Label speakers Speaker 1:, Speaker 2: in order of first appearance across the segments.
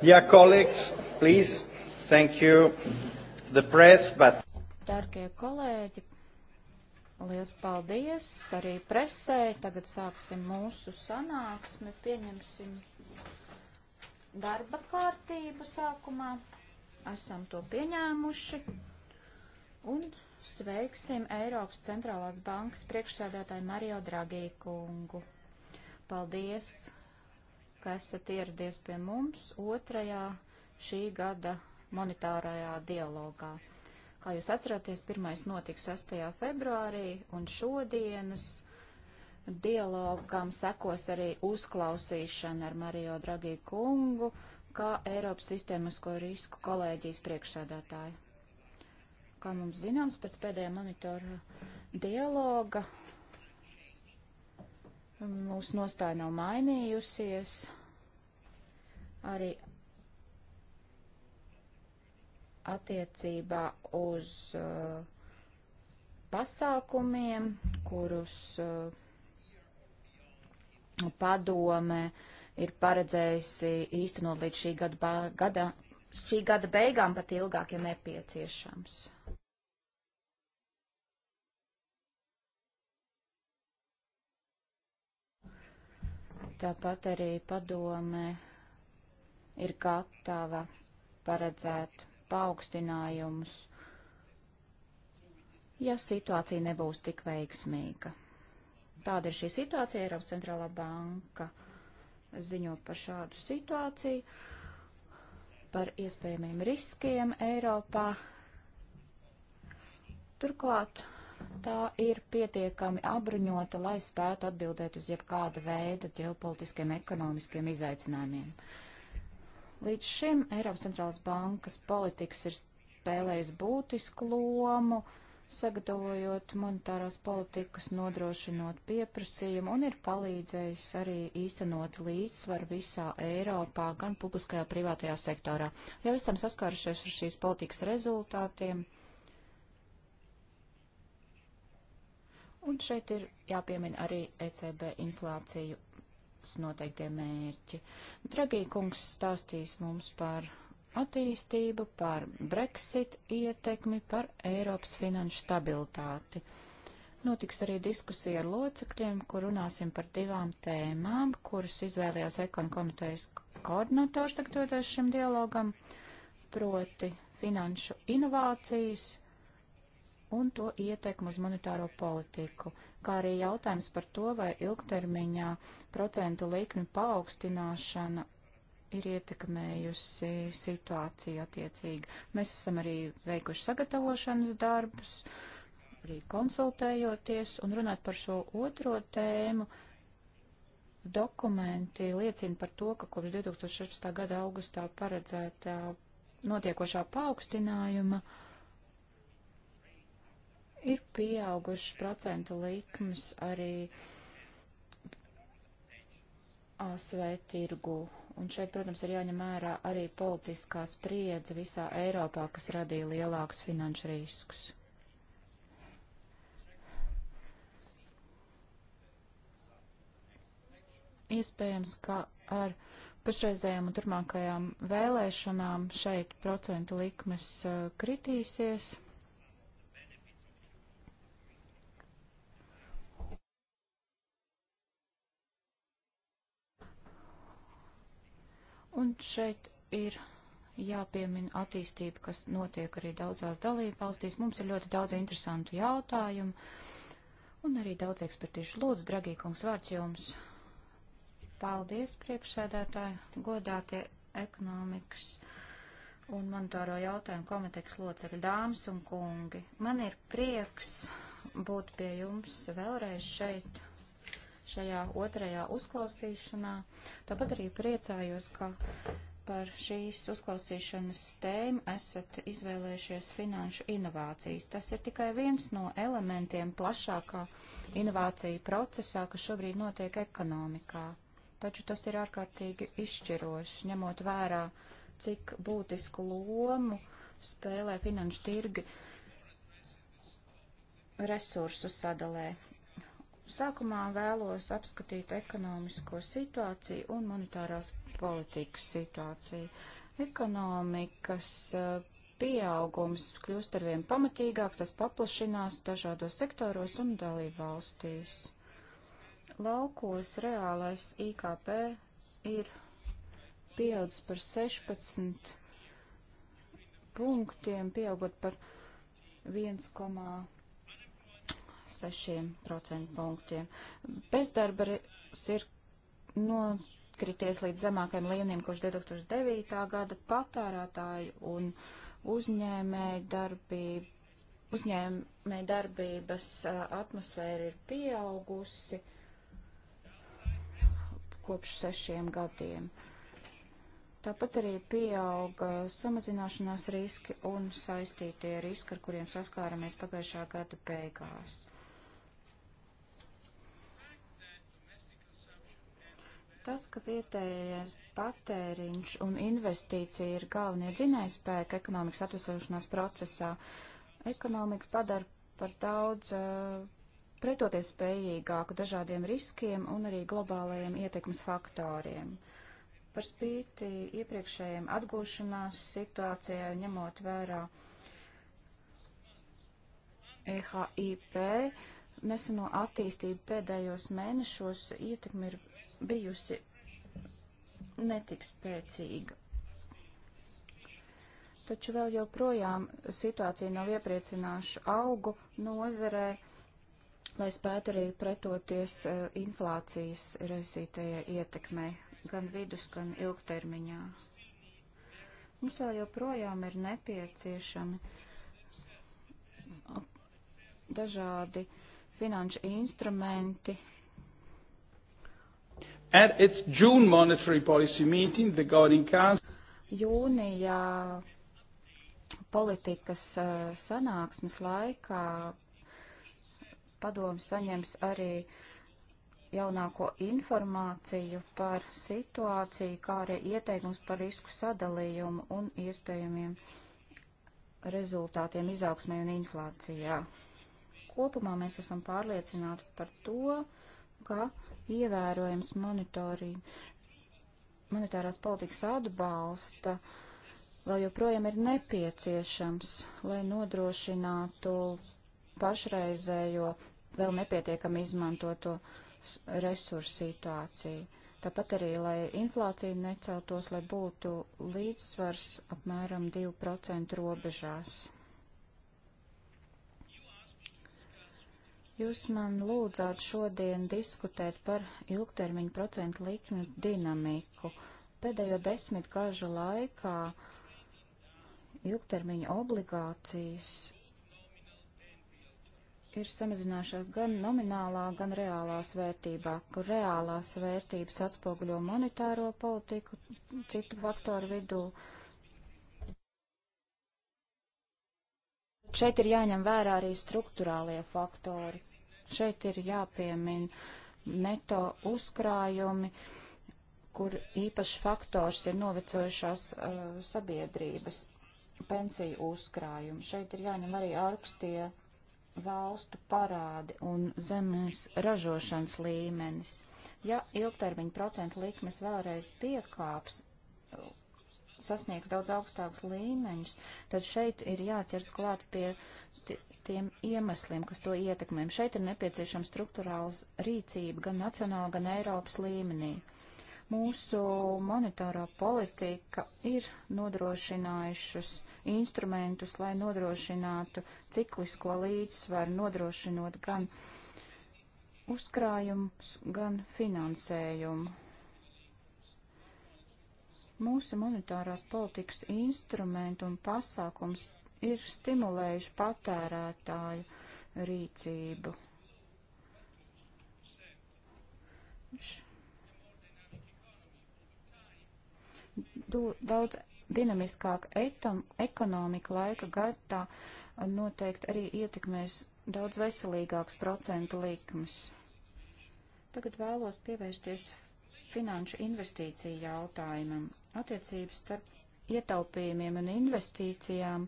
Speaker 1: Dear colleagues, please, thank you, the press, but...
Speaker 2: Dargie kolēģi, liels paldies arī presē. Tagad sāksim mūsu sanāksmi, pieņemsim darba kārtību sākumā. Esam to pieņēmuši un sveiksim Eiropas centrālās bankas priekšsēdētāju Mario Dragī kungu. Paldies, ka esat ieradies pie mums otrajā šī gada monetārajā dialogā. Kā jūs atceraties, pirmais notika 6. februārī, un šodienas dialogam sekos arī uzklausīšana ar Mario Dragī kungu, kā Eiropas sistēmasko risku kolēģijas priekšsēdētāju. Kā mums zināms, pēc pēdējā monitora dialoga mūsu nostāja nav mainījusies arī attiecībā uz uh, pasākumiem, kurus uh, padome ir paredzējusi īstenot līdz šī gada, gada, šī gada beigām, pat ilgāk, ja nepieciešams. Tāpat arī padome ir gatava paredzēt paaugstinājumus, ja situācija nebūs tik veiksmīga. Tāda ir šī situācija. Eiropas centrālā banka ziņo par šādu situāciju, par iespējamiem riskiem Eiropā. Turklāt tā ir pietiekami apbruņota, lai spētu atbildēt uz jebkāda veida ģeopolitiskiem, ekonomiskiem izaicinājumiem. Uh, Līdz šim Eiropas centrālās bankas politikas ir spēlējusi būtisku lomu, sagatavojot monetārās politikas, nodrošinot pieprasījumu un ir palīdzējusi arī īstenot līdzsvaru visā Eiropā, gan publiskajā, privātajā sektorā. Jau esam saskārušies ar šīs politikas rezultātiem. Un šeit ir jāpiemina arī ECB inflāciju noteiktie mērķi. Dragī kungs stāstīs mums par attīstību, par Brexit ietekmi, par Eiropas finanšu stabilitāti. Notiks arī diskusija ar locekļiem, kur runāsim par divām tēmām, kuras izvēlējās ekonomikas komitejas koordinators sektotais šim dialogam, proti finanšu inovācijas un to ietekmu uz monetāro politiku, kā arī jautājums par to, vai ilgtermiņā procentu likmi paaugstināšana ir ietekmējusi situāciju attiecīgi. Mēs esam arī veikuši sagatavošanas darbus, arī konsultējoties un runāt par šo otro tēmu. Dokumenti liecina par to, ka kopš 2016. gada augustā paredzētā notiekošā paaugstinājuma uh, Ir pieaugušas procentu likmes arī ASV tirgu. Un šeit, protams, ir jāņem vērā arī politiskā spriedze visā Eiropā, kas radīja lielākus finanšu riskus. Iespējams, ka ar pašreizējām un turmākajām vēlēšanām šeit procentu likmes eh, kritīsies.
Speaker 3: Un šeit ir
Speaker 2: jāpiemina attīstība, kas notiek arī daudzās dalību valstīs. Mums ir ļoti daudz interesantu jautājumu un arī daudz ekspertīšu. Lūdzu, dragīkums, vārds jums. Paldies, priekšsēdētāji, godātie ekonomikas un monetāro jautājumu komitejas locekļi, dāmas un kungi. Man ir prieks būt pie jums vēlreiz šeit šajā otrajā uzklausīšanā. Tāpat arī priecājos, ka par šīs uzklausīšanas tēmu esat izvēlējušies finanšu inovācijas. Tas ir tikai viens no elementiem plašākā inovācija procesā, kas šobrīd notiek ekonomikā. Taču tas ir ārkārtīgi izšķiroši, ņemot vērā, cik būtisku lomu spēlē finanšu tirgi resursu sadalē. Sākumā vēlos apskatīt ekonomisko situāciju un monetārās politikas situāciju. Ekonomikas eh, pieaugums kļūst arvien pamatīgāks, tas paplašinās dažādos sektoros un dalībvalstīs. Laukos reālais IKP ir pieaudzis par 16 punktiem, pieaugot par 1,5. 6% punktiem. Bezdarba ir nokrities līdz zemākajam līmenim, kurš 2009. gada patērētāju un uzņēmēju darbību. Uzņēmēja darbības atmosfēra ir pieaugusi kopš sešiem gadiem. Tāpat arī pieauga samazināšanās riski un saistītie riski, ar kuriem saskāramies pagājušā gada beigās. tas, ka vietējais patēriņš un investīcija ir galvenie dzinējspēki ekonomikas atvesaļošanās procesā, ekonomika padara par daudz uh, pretoties spējīgāku dažādiem riskiem un arī globālajiem ietekmes faktoriem. Par spīti iepriekšējiem atgūšanās situācijai ņemot vērā EHIP, neseno attīstību pēdējos mēnešos ietekmi ir bijusi netik spēcīga. Taču vēl joprojām situācija nav iepriecināša algu nozarē, lai spētu arī pretoties uh, inflācijas raisītajai ietekmei gan vidus, gan ilgtermiņā. Mums vēl joprojām ir nepieciešami dažādi finanšu instrumenti,
Speaker 1: At its June monetary policy meeting, the Governing Council
Speaker 2: Jūnijā politikas eh, sanāksmes laikā padomu saņems arī jaunāko informāciju par situāciju, kā arī ieteikums par risku sadalījumu un iespējamiem rezultātiem izaugsmē un inflācijā. Kopumā mēs esam pārliecināti par to, ka uh, ievērojams monetārās politikas atbalsta vēl joprojām ir nepieciešams, lai nodrošinātu pašreizējo vēl nepietiekami izmantoto resursu situāciju. Tāpat arī, lai inflācija neceltos, lai būtu līdzsvars apmēram 2% robežās. Jūs man lūdzāt šodien diskutēt par ilgtermiņu procentu likmju dinamiku. Pēdējo desmit gažu laikā ilgtermiņa obligācijas ir samazinājušās gan nominālā, gan reālās vērtībā, kur reālās vērtības atspoguļo monetāro politiku citu faktoru vidū. Uh, Šeit ir jāņem vērā arī struktūrālie faktori. Šeit ir jāpiemin neto uzkrājumi, kur īpaši faktors ir novecojušās uh, sabiedrības pensiju uzkrājumi. Šeit ir jāņem arī ārkstie valstu parādi un zemes ražošanas līmenis. Ja ilgtermiņa procentu likmes vēlreiz piekāps, sasniegs daudz augstākus līmeņus, tad šeit ir jāķers klāt pie tiem iemesliem, kas to ietekmē. Šeit ir nepieciešama struktūrāls rīcība gan nacionāla, gan Eiropas līmenī. Mūsu monetārā politika ir nodrošinājušas instrumentus, lai nodrošinātu ciklisko līdzsvaru, nodrošinot gan uzkrājumus, gan finansējumu Mūsu monetārās politikas instrumenti un pasākums ir stimulējuši patērētāju rīcību. Daudz dinamiskāka ekonomika laika gaitā noteikti arī ietekmēs daudz veselīgāks procentu likmes. Tagad vēlos pievērsties finanšu investīciju jautājumam. Attiecības starp ietaupījumiem un investīcijām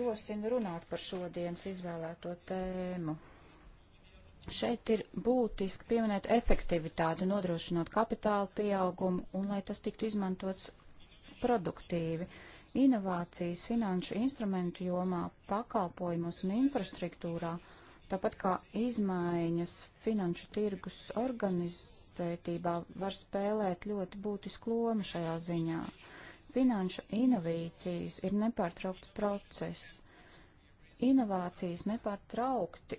Speaker 2: rosina runāt par šodienas izvēlēto tēmu. Šeit ir būtiski pieminēt efektivitāti, nodrošinot kapitāla pieaugumu un lai tas tiktu izmantots produktīvi. Inovācijas finanšu instrumentu jomā, pakalpojumus un infrastruktūrā Tāpat kā izmaiņas finanšu tirgus organizētībā var spēlēt ļoti būtisku lomu šajā ziņā. Finanšu inovācijas ir nepārtraukts process. Inovācijas nepārtraukti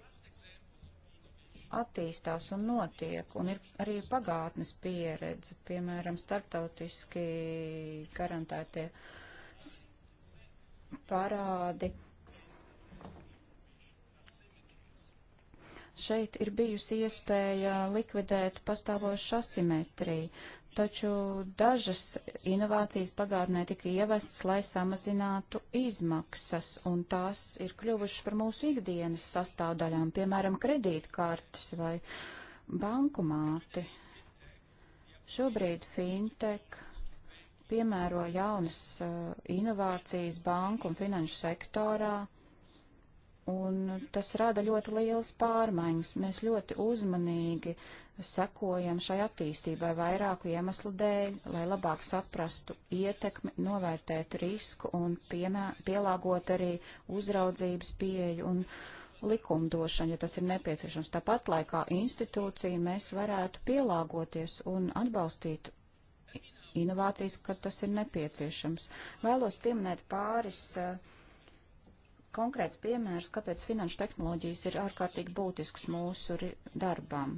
Speaker 2: attīstās un notiek, un ir arī pagātnes pieredze, piemēram, starptautiski garantētie parādi Šeit ir bijusi iespēja likvidēt pastāvošu asimetriju, taču dažas inovācijas pagātnē tika ievestas, lai samazinātu izmaksas, un tās ir kļuvušas par mūsu ikdienas sastāvdaļām, piemēram, kredītkartes vai bankomāti. Šobrīd fintech piemēro jaunas uh, inovācijas banku un finanšu sektorā, uh, un tas rada ļoti liels pārmaiņas. Mēs ļoti uzmanīgi sekojam šai attīstībai vairāku iemeslu dēļ, lai labāk saprastu ietekmi, novērtētu risku un piemē, pielāgot arī uzraudzības pieeju un likumdošanu, ja tas ir nepieciešams. Tāpat laikā institūcija mēs varētu pielāgoties un atbalstīt inovācijas, kad tas ir nepieciešams. Vēlos pieminēt pāris uh, konkrēts piemērs, kāpēc finanšu tehnoloģijas ir ārkārtīgi būtisks mūsu darbam.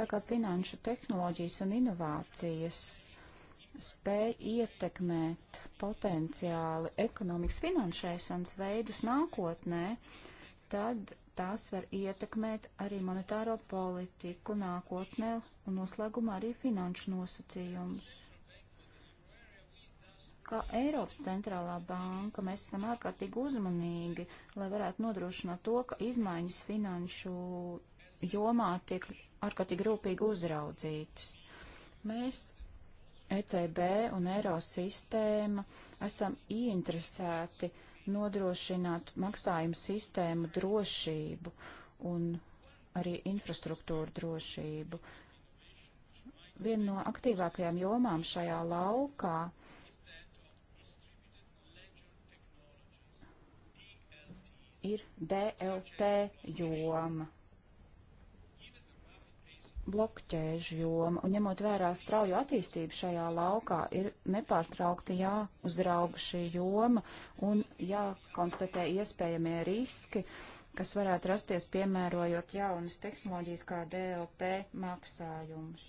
Speaker 2: Tā kā finanšu tehnoloģijas un inovācijas spēj ietekmēt potenciāli ekonomikas finansēšanas veidus nākotnē, tad tās var ietekmēt arī monetāro politiku nākotnē un noslēgumā arī finanšu nosacījumus. Kā Eiropas centrālā banka mēs esam ārkārtīgi uzmanīgi, lai varētu nodrošināt to, ka izmaiņas finanšu jomā tiek ārkārtīgi rūpīgi uzraudzītas. Mēs ECB un Eiro sistēma esam ieinteresēti uh, nodrošināt maksājumu sistēmu drošību un arī infrastruktūru drošību. Viena no aktīvākajām jomām šajā laukā ir DLT joma blokķēžu joma, un ņemot vērā strauju attīstību šajā laukā, ir nepārtraukti jāuzrauga šī joma un jākonstatē iespējamie riski, kas varētu rasties piemērojot jaunas tehnoloģijas kā DLP maksājumus.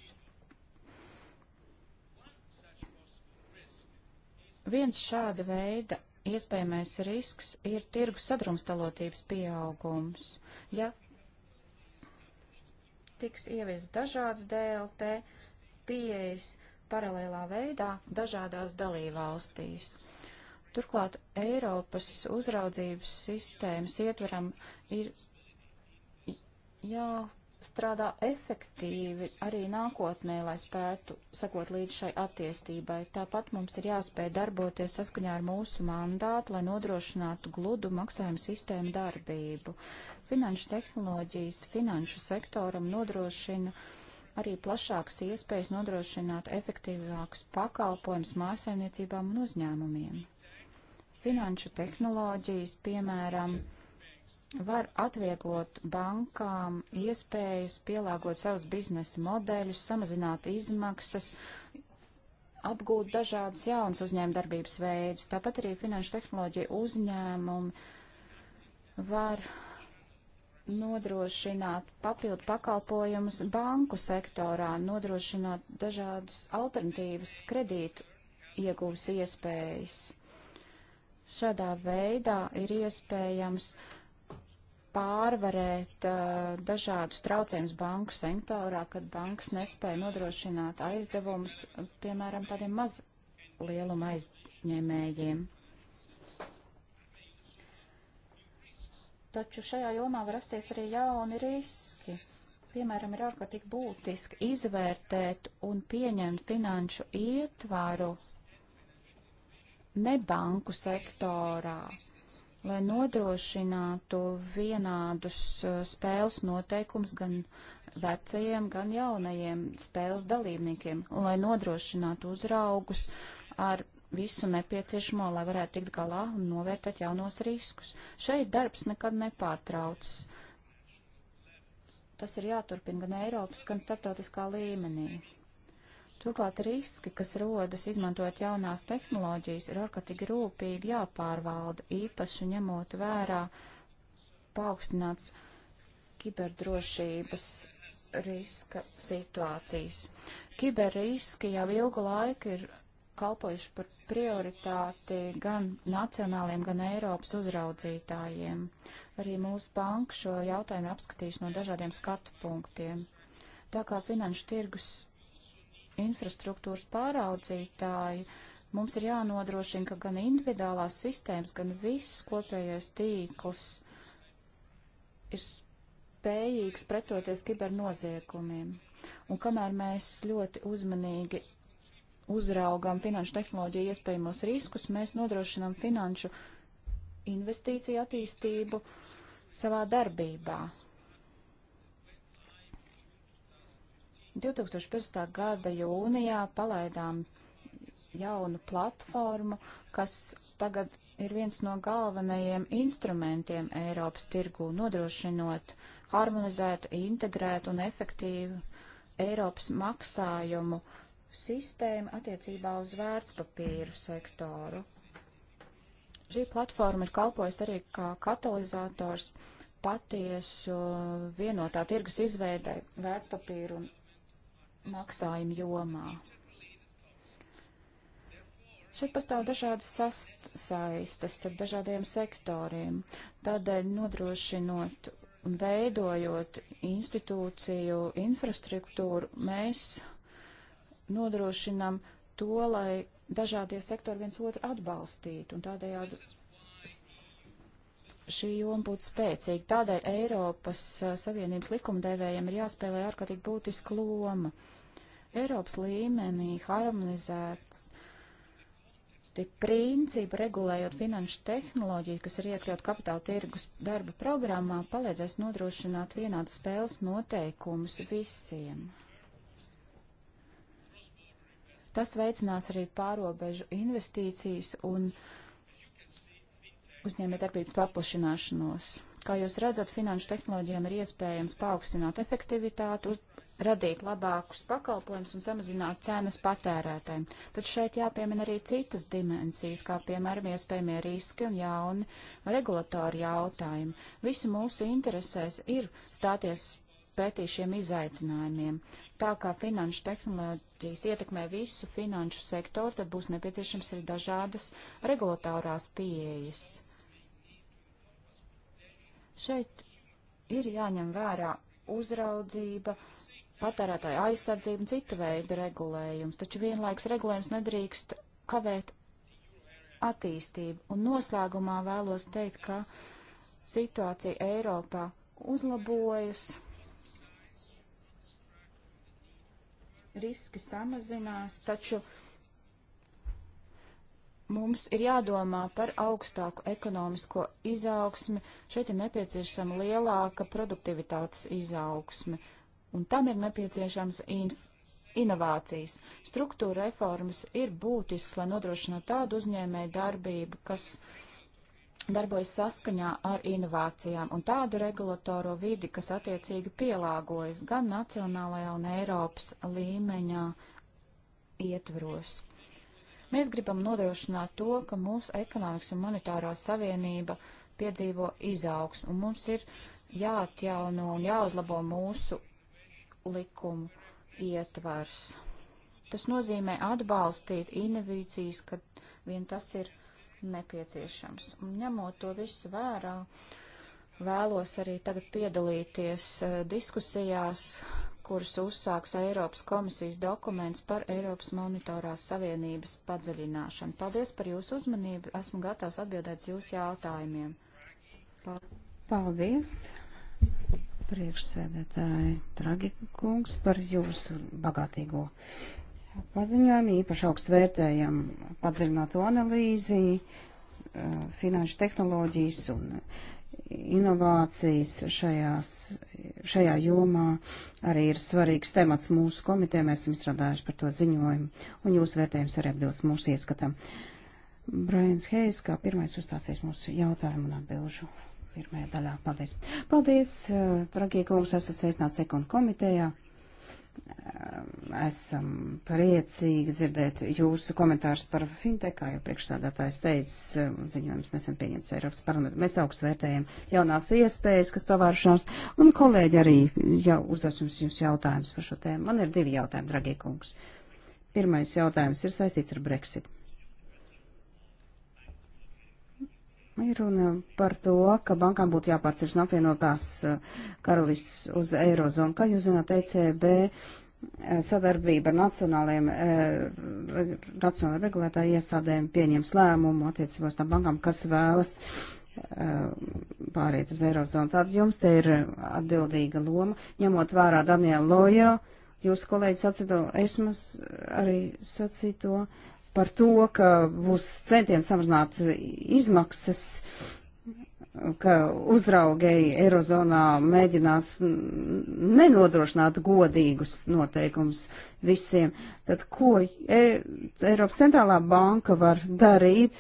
Speaker 2: Viens šāda veida iespējamais risks ir tirgus sadrumstalotības pieaugums. Ja tiks ievies dažādas DLT pieejas paralēlā veidā dažādās dalībvalstīs. Turklāt Eiropas uzraudzības sistēmas ietveram ir jāstrādā efektīvi arī nākotnē, lai spētu sekot līdz šai attīstībai. Tāpat mums ir jāspēj darboties saskaņā ar mūsu mandātu, lai nodrošinātu gludu maksājumu sistēmu darbību. Finanšu tehnoloģijas finanšu sektoram nodrošina arī plašākas iespējas nodrošināt efektīvākus pakalpojumus mājasemniecībām un uzņēmumiem. Finanšu tehnoloģijas, piemēram, var atvieglot bankām iespējas pielāgot savus biznesa modeļus, samazināt izmaksas, apgūt dažādas jaunas uzņēmdarbības veidus. Tāpat arī finanšu tehnoloģija uzņēmumi var nodrošināt papildu pakalpojumus banku sektorā, nodrošināt dažādas alternatīvas kredītu iegūs iespējas. Šādā veidā ir iespējams pārvarēt uh, dažādus traucējumus banku sektorā, kad bankas nespēja nodrošināt aizdevumus, piemēram, tādiem maz lieluma aizņēmējiem. taču šajā jomā var rasties arī jauni riski. Piemēram, ir ārkārtīgi būtiski izvērtēt un pieņemt finanšu ietvaru ne banku sektorā, lai nodrošinātu vienādus uh, spēles noteikums gan vecajiem, gan jaunajiem spēles dalībniekiem, un lai nodrošinātu uzraugus ar visu nepieciešamo, lai varētu tikt galā un novērtēt jaunos riskus. Šeit darbs nekad nepārtraucas. Tas ir jāturpina gan Eiropas, gan starptautiskā līmenī. Turklāt riski, kas rodas izmantojot jaunās tehnoloģijas, ir ārkārtīgi rūpīgi jāpārvalda, īpaši ņemot vērā paaugstināts kiberdrošības riska situācijas. Kiberriski jau ilgu laiku ir kalpojuši par prioritāti gan nacionāliem, gan Eiropas uzraudzītājiem. Arī mūsu banka šo jautājumu apskatījuši no dažādiem skatu punktiem. Tā kā finanšu tirgus infrastruktūras pāraudzītāji, mums ir jānodrošina, ka gan individuālās sistēmas, gan viss kopējais tīkls ir spējīgs pretoties kibernoziekumiem. Un kamēr mēs ļoti uzmanīgi uzraugam finanšu tehnoloģiju iespējamos riskus, mēs nodrošinām finanšu investīciju attīstību savā darbībā. 2015. gada jūnijā palaidām jaunu platformu, kas tagad ir viens no galvenajiem instrumentiem Eiropas tirgū, nodrošinot harmonizētu, integrētu un efektīvu Eiropas maksājumu sistēma attiecībā uz vērtspapīru sektoru. Šī platforma ir kalpojusi arī kā katalizators patiesu vienotā tirgus izveidē vērtspapīru un maksājumu jomā. Šeit pastāv dažādas sasaistes starp dažādiem sektoriem, tādēļ nodrošinot un veidojot institūciju infrastruktūru, mēs nodrošinam to, lai dažādie sektori viens otru atbalstītu un tādējādi šī joma būtu spēcīga. Tādēļ Eiropas Savienības likumdevējiem ir jāspēlē ārkārtīgi būtiska loma. Eiropas līmenī harmonizēts tie principi, regulējot finanšu tehnoloģiju, kas ir iekļaut kapitāla tirgus darba programmā, palīdzēs nodrošināt vienādas spēles noteikumus visiem. Tas veicinās arī pārobežu investīcijas un uzņēmējdarbības paplašināšanos. Kā jūs redzat, finanšu tehnoloģijām ir iespējams paaugstināt efektivitāti, uz, radīt labākus pakalpojumus un samazināt cenas patērētājiem. Tad šeit jāpiemina arī citas dimensijas, kā piemēram iespējamie riski un jauni regulatori jautājumi. Visu mūsu interesēs ir stāties pētīs šiem izaicinājumiem. Tā kā finanšu tehnoloģijas ietekmē visu finanšu sektoru, tad būs nepieciešams arī dažādas regulatorās pieejas. Šeit ir jāņem vērā uzraudzība, patērētāja aizsardzība un cita veida regulējums, taču vienlaiks regulējums nedrīkst kavēt attīstību. Un noslēgumā vēlos teikt, ka situācija Eiropā uzlabojas. riski samazinās, taču mums ir jādomā par augstāku ekonomisko izaugsmi. Šeit ir nepieciešama lielāka produktivitātes izaugsme, un tam ir nepieciešams in inovācijas. Struktūra reformas ir būtisks, lai nodrošinātu tādu uzņēmēju darbību, kas uh, darbojas saskaņā ar inovācijām un tādu regulatoro vidi, kas attiecīgi pielāgojas gan nacionālajā un Eiropas līmeņā ietvaros. Mēs gribam nodrošināt to, ka mūsu ekonomikas un monetārā savienība piedzīvo izaugsmu, un mums ir jāatjauno un jāuzlabo mūsu likumu ietvars. Tas nozīmē atbalstīt inovācijas, kad vien tas ir nepieciešams. Un ņemot to visu vērā, vēlos arī tagad piedalīties uh, diskusijās, kuras uzsāks Eiropas komisijas dokuments par Eiropas monetārās savienības padziļināšanu. Paldies par jūsu uzmanību. Esmu gatavs atbildēt jūsu jautājumiem.
Speaker 4: Paldies, priekšsēdētāji Tragi kungs, par jūsu bagātīgo paziņojumu, īpaši augstu vērtējam padziļinātu analīzi, eh, finanšu tehnoloģijas un inovācijas šajās, šajā jomā arī ir svarīgs temats mūsu komitē. Mēs esam izstrādājuši par to ziņojumu, un jūsu vērtējums arī atbilst mūsu ieskatam. Brains Heis, kā pirmais uzstāsies mūsu jautājumu un atbilžu pirmajā daļā. Paldies! Paldies, eh, dragie kungs, esat sveicināts sekundu komitejā esam priecīgi dzirdēt jūsu komentārus par fintech, kā jau priekšstādātājs teica, ziņojums nesen pieņemts Eiropas parlamentu. Mēs augstu vērtējam jaunās iespējas, kas pavāršanās, un kolēģi arī jau uzdos jums, jums jautājumus par šo tēmu. Man ir divi jautājumi, dragie kungs. Pirmais jautājums ir saistīts ar Brexit. Ir runa par to, ka bankām būtu jāpārceļ no apvienotās eh, karalists uz Eirozonu. Kā jūs zināt, ECB eh, sadarbība ar nacionālajiem, nacionālajiem eh, regulētāju iestādēm pieņems lēmumu attiecībos tām bankām, kas vēlas pāriet uz Eirozonu. Tātad jums te ir atbildīga loma, ņemot vērā Daniela Lojo, jūsu kolēģi sacīto, es mums arī sacīto. Uh, par to, ka būs centieni samazināt izmaksas, ka uzraugēji Eirozonā mēģinās nenodrošināt godīgus noteikumus visiem. Tad ko e Eiropas centrālā banka var darīt?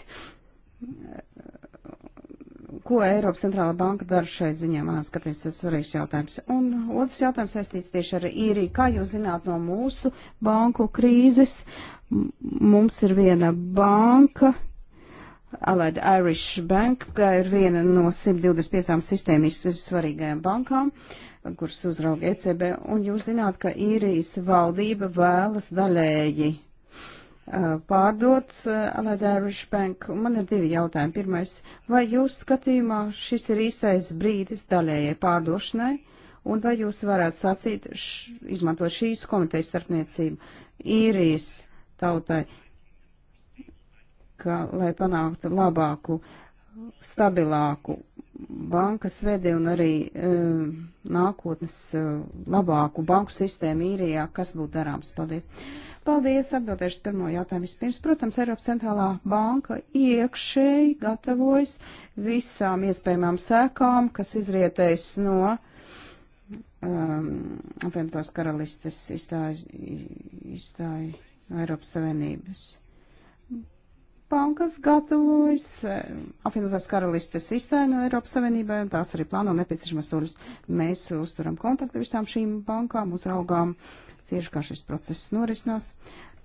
Speaker 4: ko Eiropas centrāla banka dara šai ziņā, manā skatījumā, tas ir svarīgs jautājums. Un otrs jautājums saistīts tieši ar īriju. Kā jūs zināt no mūsu banku krīzes? Mums ir viena banka, Allied Irish Bank, kā ir viena no 125 sistēmiski svarīgajām bankām, kuras uzrauga ECB, un jūs zināt, ka īrijas valdība vēlas daļēji Uh, pārdots uh, Allied Irish Bank. Man ir divi jautājumi. Pirmais, vai jūs skatījumā šis ir īstais brīdis daļējai pārdošanai, un vai jūs varētu sacīt, š, izmantot šīs komitejas starpniecību īrijas tautai, ka, lai panāktu labāku, stabilāku bankas vedi un arī um, nākotnes uh, labāku banku sistēmu īrijā, kas būtu darāms? Paldies! Paldies, atbildēšu pirmo jautājumu vispirms. Protams, Eiropas centrālā banka iekšēji gatavojas visām iespējamām sēkām, kas izrietējas no um, apvienotās karalistes izstāja izstāj Eiropas Savienības bankas gatavojas eh, apvienotās karalistes izstāja no Eiropas Savienībai, un tās arī plāno nepieciešamas soļus. Mēs uzturam kontaktu visām šīm bankām, uzraugām, cieši kā šis process norisinās.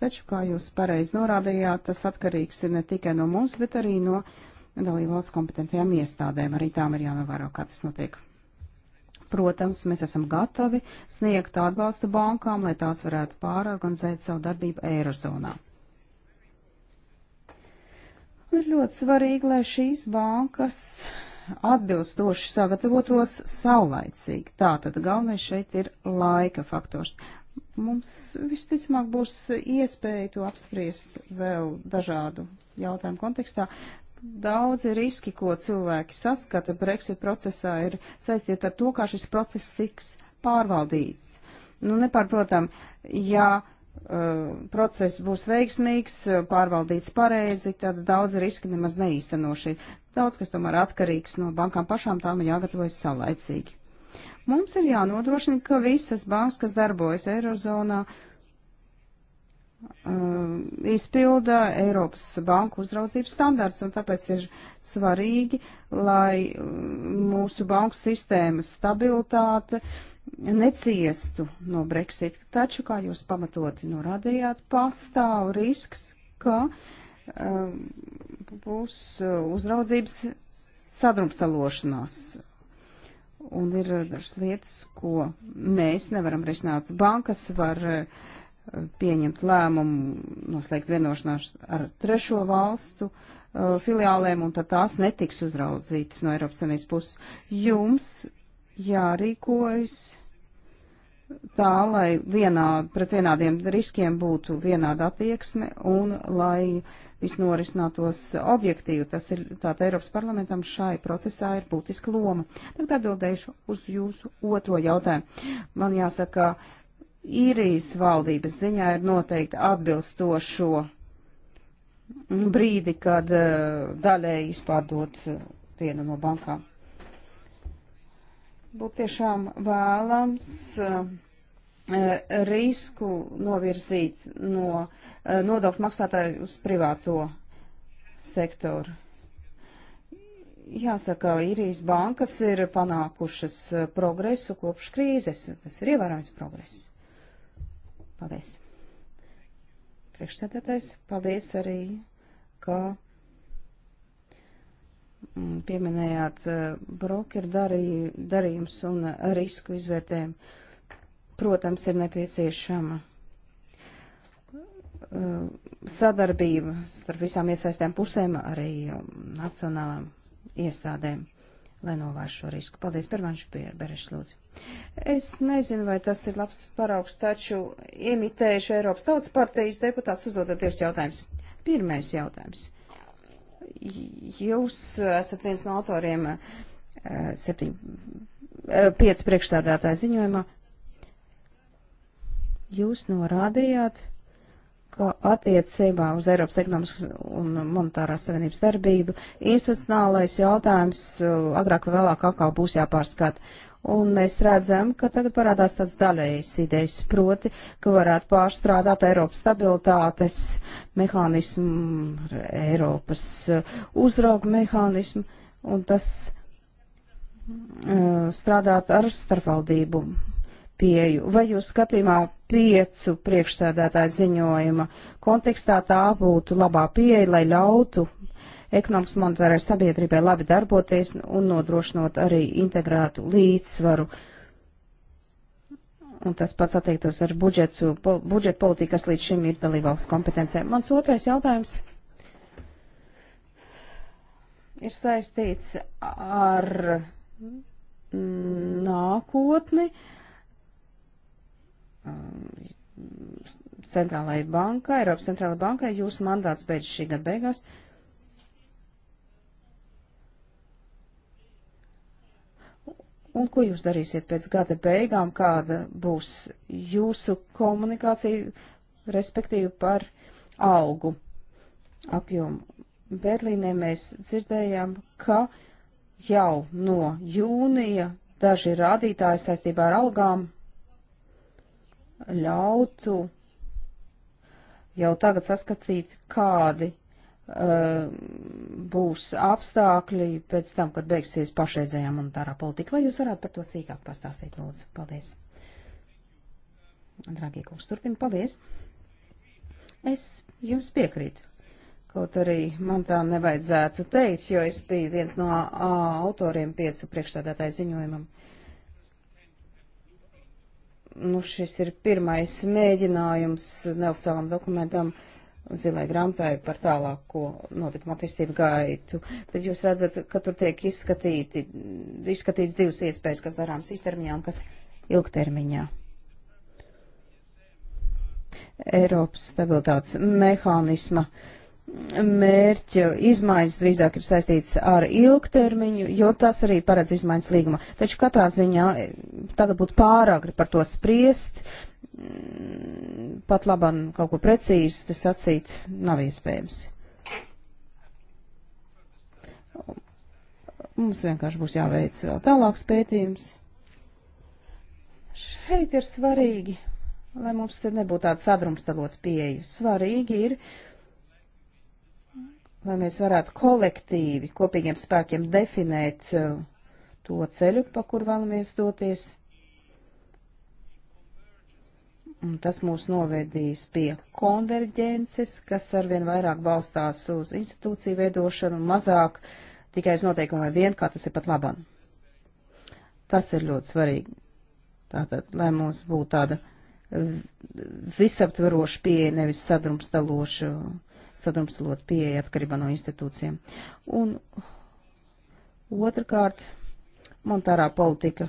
Speaker 4: Taču, kā jūs pareizi norādījāt, tas atkarīgs ir ne tikai no mums, bet arī no dalībvalsts kompetentajām iestādēm. Arī tām ir jānovēro, kā tas notiek. Protams, mēs esam gatavi sniegt atbalstu bankām, lai tās varētu pārorganizēt savu darbību Eirozonā. Ir ļoti svarīgi, lai šīs bankas atbilstoši sagatavotos savlaicīgi. Tātad galvenais šeit ir laika faktors. Mums visticamāk būs iespēja to apspriest vēl dažādu jautājumu kontekstā. Daudzi riski, ko cilvēki saskata Brexit procesā, ir saistīti ar to, kā šis process tiks pārvaldīts. Nu, nepārprotam, ja. Jā Eh, process būs veiksmīgs, eh, pārvaldīts pareizi, tad daudz riski nemaz neīstenoši. Daudz, kas tomēr atkarīgs no bankām pašām, tām ir jāgatavojas saulaicīgi. Mums ir jānodrošina, ka visas bankas, kas darbojas Eirozonā, eh, izpilda Eiropas banku uzraudzības standarts, un tāpēc ir svarīgi, lai mūsu banku sistēmas stabilitāte uh, neciestu no Brexit, taču, kā jūs pamatoti norādījāt, pastāv risks, ka um, būs uh, uzraudzības sadrumstalošanās. Un ir uh, dažas lietas, ko mēs nevaram risināt. Bankas var uh, pieņemt lēmumu, noslēgt vienošanās ar trešo valstu uh, filiālēm, un tad tās netiks uzraudzītas no Eiropas Sanības puses. Jums jārīkojas tā, lai vienā, pret vienādiem riskiem būtu vienāda attieksme un lai viss norisinātos objektīvi. Tas ir tātad Eiropas parlamentam šai procesā ir būtiska loma. Tagad atbildēšu uz jūsu otro jautājumu. Man jāsaka, īrijas valdības ziņā ir noteikti atbilstošo brīdi, kad eh, daļēji izpārdot eh, vienu no bankām būtu tiešām vēlams eh, risku novirzīt no eh, nodokļu maksātāju uz privāto sektoru. Jāsaka, īrijas bankas ir panākušas eh, progresu kopš krīzes. Tas ir ievērojams progress. Paldies. Priekšsēdētājs, paldies arī, ka Mm, pieminējāt eh, brokeru darījums un eh, risku izvērtējumu. Protams, ir nepieciešama eh, sadarbība starp visām iesaistēm pusēm, arī um, nacionālām iestādēm, lai novērš šo risku. Paldies par vanšu pierbereš, lūdzu. Es nezinu, vai tas ir labs paraugs, taču imitējuši Eiropas Tautas partijas deputāts uzdodot divus jautājumus. Pirmais jautājums. Jūs eh, esat viens no autoriem eh, septiņ, eh, pieci priekšstādātāja ziņojumā. Jūs norādījāt, ka attiecībā uz Eiropas ekonomiskas un monetārās savienības darbību institucionālais jautājums agrāk vai vēlāk atkal būs jāpārskata. Un mēs redzam, ka tagad parādās tāds daļējas idejas, proti, ka varētu pārstrādāt Eiropas stabilitātes mehānismu, Eiropas uh, uzraugu mehānismu, un tas uh, strādāt ar starpvaldību pieju. Vai jūs skatījumā piecu priekšsēdētāju ziņojuma kontekstā tā būtu labā pieeja, lai ļautu ekonomikas monetārai sabiedrībai labi darboties un nodrošinot arī integrētu līdzsvaru. Un tas pats attiektos ar budžetu, po, budžetu politiku, kas līdz šim ir dalībvalsts kompetencē. Mans otrais jautājums ir saistīts ar nākotni centrālajai bankai, Eiropas centrālajai bankai. Jūsu mandāts beidz šī gada beigās. Uh, Un ko jūs darīsiet pēc gada beigām, kāda būs jūsu komunikācija, respektīvi par algu apjomu? Berlīnē mēs dzirdējām, ka jau no jūnija daži rādītāji saistībā ar algām ļautu jau tagad saskatīt, kādi Uh, būs apstākļi pēc tam, kad beigsies pašreizējā monetārā politika. Vai jūs varētu par to sīkāk pastāstīt, lūdzu? Paldies. Dragie kungs, turpina, paldies. Es jums piekrītu. Kaut arī man tā nevajadzētu teikt, jo es biju viens no a, autoriem piecu priekšstādātāju ziņojumam. Nu, šis ir pirmais mēģinājums neoficiālam dokumentam. Uh, zilai grāmatai par tālāko notikumu attīstību gaitu, bet jūs redzat, ka tur tiek izskatīti, izskatīts divas iespējas, kas darāms īstermiņā un kas ilgtermiņā. Eiropas stabilitātes mehānisma uh, mērķa izmaiņas drīzāk ir saistīts ar ilgtermiņu, jo tas arī paredz izmaiņas līguma. Taču katrā ziņā e, tagad būtu pāragri par to spriest, mm, pat labam kaut ko precīzi sacīt nav iespējams. Mums vienkārši būs jāveic vēl tālāks pētījums. Šeit ir svarīgi, lai mums te nebūtu tāda sadrumstalot pieeja. Svarīgi ir, uh, lai mēs varētu kolektīvi, kopīgiem spēkiem definēt eh, to ceļu, pa kur vēlamies doties. Un tas mūs novedīs pie konverģences, kas arvien vairāk balstās uz institūciju veidošanu un mazāk tikai uz noteikumiem vien, kā tas ir pat labam. Tas ir ļoti svarīgi. Tātad, lai mums būtu tāda visaptvaroša pieeja, nevis sadrumstaloša sadrumstalot pieeja atkarībā no institūcijiem. Un otrkārt, monetārā politika.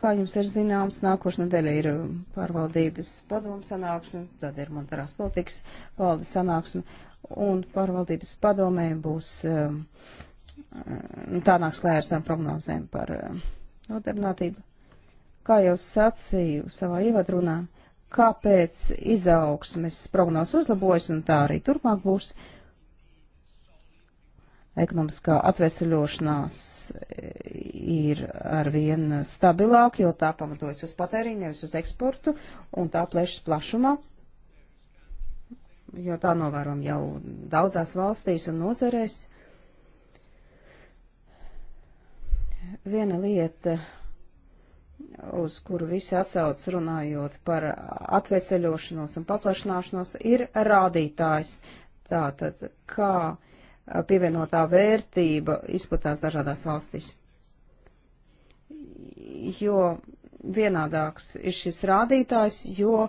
Speaker 4: Kā jums ir zināms, nākošais nedēļa ir um, pārvaldības padomu sanāksme, tad ir monetārās politikas valdes sanāksme, un pārvaldības padomē būs, um, uh, tā nāks klēr ar savām prognozēm par um, nodarbinātību. Kā jau sacīju savā ievadrunā, runā, kāpēc izaugsmes prognoz uzlabojas un tā arī turpmāk būs. Ekonomiskā atvesaļošanās e, ir arvien stabilāk, jo tā pamatojas uz patēriņu, nevis uz eksportu, un tā plešas plašumā, jo tā novērom jau daudzās valstīs un nozarēs. Viena lieta, uz kuru visi atsauc runājot par atveseļošanos un paplašanāšanos, ir rādītājs. Tātad, kā pievienotā vērtība izplatās dažādās valstīs. Jo vienādāks ir šis rādītājs, jo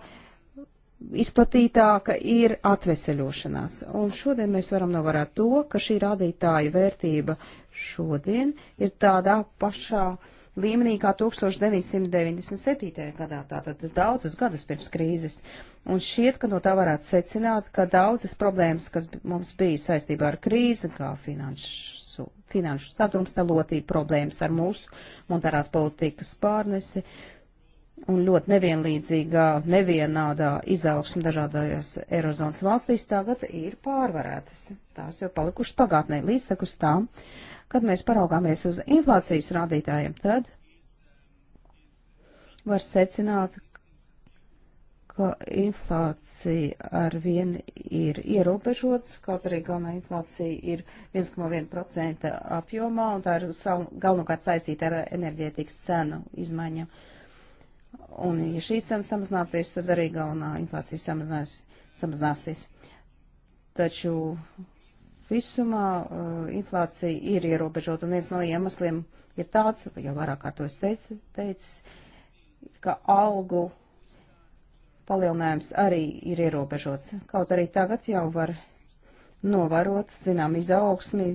Speaker 4: izplatītāka ir atveseļošanās. Un šodien mēs varam novērot to, ka šī rādītāja vērtība šodien ir tādā pašā uh, līmenī kā 1997. gadā, tātad daudzas gadus pirms krīzes. Un šķiet, ka no tā varētu secināt, ka daudzas problēmas, kas mums bija saistībā ar krīzi, kā finanšu, finanšu sadrumstalotība, problēmas ar mūsu monetārās politikas pārnesi, un ļoti nevienlīdzīgā, nevienādā izaugsme dažādajās Eirozonas valstīs tagad ir pārvarētas. Tās jau palikušas pagātnē līdz tekus tām Kad mēs paraugāmies uz inflācijas rādītājiem, tad var secināt, ka inflācija ar vienu ir ierobežot, kaut arī galvenā inflācija ir 1,1% apjomā, un tā ir galvenokārt saistīta ar enerģētikas cenu izmaiņām. Un, ja šīs cenas samazināties, tad arī galvenā inflācija samazinās, samazināsies. Taču Visumā uh, inflācija ir ierobežota, un viens no iemesliem ir tāds, jau vairāk kārtos teicu, teicis, ka algu palielinājums arī ir ierobežots. Kaut arī tagad jau var novērot, zinām, izaugsmi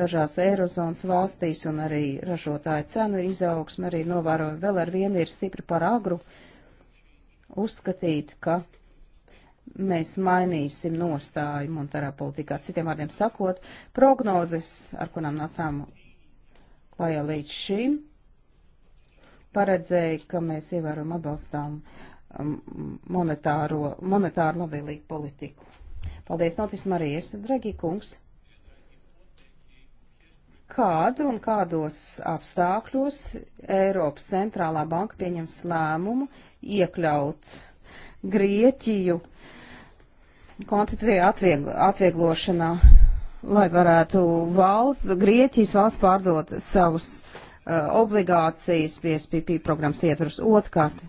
Speaker 4: dažās Eirozonas valstīs un arī ražotāju cenu izaugsmi arī novēroju. Vēl ar vienu ir stipri par agru uzskatīt, ka mēs mainīsim nostāju monetārā politikā. Citiem vārdiem sakot, prognozes, ar kurām nācām klajā līdz šim, paredzēja, ka mēs ievērojam atbalstām um, monetāro, monetāru labvēlīgu politiku. Paldies, Notis Marijas, Dragi kungs. Kādu un kādos apstākļos Eiropas centrālā banka pieņems lēmumu iekļaut Grieķiju kvantitatīva atviegl atvieglošanā, lai varētu valsts, Grieķijas valsts pārdot savus uh, obligācijas PSPP programmas ietvarus. Otkārt,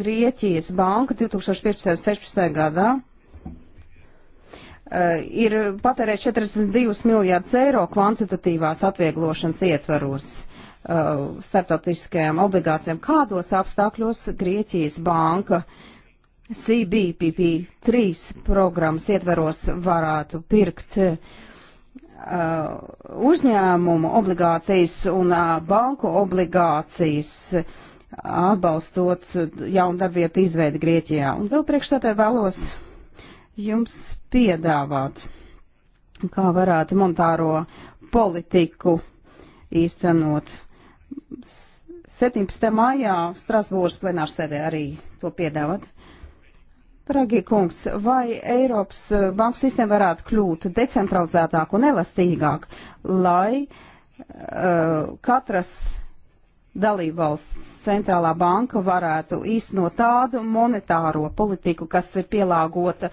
Speaker 4: Grieķijas banka 2015. gadā uh, ir patērēt 42 miljārdus eiro kvantitatīvās atvieglošanas ietvaros uh, starptautiskajām obligācijām. Kādos apstākļos Grieķijas banka CBPP3 programmas ietveros varētu pirkt uh, uzņēmumu obligācijas un uh, banku obligācijas uh, atbalstot jaunu darbvietu izveidi Grieķijā. Un vēl priekšstādē vēlos jums piedāvāt, kā varētu monetāro politiku īstenot. 17. maijā Strasbūras plenārsēdē arī to piedāvāt. Pragi kungs, vai Eiropas eh, banku sistēma varētu kļūt decentralizētāk un elastīgāk, lai uh, katras dalībvalsts centrālā banka varētu īstenot tādu monetāro politiku, kas ir pielāgota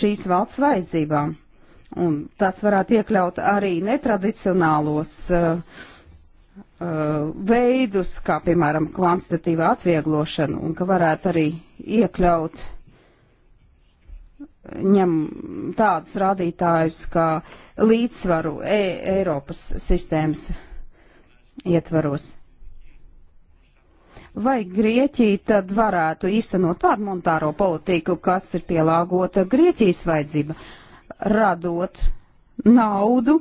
Speaker 4: šīs valsts vajadzībām? Un tas varētu iekļaut arī netradicionālos uh, uh, veidus, kā piemēram kvantitatīva atvieglošana, un ka varētu arī iekļaut uh, ņem tādus rādītājus, kā līdzsvaru e Eiropas sistēmas ietvaros. Vai Grieķija tad varētu īstenot tādu monetāro politiku, kas ir pielāgota Grieķijas vajadzība, radot naudu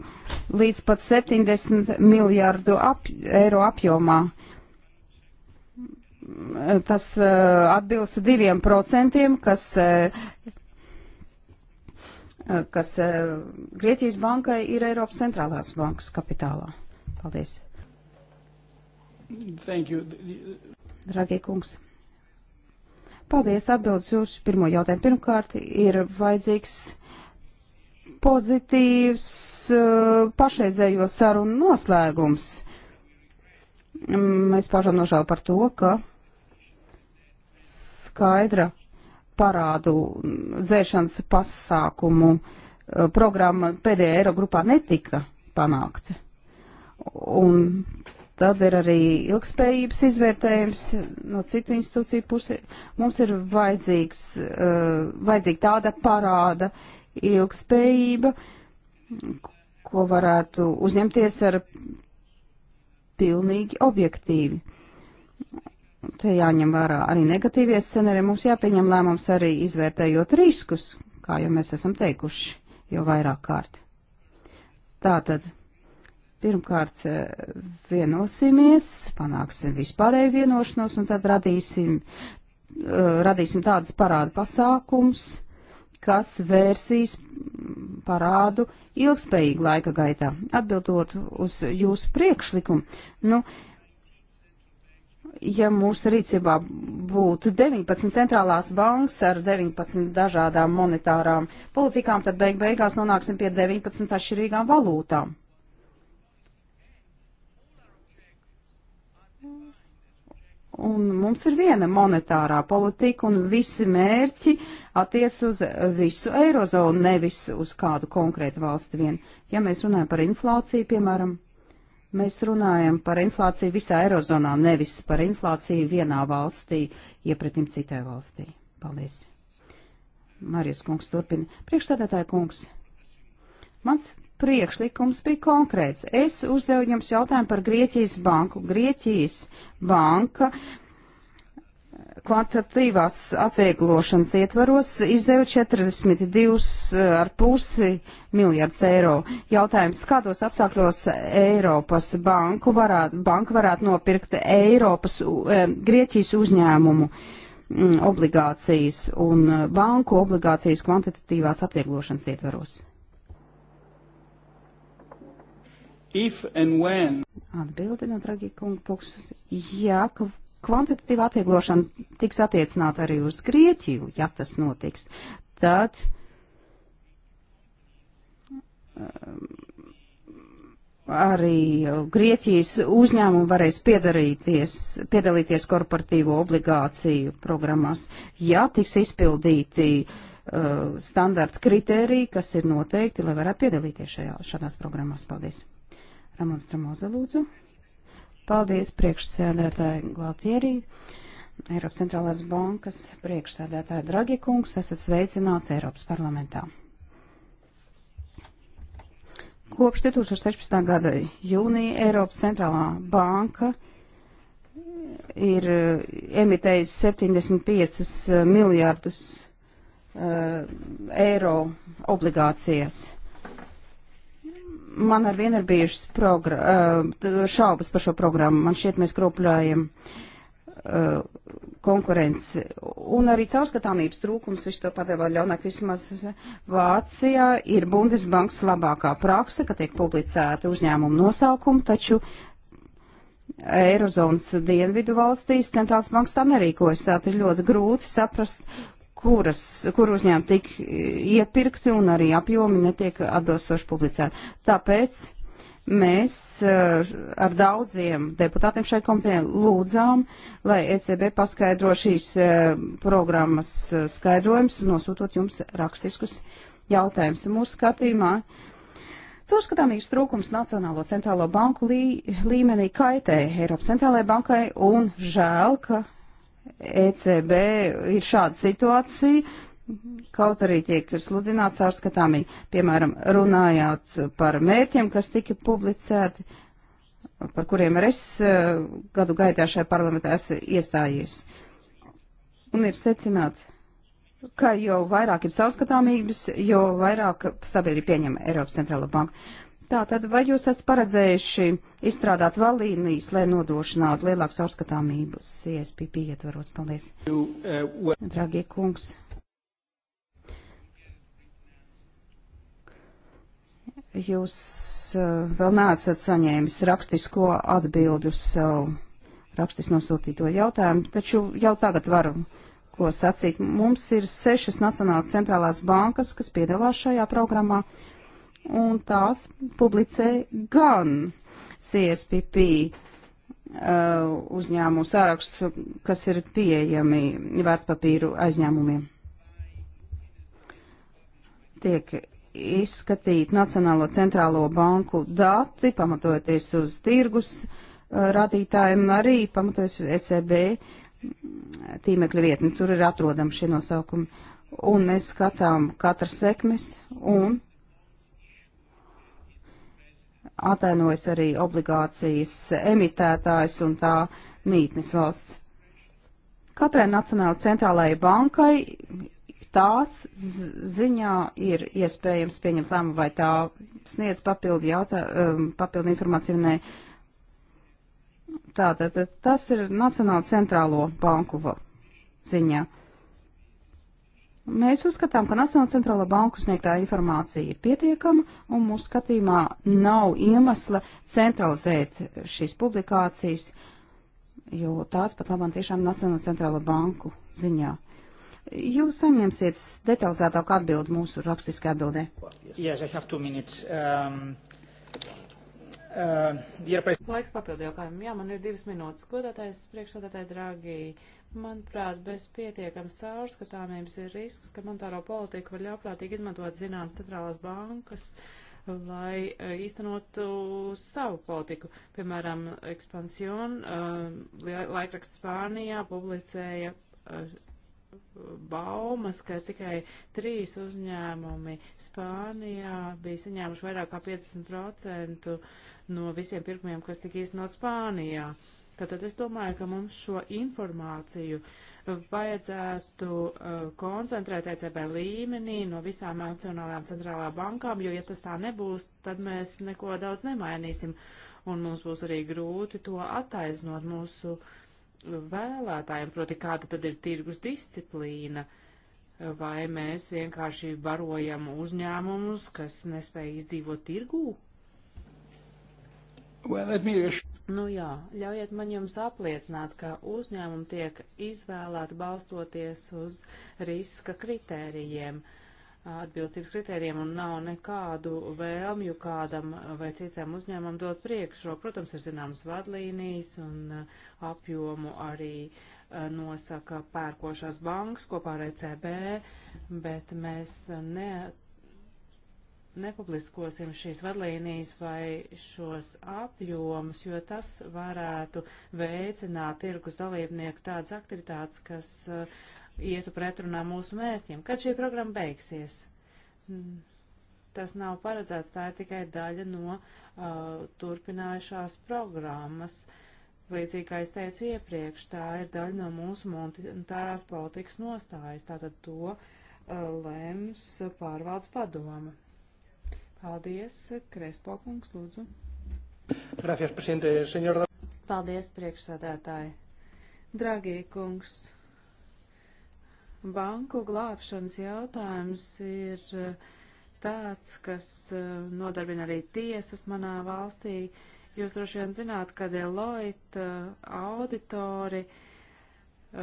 Speaker 4: līdz pat 70 miljārdu ap, eiro apjomā? Tas uh, atbilst diviem procentiem, kas uh, Eh, kas eh, Grieķijas bankai ir Eiropas centrālās bankas kapitālā. Paldies. Thank you. Dragie kungs. Paldies, atbildes jūsu pirmo jautājumu. Pirmkārt, ir vajadzīgs pozitīvs eh, pašreizējo sarunu noslēgums. Mēs mm, pašam nožēlu par to, ka skaidra parādu dzēšanas pasākumu e, programma pēdējā Eirogrupā netika panākta. Un tad ir arī ilgspējības izvērtējums no citu institūciju pusi. Mums ir vajadzīgs, e, vajadzīga tāda parāda ilgspējība, ko varētu uzņemties ar pilnīgi objektīvi. Te jāņem vērā arī negatīvie scenari, mums jāpieņem lēmums arī izvērtējot riskus, kā jau mēs esam teikuši jau vairāk kārt. Tātad, pirmkārt, vienosimies, panāksim vispārēju vienošanos un tad radīsim, eh, radīsim tādas parādu pasākums, kas vērsīs parādu ilgspējīgi laika gaitā. Atbildot uz jūsu priekšlikumu, nu, uh, ja mūsu rīcībā būtu 19 centrālās bankas ar 19 dažādām monetārām politikām, tad beig beigās nonāksim pie 19 atšķirīgām valūtām. Un mums ir viena monetārā politika, un visi mērķi attiec uz visu eirozonu, nevis uz kādu konkrētu valsti vien. Ja mēs runājam par inflāciju, piemēram, Mēs runājam par inflāciju visā Eirozonā, nevis par inflāciju vienā valstī, iepretim citai valstī. Paldies. Marijas kungs turpina. Priekšstādātāja kungs. Mans priekšlikums bija konkrēts. Es uzdevu jums jautājumu par Grieķijas banku. Grieķijas banka. Uh, kvantitatīvās atvieglošanas ietvaros izdevu 42,5 miljardus eiro. Jautājums, kādos apstākļos Eiropas banku varētu, banka varētu nopirkt Eiropas, e, Grieķijas uzņēmumu mm, obligācijas un e, banku obligācijas kvantitatīvās atvieglošanas ietvaros?
Speaker 1: Atbildi
Speaker 4: no Dragikunga puses. Jā, kvantitatīva atvieglošana tiks attiecināta arī uz Grieķiju, ja tas notiks, tad um, arī Grieķijas uzņēmumi varēs piedalīties korporatīvo obligāciju programmās, ja tiks izpildīti uh, standarta kritēriji, kas ir noteikti, lai varētu piedalīties šajā, šādās programmās. Paldies. Ramons Tramoza, lūdzu. Paldies priekšsēdētāji Gualtierī, Eiropas centrālās bankas priekšsēdētāji Dragi kungs, esat sveicināts Eiropas parlamentā. Kopš 2016. gada jūnija Eiropas centrālā banka ir eh, emitējis 75 miljārdus uh, eiro obligācijas man ar vienu ir bijušas šaubas par šo programmu. Man šķiet, mēs kropļājam uh, konkurenci. Un arī caurskatāmības trūkums, viņš to padevā ļaunāk vismaz Vācijā, ir Bundesbanks labākā praksa, ka tiek publicēta uzņēmuma nosaukuma, taču Eirozonas dienvidu valstīs centrāls banks tā nerīkojas. Tā ir ļoti grūti saprast, kuras, kur uzņēmumi tik iepirkti un arī apjomi netiek atbilstoši publicēti. Tāpēc mēs eh, ar daudziem deputātiem šai komitē lūdzām, lai ECB paskaidro šīs eh, programmas eh, skaidrojums, nosūtot jums rakstiskus jautājumus. Mūsu skatījumā caurskatāmības trūkums Nacionālo centrālo banku lī, līmenī kaitē Eiropas centrālajai bankai un žēl, ka ECB ir šāda situācija, kaut arī tiek sludināts ārskatāmī. Piemēram, runājāt par mērķiem, kas tika publicēti, par kuriem arī es e, gadu gaitā šajā parlamentā esmu iestājies. Un ir secināts, ka jo vairāk ir savskatāmības, jo vairāk sabiedrība pieņem Eiropas centrālo banku. Tātad, vai jūs esat paredzējuši izstrādāt vēl līnijas, lai nodrošinātu lielāku saurskatāmību CSPP ietvaros? Paldies.
Speaker 1: Uh,
Speaker 4: Dragie kungs. Jūs uh, vēl neesat saņēmis rakstisko atbildi uz savu rakstis nosūtīto jautājumu, taču jau tagad varu ko sacīt. Mums ir sešas Nacionālās centrālās bankas, kas piedalās šajā programmā. Uh, un tās publicē gan CSPP uh, uzņēmumu sārakstu, kas ir pieejami vērtspapīru aizņēmumiem. Tiek izskatīt Nacionālo centrālo banku dati, pamatojoties uz tirgus uh, rādītājiem, arī pamatojoties uz ECB tīmekļa vietni. Tur ir atrodami šie nosaukumi. Un mēs skatām katra sekmes un atainojas arī obligācijas emitētājs un tā mītnes valsts. Katrai Nacionālajai centrālajai bankai tās ziņā ir iespējams pieņemt lēmumu, vai tā sniedz papildu, jautā, um, papildu informāciju vai nē. Tātad tas ir Nacionālo centrālo banku ziņā. Mēs uzskatām, ka Nacionāla centrāla banka sniegtā informācija ir pietiekama, un mūsu skatījumā nav iemesla centralizēt šīs publikācijas, jo tās pat labāk tiešām Nacionāla centrāla banku ziņā. Jūs saņemsiet detalizētāku atbildi mūsu rakstiskā atbildē.
Speaker 3: Yes, um, Uh, Laiks papildu jautājumam. Jā, man ir divas minūtes. Godātais priekšsādātāji, draugi, Manuprāt, bez pietiekams caurskatāmības ir risks, ka monetāro politiku var ļauprātīgi izmantot zināmas centrālās bankas, lai e, īstenotu savu politiku. Piemēram, Expansion e, laikraksts Spānijā publicēja e, baumas, ka tikai trīs uzņēmumi Spānijā bija saņēmuši vairāk kā 50% no visiem pirkumiem, kas tika īstenot Spānijā. Uh, Tātad es domāju, ka mums šo informāciju vajadzētu uh, koncentrēt ECB līmenī no visām nacionālajām centrālām bankām, jo, ja tas tā nebūs, tad mēs neko daudz nemainīsim, un mums būs arī grūti to attaisnot mūsu vēlētājiem, proti, kāda tad ir tirgus disciplīna. Vai mēs vienkārši barojam uzņēmumus, kas nespēja izdzīvot tirgū? Well, let me Nu jā, ļaujiet man jums apliecināt, ka uzņēmumi tiek izvēlēti balstoties uz riska kritērijiem, atbilstības kritērijiem, un nav nekādu vēlmju kādam vai citam uzņēmumam dot priekšro. Protams, ir zināmas vadlīnijas un uh, apjomu arī uh, nosaka pērkošās bankas kopā ar ECB, bet mēs uh, ne nepubliskosim šīs vadlīnijas vai šos apjomus, jo tas varētu veicināt tirgus dalībnieku tādas aktivitātes, kas uh, ietu pretrunā mūsu mērķiem. Kad šī programma beigsies? Mm, tas nav paredzēts, tā ir tikai daļa no uh, turpinājušās programmas. Līdzīgi kā es teicu iepriekš, tā ir daļa no mūsu monetārās politikas nostājas, tātad to uh, lems pārvaldes padoma. Paldies, Krespo kungs, lūdzu.
Speaker 1: Gracias, presidente, senor.
Speaker 3: Paldies, priekšsādātāji. Dragie kungs, banku glābšanas jautājums ir eh, tāds, kas eh, nodarbina arī tiesas manā valstī. Jūs droši vien zināt, ka Deloitte eh, auditori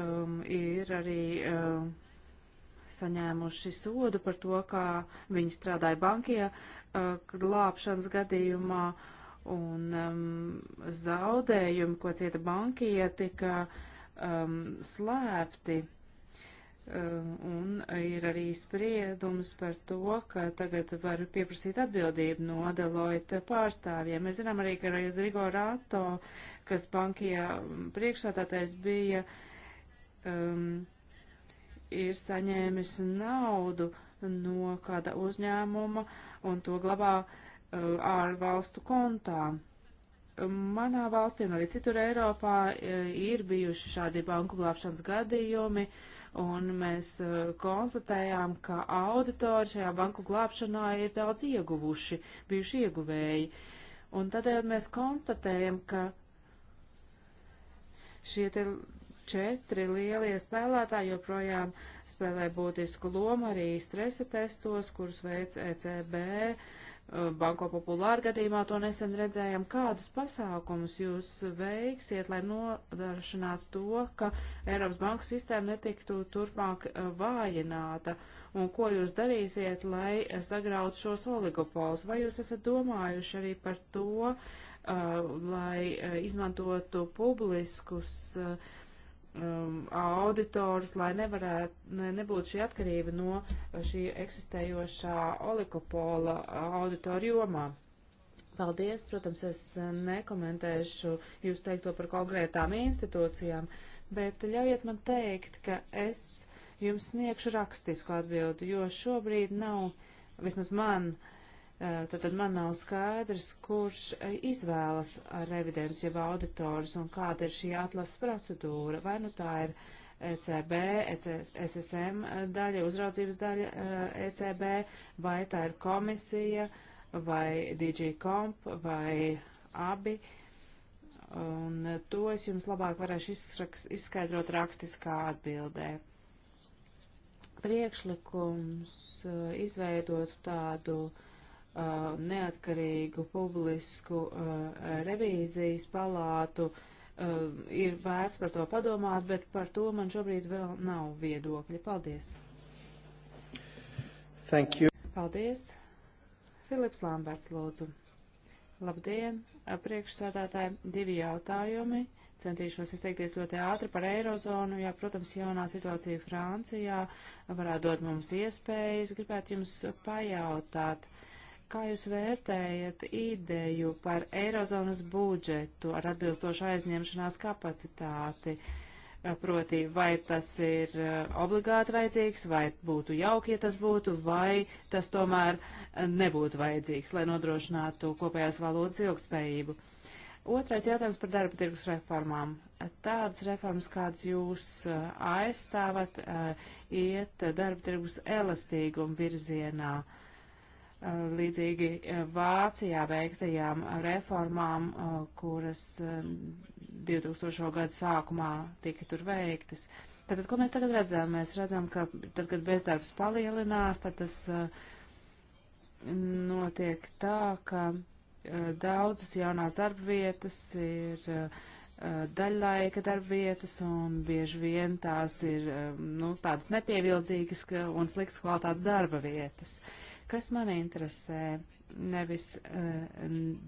Speaker 3: um, ir arī um, saņēmuši sodu par to, kā viņi strādāja bankie uh, glābšanas gadījumā, un um, zaudējumi, ko cieta bankie, tika um, slēpti. Um, un ir arī spriedums par to, ka tagad var pieprasīt atbildību no Deloitte pārstāvjiem. Mēs zinām arī, ka Rodrigo Rato, kas bankijā priekšsādātais bija, um, ir saņēmis naudu no kāda uzņēmuma un to glabā uh, ārvalstu kontā. Manā valstī un arī citur Eiropā uh, ir bijuši šādi banku glābšanas gadījumi, un mēs uh, konstatējām, ka auditori šajā banku glābšanā ir daudz ieguvuši, bijuši ieguvēji. Un tādēļ mēs konstatējam, ka šie četri lielie spēlētāji joprojām spēlē būtisku lomu arī stresa testos, kurus veic ECB. Uh, Banko populāru gadījumā to nesen redzējām, kādus pasākumus jūs veiksiet, lai nodrošinātu to, ka Eiropas banku sistēma netiktu turpmāk uh, vājināta, un ko jūs darīsiet, lai sagrautu šos oligopols. Vai jūs esat domājuši arī par to, uh, lai uh, izmantotu publiskus uh, um, auditorus, lai nevarētu, ne, nebūtu šī atkarība no šī eksistējošā olikopola auditoru jomā. Paldies, protams, es nekomentēšu jūs teikto par konkrētām institūcijām, bet ļaujiet man teikt, ka es jums sniegšu rakstisku atbildi, jo šobrīd nav, vismaz man, uh, Tātad eh, man nav skaidrs, kurš eh, izvēlas revidents jau auditors un kāda ir šī atlases procedūra. Vai nu tā ir ECB, EC, SSM eh, daļa, uzraudzības daļa ECB, e vai tā ir komisija, vai DG Comp, vai abi. Un to es jums labāk varēšu izskaidrot rakstiskā atbildē. Priekšlikums izveidot tādu uh, Uh, neatkarīgu publisku uh, revīzijas palātu, uh, ir vērts par to padomāt, bet par to man šobrīd vēl nav viedokļa. Paldies! Thank you. Paldies! Filips Lamberts, lūdzu. Labdien! Priekšsādātāji, divi jautājumi. Centīšos izteikties ļoti ātri par eirozonu. Jā, protams, jaunā situācija Francijā varētu dot mums iespējas. Gribētu jums pajautāt. Uh, Kā jūs vērtējat ideju par Eirozonas budžetu ar atbilstošu aizņemšanās kapacitāti? Eh, proti, vai tas ir eh, obligāti vajadzīgs, vai būtu jauki, ja tas būtu, vai tas tomēr eh, nebūtu vajadzīgs, lai nodrošinātu kopējās valodas ilgtspējību. Otrais jautājums par darba tirgus reformām. Tādas reformas, kādas jūs aizstāvat, iet darba tirgus elastīgumu virzienā. Uh, līdzīgi eh, Vācijā veiktajām reformām, eh, kuras 2000. Eh, gadu sākumā tika tur veiktas. Tātad, ko mēs tagad redzam? Mēs redzam, ka tad, kad bezdarbs palielinās, tad tas notiek tā, ka daudzas jaunās darba vietas ir daļlaika darbvietas, un bieži vien tās ir nu, tādas nepievilcīgas un sliktas kvalitātes darba vietas. Uh, Kas man interesē? Nevis uh,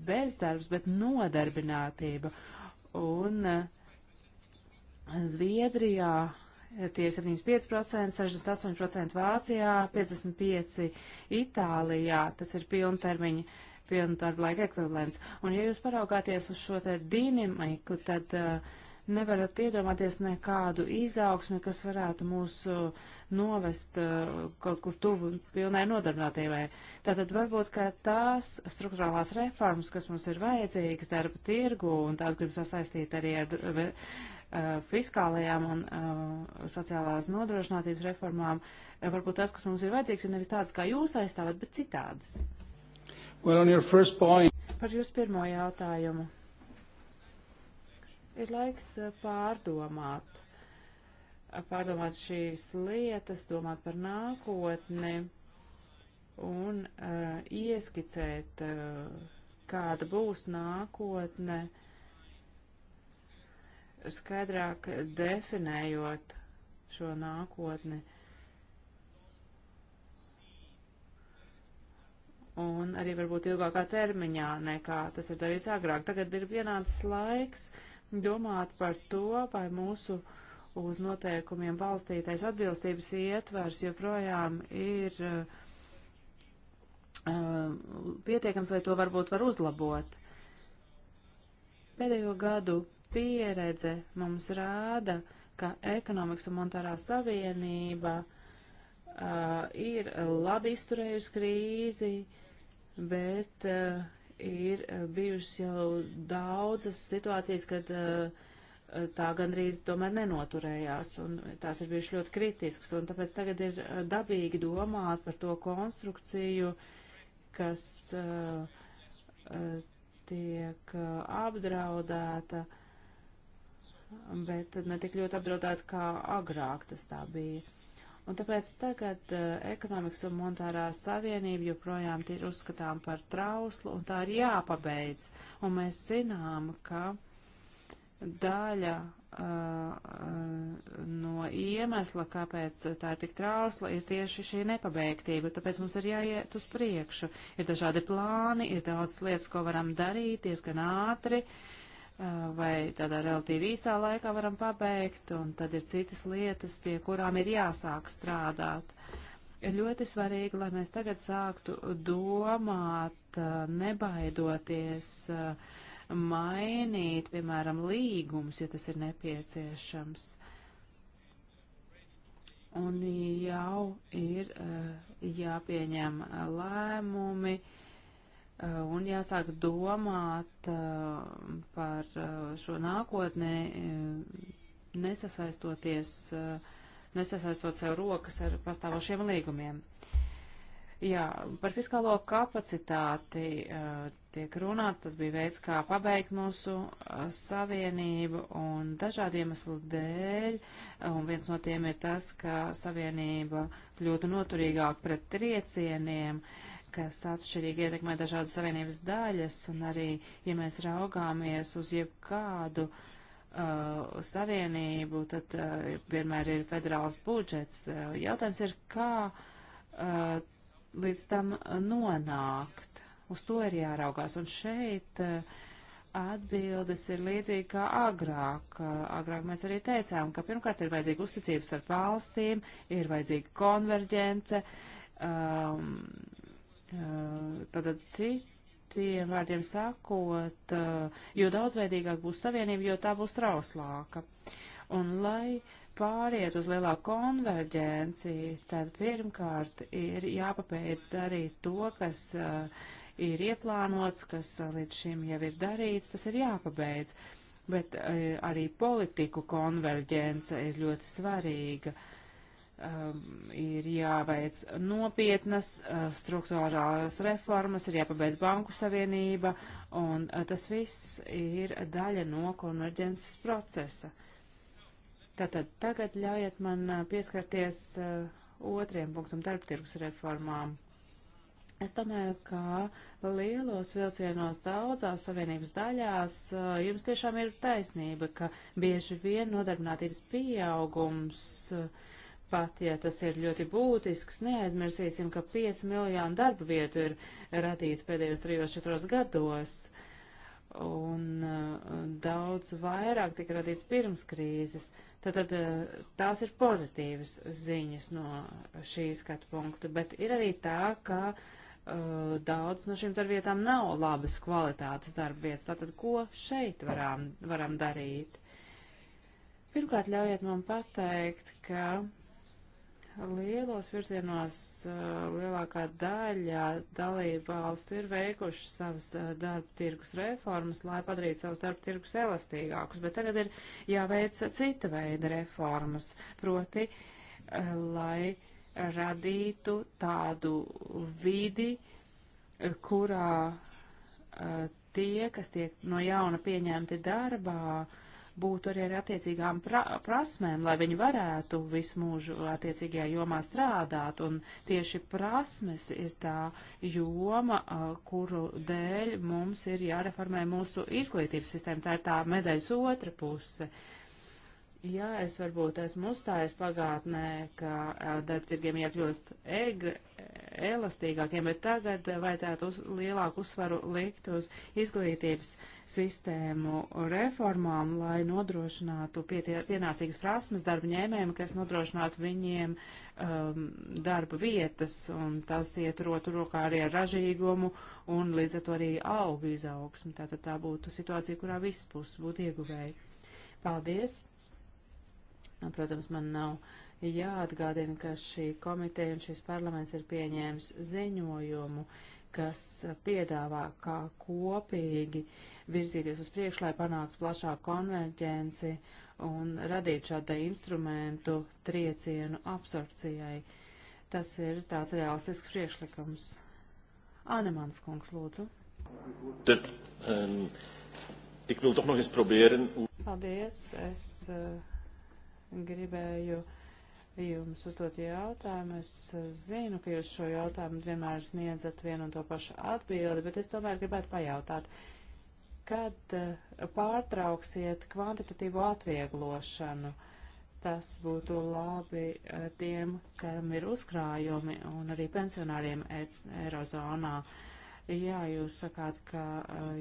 Speaker 3: bezdarbs, bet nodarbinātība. Un uh, Zviedrijā tie 75%, 68% Vācijā, 55% Itālijā, tas ir pilntermiņa pilndarba laika ekvivalents. Un ja jūs paraugāties uz šo te dinamiku, tad uh, nevarat iedomāties nekādu izaugsmi, kas varētu mūs uh, novest uh, kaut kur tuvu pilnai nodarbinātībai. Tātad varbūt, ka tās struktūrālās reformas, kas mums ir vajadzīgas darba tirgu, un tās grib sasaistīt arī ar uh, fiskālajām un sociālās nodrošinātības reformām, varbūt tas, kas mums ir vajadzīgs, ir nevis tāds, kā jūs aizstāvat, bet citādas. Well, Par jūsu pirmo jautājumu Ir laiks eh, pārdomāt, pārdomāt šīs lietas, domāt par nākotni un uh, ieskicēt, uh, kāda būs nākotne, skaidrāk definējot šo nākotni. Un arī varbūt ilgākā termiņā nekā tas ir darīts agrāk. Tagad ir pienācis laiks domāt par to, vai mūsu uz noteikumiem balstītais atbilstības ietvers joprojām ir uh, pietiekams, vai to varbūt var uzlabot. Pēdējo gadu pieredze mums rāda, ka ekonomikas un monetārā savienība uh, ir labi izturējusi krīzi, bet uh, ir eh, bijušas jau daudzas situācijas, kad eh, tā gandrīz tomēr nenoturējās, un tās ir bijušas ļoti kritiskas, un tāpēc tagad ir eh, dabīgi domāt par to konstrukciju, kas tiek apdraudēta, bet ne tik ļoti apdraudēta, kā agrāk tas tā bija. Un tāpēc tagad uh, ekonomikas un monetārā savienība joprojām ir uzskatām par trauslu, un tā ir jāpabeidz. Un mēs zinām, ka daļa uh, no iemesla, kāpēc tā ir tik trausla, ir tieši šī nepabeigtība. Tāpēc mums ir jāiet uz priekšu. Ir dažādi plāni, ir daudz lietas, ko varam darīt diezgan ātri. Uh, Eh, vai tādā relatīvi īsā laikā varam pabeigt, un tad ir citas lietas, pie kurām ir jāsāk strādāt. Ir ļoti svarīgi, lai mēs tagad sāktu domāt, eh, nebaidoties eh, mainīt, piemēram, līgumus, ja tas ir nepieciešams. Un jau ir jāpieņem lēmumi, uh, Uh, un jāsāk domāt uh, par uh, šo nākotnē, nesasaistoties, nesasaistot sev rokas ar pastāvošiem līgumiem. Jā, par fiskālo kapacitāti tiek runāts, tas bija veids, kā pabeigt mūsu savienību un dažādu iemeslu dēļ, un viens no tiem ir tas, ka savienība kļūtu noturīgāk pret triecieniem, uh, kas atšķirīgi ietekmē dažādas savienības daļas, un arī, ja mēs raugāmies uz jebkādu uh, savienību, tad uh, vienmēr ir federāls budžets. Uh, jautājums ir, kā uh, līdz tam nonākt. Uz to ir jāraugās. Un šeit uh, atbildes ir līdzīgi kā agrāk. Uh, agrāk mēs arī teicām, ka pirmkārt ir vajadzīga uzticības starp valstīm, ir vajadzīga konverģence. Um, Eh, tātad citiem vārdiem sakot, eh, jo daudzveidīgāk būs savienība, jo tā būs trauslāka. Un lai pāriet uz lielāku konverģenci, tad pirmkārt ir jāpapēc darīt to, kas eh, ir ieplānots, kas līdz šim jau ir darīts, tas ir jāpabeidz. Bet arī politiku konverģence ir ļoti svarīga. Uh, um, ir jāveic nopietnas uh, struktūrālās reformas, ir jāpabeidz banku savienība, un uh, tas viss ir daļa no konverģences procesa. Tātad tagad ļaujiet man uh, pieskarties uh, otriem punktam darbtirgus reformām. Es domāju, ka lielos vilcienos daudzās savienības daļās uh, jums tiešām ir taisnība, ka bieži vien nodarbinātības pieaugums uh, Pat, ja tas ir ļoti būtisks, neaizmirsīsim, ka 5 miljonu darba vietu ir radīts pēdējos 3-4 gados, un uh, daudz vairāk tika radīts pirms krīzes. Tātad uh, tās ir pozitīvas ziņas no šī skatu punktu, bet ir arī tā, ka uh, daudz no šīm darbvietām nav labas kvalitātes darbvietas. Tātad, ko šeit varam, varam darīt? Pirmkārt, ļaujiet man pateikt, ka lielos virzienos lielākā daļa dalību valstu ir veikuši savas darba tirgus reformas, lai padarītu savus darba tirgus elastīgākus, bet tagad ir jāveic cita veida reformas, proti, lai radītu tādu vidi, kurā tie, kas tiek no jauna pieņemti darbā, uh, būtu arī ar attiecīgām pra prasmēm, lai viņi varētu visu mūžu attiecīgajā jomā strādāt. Un tieši prasmes ir tā joma, kuru dēļ mums ir jāreformē mūsu izglītības sistēma. Tā ir tā medaļas otra puse. Uh, Jā, es varbūt esmu uzstājies pagātnē, ka darbtirgiem jākļūst elastīgākiem, bet tagad vajadzētu uz, lielāku uzsvaru likt uz izglītības sistēmu reformām, lai nodrošinātu pietie, pienācīgas prasmes darba ņēmējiem, kas nodrošinātu viņiem um, darba vietas, un tas iet rotu rokā arī ar ražīgumu, un līdz ar to arī auga izaugsmu. Tātad tā būtu situācija, kurā visas puses būtu ieguvēji. Paldies! Nu, protams, man nav jāatgādina, ka šī komiteja un šis parlaments ir pieņēmis ziņojumu, kas piedāvā kā kopīgi virzīties uz priekšu, lai panāktu plašāku konverģenci un radītu šādu instrumentu triecienu absorpcijai. Tas ir tāds realistisks priekšlikums. Ānemans kungs, lūdzu. Tad, um, ik wil toch nog eens proberen. Paldies, es uh, gribēju jums uzdot jautājumu. Es zinu, ka jūs šo jautājumu vienmēr sniedzat vienu un to pašu atbildi, bet es tomēr gribētu pajautāt, kad eh, pārtrauksiet kvantitatīvo atvieglošanu? Tas būtu labi eh, tiem, kam ir uzkrājumi un arī pensionāriem e Eirozonā. Uh, Jā, jūs sakāt, ka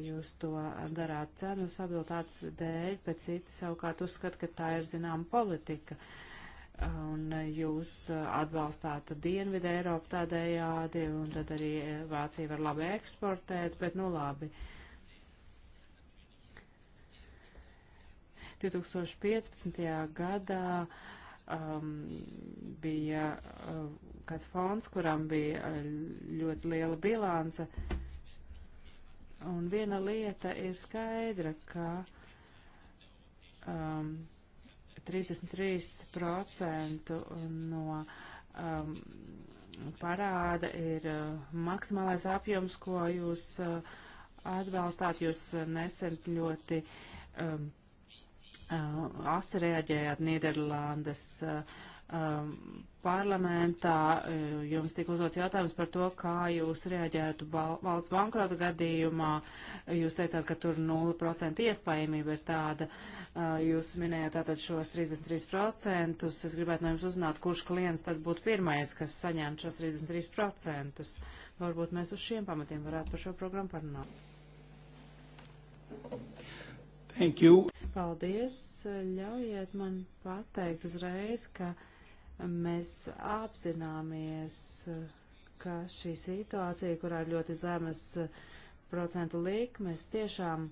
Speaker 3: jūs to darāt cenu stabilitātes dēļ, bet citi savukārt uzskata, ka tā ir zināma politika. Un jūs atbalstāt Dienvidu Eiropu tādējādi, un tad arī Vācija var labi eksportēt, bet nu labi. 2015. gadā um, bija um, kāds fonds, kuram bija uh, ļoti liela bilance. Un viena lieta ir skaidra, ka um, 33% no um, parāda ir uh, maksimālais apjoms, ko jūs uh, atbalstāt. Jūs uh, nesen ļoti um, Eh, asi reaģējāt Nīderlandes eh, parlamentā. Eh, jums tika uzdots jautājums par to, kā jūs reaģētu valsts bankrota gadījumā. Jūs teicāt, ka tur 0% iespējamība ir tāda. Jūs minējāt tātad šos 33%. Es gribētu no jums uzzināt, kurš klients tad būtu pirmais, kas saņemtu šos 33%. Varbūt mēs uz šiem pamatiem varētu par šo programmu parunāt. Thank you. Paldies! Ļaujiet man pateikt uzreiz, ka mēs apzināmies, ka šī situācija, kurā ir ļoti zemes procentu likmes, tiešām,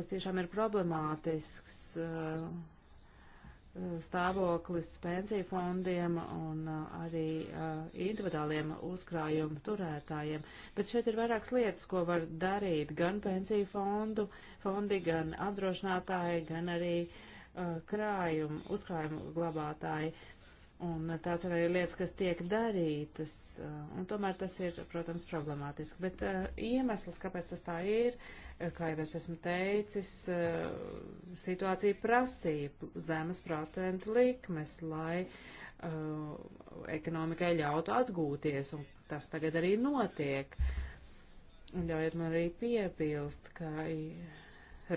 Speaker 3: tas tiešām ir problemātisks. Uh, stāvoklis pensiju fondiem un arī individuāliem uzkrājumu turētājiem. Bet šeit ir vairākas lietas, ko var darīt gan pensiju fondu, fondi, gan apdrošinātāji, gan arī krājumu, uzkrājumu glabātāji. Uh, Un tās ir arī lietas, kas tiek darītas, un tomēr tas ir, protams, problemātiski. Bet uh, iemesls, kāpēc tas tā ir, eh, kā jau es esmu teicis, uh, situācija prasīja zemes procentu likmes, lai uh, ekonomikai ļautu atgūties, un tas tagad arī notiek. Ļaujiet man arī piebilst, ka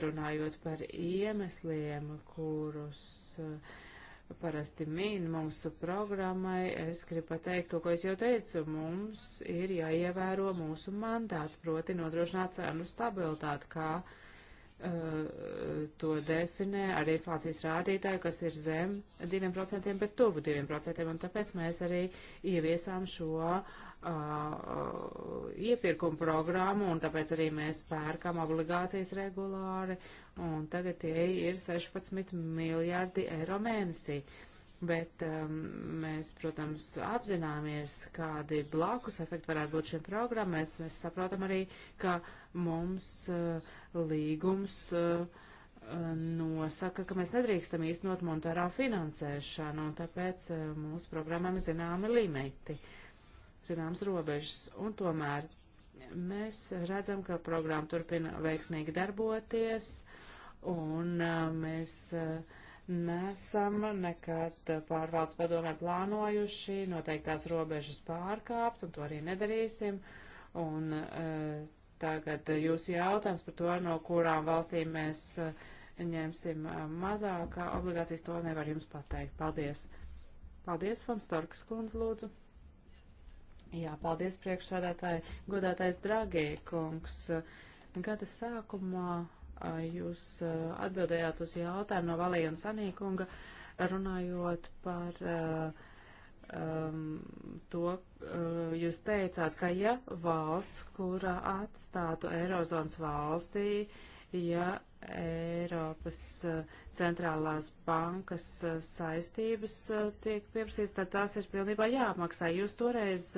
Speaker 3: runājot par iemesliem, kurus. Uh, parasti min mūsu programmai, es gribu pateikt to, ko es jau teicu, mums ir jāievēro mūsu mandāts, proti nodrošināt cenu stabilitāti, kā uh, to definē ar inflācijas rādītāju, kas ir zem 2%, bet tuvu 2%, un tāpēc mēs arī ieviesām šo uh, iepirkuma programmu, un tāpēc arī mēs pērkam obligācijas regulāri, un tagad tie ir 16 miljārdi eiro mēnesī. Bet um, mēs, protams, apzināmies, kādi blakus efekti varētu būt šiem programmām. Mēs, mēs saprotam arī, ka mums uh, līgums uh, nosaka, ka mēs nedrīkstam īstenot monetārā finansēšanu, un tāpēc uh, mūsu programmām ir zināmi limiti, zināms robežas. Un tomēr mēs redzam, ka programma turpina veiksmīgi darboties un mēs nesam nekad pārvaldes padomē plānojuši noteiktās robežas pārkāpt, un to arī nedarīsim. Un tagad jūsu jautājums par to, no kurām valstīm mēs ņemsim mazāk obligācijas, to nevar jums pateikt. Paldies! Paldies, Fonstorkas kundze, lūdzu! Jā, paldies priekšsādātāji, godātais Dragī kungs. Gada sākumā Jūs atbildējāt uz jautājumu no Valijas Sanīkunga, runājot par um, to, jūs teicāt, ka ja valsts, kura atstātu Eirozonas valstī, ja Eiropas centrālās bankas saistības tiek pieprasīts, tad tās ir pilnībā jāapmaksā. Jūs toreiz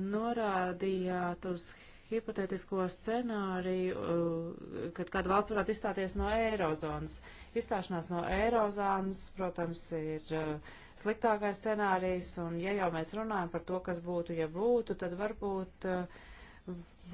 Speaker 3: norādījāt uz hipotētisko scenāriju, uh, kad kāda valsts varētu izstāties no eirozonas. Izstāšanās no eirozonas, protams, ir uh, sliktākais scenārijs, un ja jau mēs runājam par to, kas būtu, ja būtu, tad varbūt uh,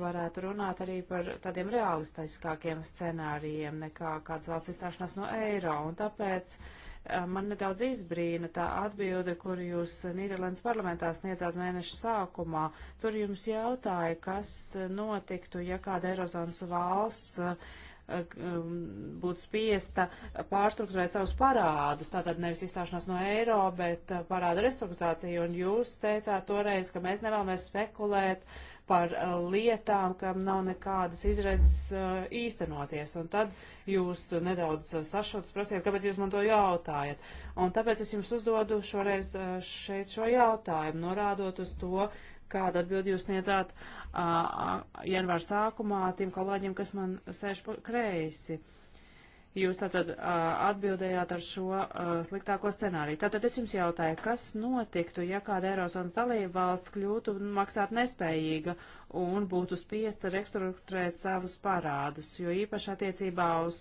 Speaker 3: varētu runāt arī par tādiem realistiskākiem scenārijiem nekā kāds valsts izstāšanās no eiro, un tāpēc uh, Eh, man nedaudz izbrīna tā atbilde, kuru jūs eh, Nīderlandes parlamentā sniedzāt mēneša sākumā. Tur jums jautāja, kas eh, notiktu, ja kāda Eirozonas valsts um, būtu spiesta pārstruktūrēt savus parādus, tātad nevis izstāšanos no eiro, bet parāda restruktūrāciju, un jūs teicāt toreiz, ka mēs nevēlamies spekulēt par eh, lietām, kam nav nekādas izredzes eh, īstenoties. Un tad jūs nedaudz eh, sašauts prasiet, kāpēc jūs man to jautājat. Un tāpēc es jums uzdodu šoreiz šeit šo jautājumu, norādot uz to, kādu atbildi jūs sniedzāt janvāra sākumā tiem kolēģiem, kas man sēž kreisi. Uh, Jūs tātad atbildējāt ar šo sliktāko scenāriju. Tātad es jums jautāju, kas notiktu, ja kāda Eirozonas dalība valsts kļūtu maksāt nespējīga un būtu spiesta restruktūrēt savus parādus, jo īpaši attiecībā uz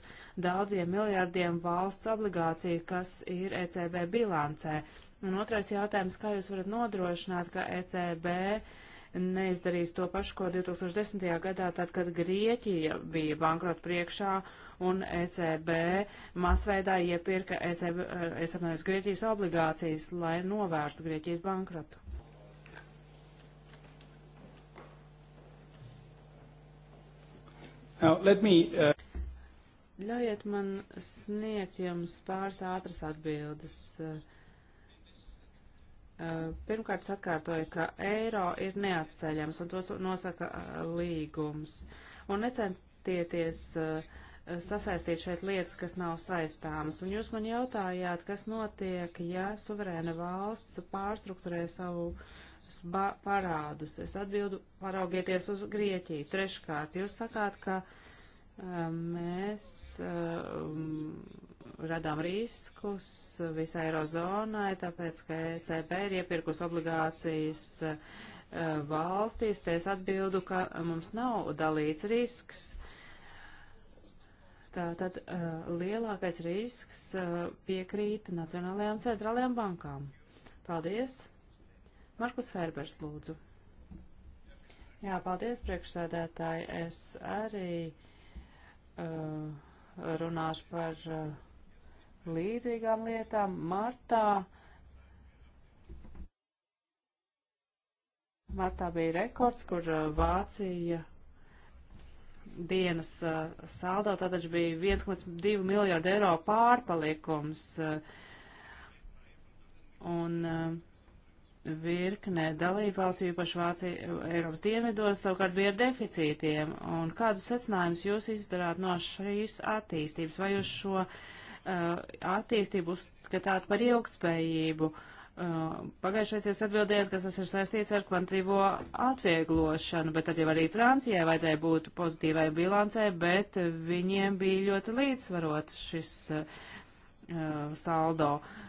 Speaker 3: daudziem miljardiem valsts obligāciju, kas ir ECB bilancē. Un otrais jautājums, kā jūs varat nodrošināt, ka ECB uh, neizdarīs to pašu, ko 2010. gadā, tad, kad Grieķija bija bankrota priekšā un ECB masveidā iepirka ECB, eh, es atvainojos, Grieķijas obligācijas, lai novērstu Grieķijas bankrotu.
Speaker 1: Now, let me, uh...
Speaker 3: Ļaujiet man sniegt jums pāris ātras atbildes. Uh, Pirmkārt, es atkārtoju, ka eiro ir neatceļams, un tos nosaka līgums. Un necentieties sasaistīt šeit lietas, kas nav saistāmas. Un jūs man jautājāt, kas notiek, ja suverēna valsts pārstruktūrē savu parādus. Es atbildu, paraugieties uz Grieķiju. Treškārt, jūs sakāt, ka uh, mēs um, radām riskus visai Eirozonai, tāpēc, ka ECB ir iepirkus obligācijas uh, valstīs, te es atbildu, ka mums nav dalīts risks. Tātad uh, lielākais risks uh, piekrīt Nacionālajām centrālajām bankām. Paldies. Markus Ferbers, lūdzu. Jā, paldies, priekšsēdētāji. Es arī uh, Eh, runāšu par eh, līdzīgām lietām. Martā, martā bija rekords, kur eh, Vācija dienas saldā, tātad bija 1,2 miljārdu eiro pārpalikums. Un virknē dalībvalstu, īpaši Vācija, Eiropas dienvidos, savukārt bija ar deficītiem. Un kādus secinājumus jūs izdarāt no šīs attīstības? Vai jūs šo uh, attīstību uzskatāt par ilgtspējību? Uh, Pagājušais jūs atbildējāt, ka tas ir saistīts ar kvantīvo atvieglošanu, bet tad jau arī Francijai vajadzēja būt pozitīvai bilancē, bet viņiem bija ļoti līdzsvarots šis uh, saldo. Uh,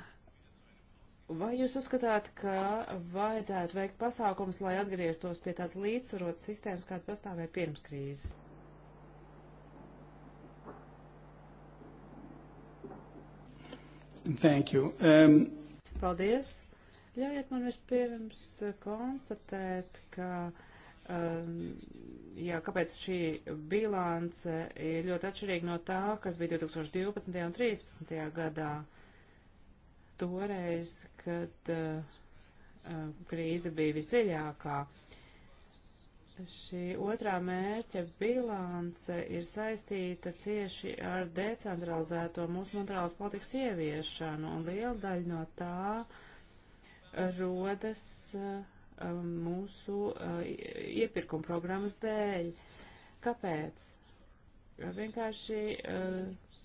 Speaker 3: Vai jūs uzskatāt, ka vajadzētu veikt pasākumus, lai atgrieztos pie tādas līdzsvarotas sistēmas, kāda pastāvēja pirms krīzes? Thank you. Um... Paldies. Ļaujiet man vispirms konstatēt, ka um, jā, kāpēc šī bilance ir ļoti atšķirīga no tā, kas bija 2012. un 2013. gadā toreiz, kad eh, eh, krīze bija visdziļākā. Šī otrā mērķa bilance ir saistīta cieši ar decentralizēto mūsu monetārās politikas ieviešanu, un liela daļa no tā eh, rodas mūsu iepirkuma programmas dēļ. Kāpēc? Vienkārši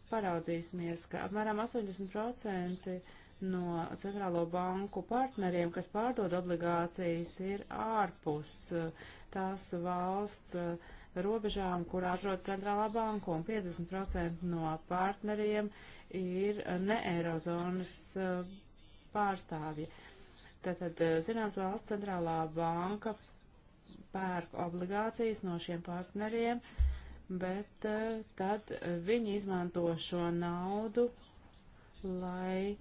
Speaker 3: paraudzīsimies, ka apmēram 80% no centrālo banku partneriem, kas pārdod obligācijas, ir ārpus eh, tās valsts eh, robežām, kur atrodas centrālā banka, un 50% no partneriem ir eh, ne Eirozonas pārstāvji. Tātad, zināms, valsts centrālā banka pērk obligācijas no šiem partneriem, bet tad viņi izmanto šo naudu, lai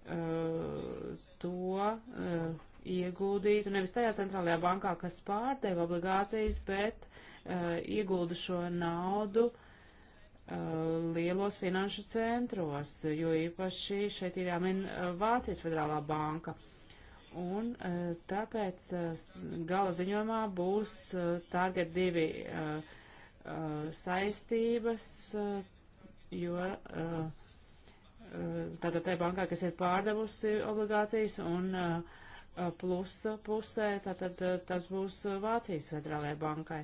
Speaker 3: Uh, to uh, ieguldītu nevis tajā centrālajā bankā, kas pārdeva obligācijas, bet uh, iegulda šo naudu uh, lielos finanšu centros, jo īpaši šeit ir jāmin uh, Vācijas federālā banka. Un uh, tāpēc uh, gala ziņojumā būs uh, target divi uh, uh, saistības, uh, jo. Uh, Eh, tātad tai bankai, kas ir pārdevusi obligācijas, un eh, plusa pusē, tātad eh, tas būs Vācijas federālajai bankai.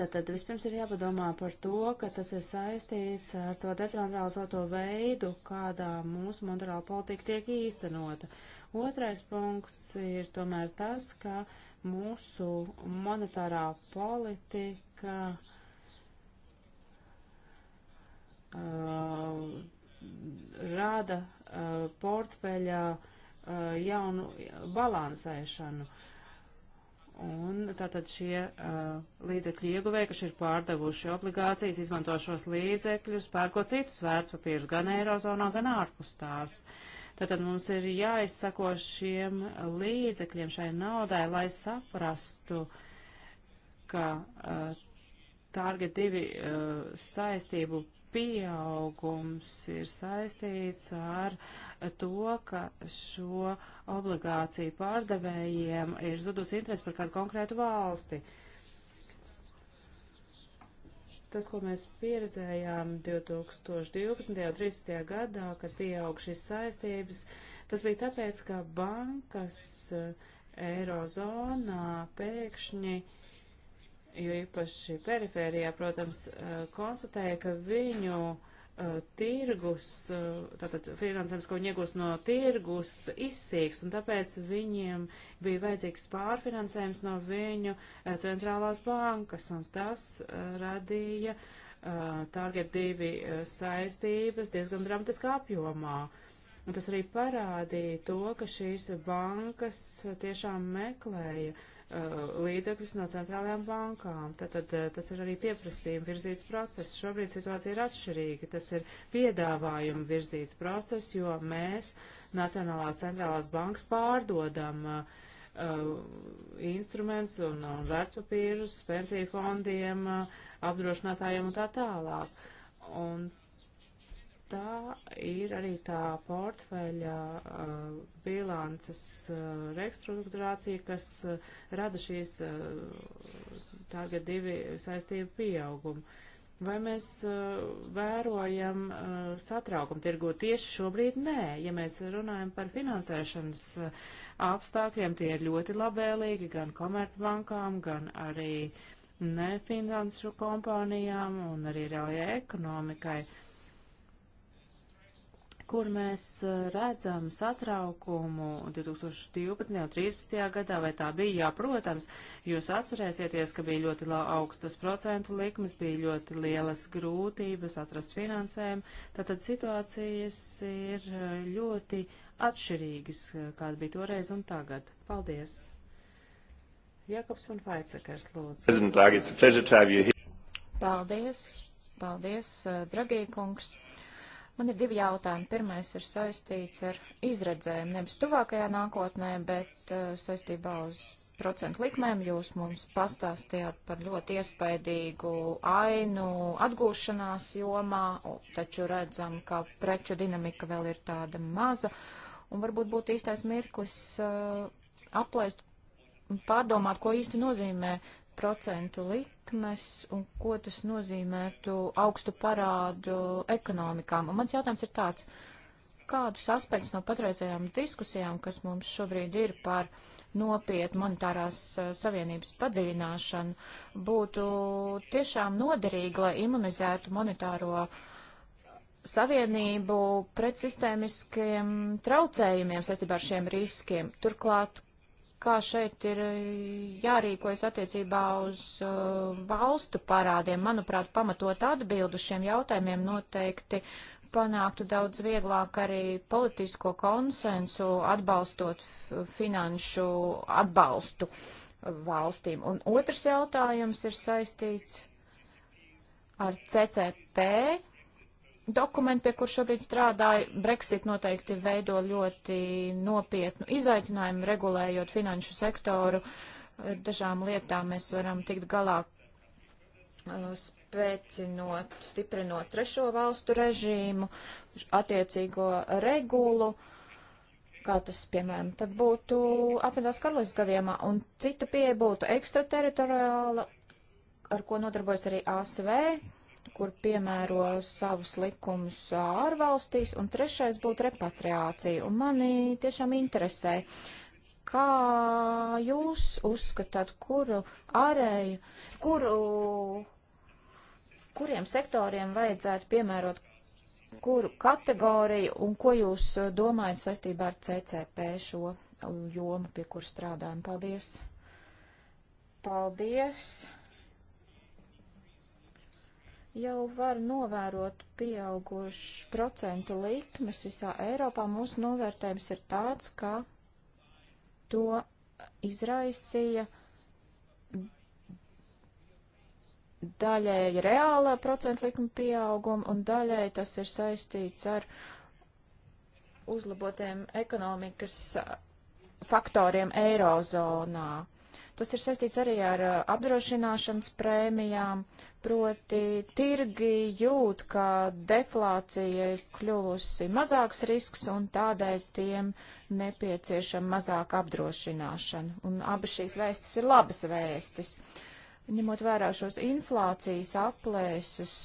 Speaker 3: Tātad vispirms ir jāpadomā par to, ka tas ir saistīts ar to decentralizēto veidu, kādā mūsu monetārā politika tiek īstenota. Otrais punkts ir tomēr tas, ka mūsu monetārā politika uh, rada uh, portfeļa uh, jaunu balansēšanu. Un tātad šie uh, līdzekļu ieguvēji, kas ir pārdevuši obligācijas, izmanto šos līdzekļus, pērko citus vērtspapīrus gan Eirozonā, gan ārpus tās. Tātad mums ir jāizsako šiem līdzekļiem, šai naudai, lai saprastu, ka uh, Target 2 uh, saistību pieaugums ir saistīts ar to, ka šo obligāciju pārdevējiem ir zudus interesi par kādu konkrētu valsti. Tas, ko mēs pieredzējām 2012. un 2013. gadā, kad pieaug šīs saistības, tas bija tāpēc, ka bankas eh, Eirozonā pēkšņi uh, jo īpaši perifērijā, protams, eh, konstatēja, ka viņu eh, tirgus, eh, tātad finansējums, ko viņi iegūst no tirgus, izsīks, un tāpēc viņiem bija vajadzīgs pārfinansējums no viņu centrālās bankas, un tas radīja Target 2 saistības diezgan dramatiskā apjomā. Un tas arī parādīja to, ka šīs bankas tiešām meklēja uh, Uh, līdzekļus no centrālajām bankām. Tātad uh, tas ir arī pieprasījuma virzīts process. Šobrīd situācija ir atšķirīga. Tas ir piedāvājuma virzīts process, jo mēs Nacionālās centrālās bankas pārdodam uh, uh, instruments un, un vērtspapīrus pensiju fondiem, uh, apdrošinātājiem un tā tālāk. Un tā ir arī tā portfeļa uh, bilances uh, restruktūrācija, kas uh, rada šīs uh, tagad divi saistību pieaugumu. Vai mēs uh, vērojam uh, satraukumu tirgu? Tieši šobrīd nē. Ja mēs runājam par finansēšanas apstākļiem, tie ir ļoti labēlīgi gan komercbankām, gan arī nefinanšu kompānijām un arī reālajai ekonomikai. Uh, kur mēs eh, redzam satraukumu 2012. un 2013. gadā, vai tā bija? Jā, protams, jūs atcerēsieties, ka bija ļoti augstas procentu likmes, bija ļoti lielas grūtības atrast finansējumu, tātad situācijas ir eh, ļoti atšķirīgas, eh, kāda bija toreiz un tagad. Paldies! Jakobs un Faicekars, lūdzu. Paldies!
Speaker 2: Paldies, Dragīkungs! Man ir divi jautājumi. Pirmais ir saistīts ar izredzēm, nevis tuvākajā nākotnē, bet uh, saistībā uz procentu likmēm. Jūs mums pastāstījāt par ļoti iespaidīgu ainu atgūšanās jomā, taču redzam, ka preču dinamika vēl ir tāda maza. Un varbūt būtu īstais mirklis uh, aplaist un pārdomāt, ko īsti nozīmē procentu likmes un ko tas nozīmētu augstu parādu ekonomikām. Un mans jautājums ir tāds, kādus aspektus no patreizējām diskusijām, kas mums šobrīd ir par nopietnu monetārās eh, savienības padziļināšanu, būtu tiešām noderīgi, lai imunizētu monetāro savienību pret sistēmiskiem traucējumiem saistībā ar šiem riskiem. Turklāt, kā šeit ir eh, jārīkojas attiecībā uz eh, valstu parādiem. Manuprāt, pamatot atbildu šiem jautājumiem noteikti panāktu daudz vieglāk arī politisko konsensu atbalstot finanšu atbalstu valstīm. Un otrs jautājums ir saistīts ar CCP dokumenti, pie kur šobrīd strādāja, Brexit noteikti veido ļoti nopietnu izaicinājumu regulējot finanšu sektoru. Ar dažām lietām mēs varam tikt galā uh, spēcinot, stiprinot trešo valstu režīmu, attiecīgo regulu, kā tas, piemēram, tad būtu apvienotās karalistas gadījumā, un cita pieeja būtu ekstrateritoriāla, ar ko nodarbojas arī ASV, kur piemēro savus likumus ārvalstīs, un trešais būtu repatriācija. Un mani tiešām interesē, kā jūs uzskatāt, kuru ārēju, kuru, kuriem sektoriem vajadzētu piemērot kuru kategoriju un ko jūs domājat saistībā ar CCP šo jomu, pie kur strādājam? Paldies! Paldies! jau var novērot pieaugušas procentu likmes visā Eiropā. Mūsu novērtējums ir tāds, ka to izraisīja daļēji reāla procentu likuma pieauguma un daļēji tas ir saistīts ar uzlabotiem ekonomikas faktoriem Eirozonā. Tas ir saistīts arī ar uh, apdrošināšanas prēmijām, proti tirgi jūt, ka deflācija ir kļuvusi mazāks risks un tādēļ tiem nepieciešama mazāk apdrošināšana. Un abas šīs vēstis ir labas vēstis. Ņemot vērā šos inflācijas aplēsus,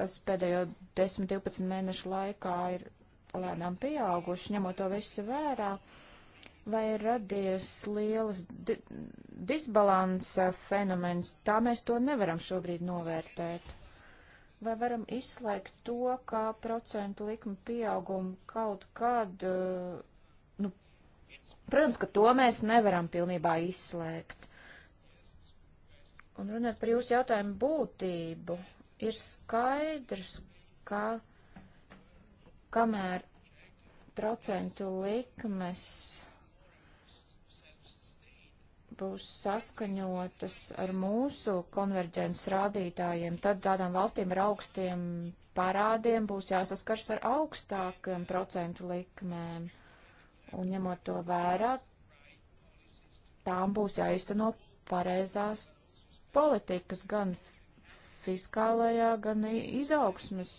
Speaker 2: kas pēdējo 10-12 mēnešu laikā ir lēnām pieauguši, ņemot to visu vērā, uh, vai ir radies lielas di disbalansa fenomens, tā mēs to nevaram šobrīd novērtēt. Vai varam izslēgt to, kā procentu likuma pieaugumu kaut kad, eh, nu, protams, ka to mēs nevaram pilnībā izslēgt. Un runāt par jūsu jautājumu būtību, ir skaidrs, ka kamēr procentu likmes būs saskaņotas ar mūsu konverģences rādītājiem, tad tādām valstīm ar augstiem parādiem būs jāsaskars ar augstākiem procentu likmēm. Un ņemot to vērā, tām būs jāizteno pareizās politikas gan fiskālajā, gan izaugsmes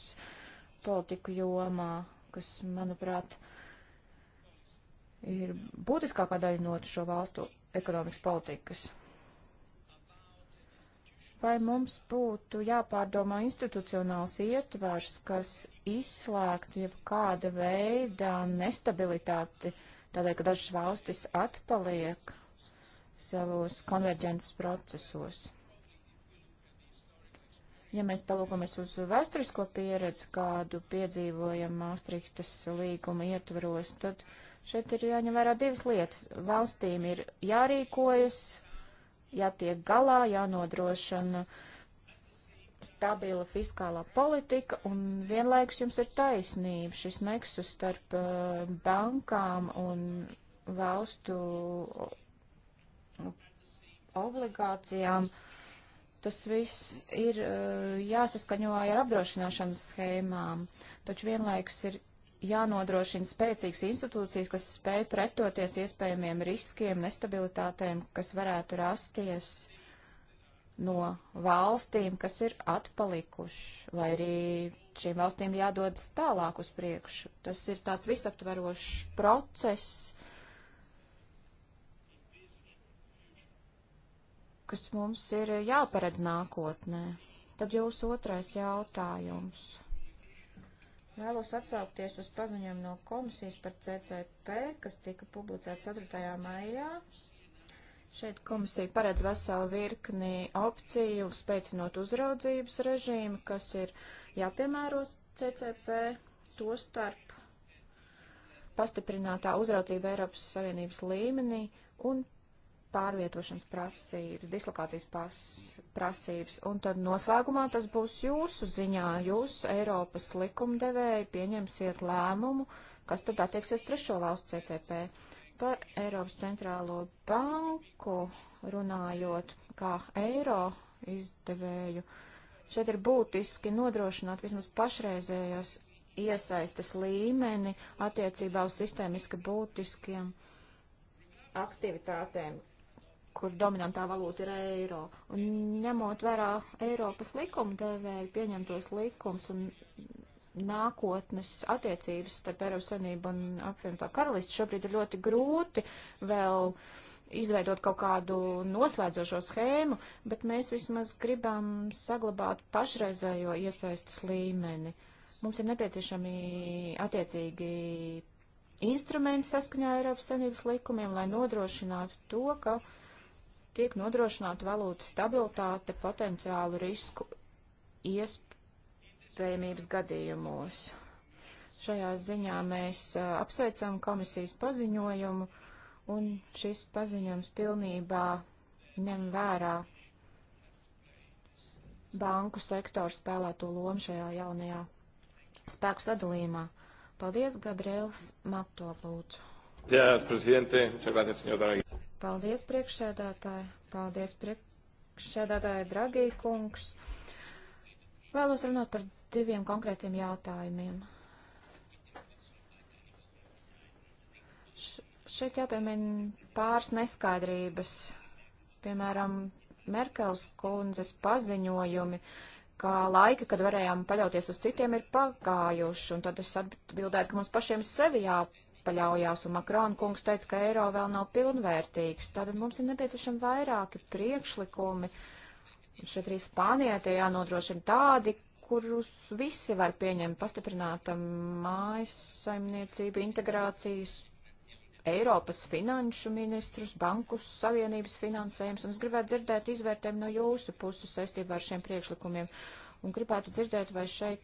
Speaker 2: politiku jomā, kas, manuprāt, ir būtiskākā daļa no šo valstu ekonomikas politikas. Vai mums būtu jāpārdomā institucionāls ietvars, kas izslēgtu jau kāda veida nestabilitāti, tādēļ, ka dažas valstis atpaliek savos konverģences procesos? Ja mēs palūkamies uz vēsturisko pieredzi, kādu piedzīvojam Maastrichtas līguma ietvaros, tad šeit ir jāņem vērā divas lietas. Valstīm ir jārīkojas, jātiek galā, jānodrošina stabila fiskālā politika, un vienlaikus jums ir taisnība šis neksus starp uh, bankām un valstu obligācijām. Uh, Tas viss ir eh, jāsaskaņo ar apdrošināšanas schēmām, taču vienlaikus ir jānodrošina spēcīgas institūcijas, kas spēj pretoties iespējamiem riskiem, nestabilitātēm, kas varētu rasties no valstīm, kas ir atpalikuši, vai arī šīm valstīm jādodas tālāk uz priekšu. Tas ir tāds visaptverošs process, kas mums ir jāparedz nākotnē. Tad jūs otrais jautājums. Vēlos atsaukties uz paziņojumu no komisijas par CCP, kas tika publicēts 4. maijā. Šeit komisija paredz veselu virkni opciju, spēcinot uzraudzības režīmu, kas ir jāpiemēros CCP, to starp pastiprinātā uzraudzība Eiropas Savienības līmenī un pārvietošanas prasības, dislokācijas pas, prasības, un tad noslēgumā tas būs jūsu ziņā. Jūs, Eiropas likumdevēji, pieņemsiet lēmumu, kas tad attieksies trešo valstu CCP. Par Eiropas centrālo banku runājot kā eiro izdevēju, šeit ir būtiski nodrošināt vismaz pašreizējos iesaistas līmeni attiecībā uz sistēmiski būtiskiem aktivitātēm, kur dominantā valūta ir eiro. Un ņemot vērā Eiropas likumdevēju pieņemtos likums un nākotnes attiecības starp Eiropas Savienību un apvienotā karalisti, šobrīd ir ļoti grūti vēl izveidot kaut kādu noslēdzošo schēmu, bet mēs vismaz gribam saglabāt pašreizējo iesaistas līmeni. Mums ir nepieciešami attiecīgi instrumenti saskaņā Eiropas Savienības likumiem, lai nodrošinātu to, ka uh, tiek nodrošināta valūtas stabilitāte potenciālu risku iespējamības gadījumos. Šajā ziņā mēs apsveicam komisijas paziņojumu, un šis paziņojums pilnībā ņem vērā banku sektoru spēlēto lomu šajā jaunajā spēku sadalījumā. Paldies, Gabriels Mato, lūdzu.
Speaker 1: Jā, prezidente, muchas gracias, señor Draghi.
Speaker 2: Paldies, priekšsēdētāji. Paldies, priekšsēdētāji, dragī kungs. Vēlos runāt par diviem konkrētiem jautājumiem. Šeit jāpiemina pāris neskaidrības. Piemēram, Merkels kundzes paziņojumi, ka laika, kad varējām paļauties uz citiem, ir pagājuši, un tad es atbildētu, ka mums pašiem sevi jāpārāk paļaujās, un Makrona kungs teica, ka eiro vēl nav pilnvērtīgs. Tātad mums ir nepieciešami vairāki priekšlikumi. Šeit arī Spānijai tie jānodrošina tādi, kurus visi var pieņemt pastiprināta mājas saimniecība, integrācijas, Eiropas finanšu ministrus, bankus, savienības finansējums, un es gribētu dzirdēt izvērtējumu no jūsu puses saistībā ar šiem priekšlikumiem, un gribētu dzirdēt, vai šeit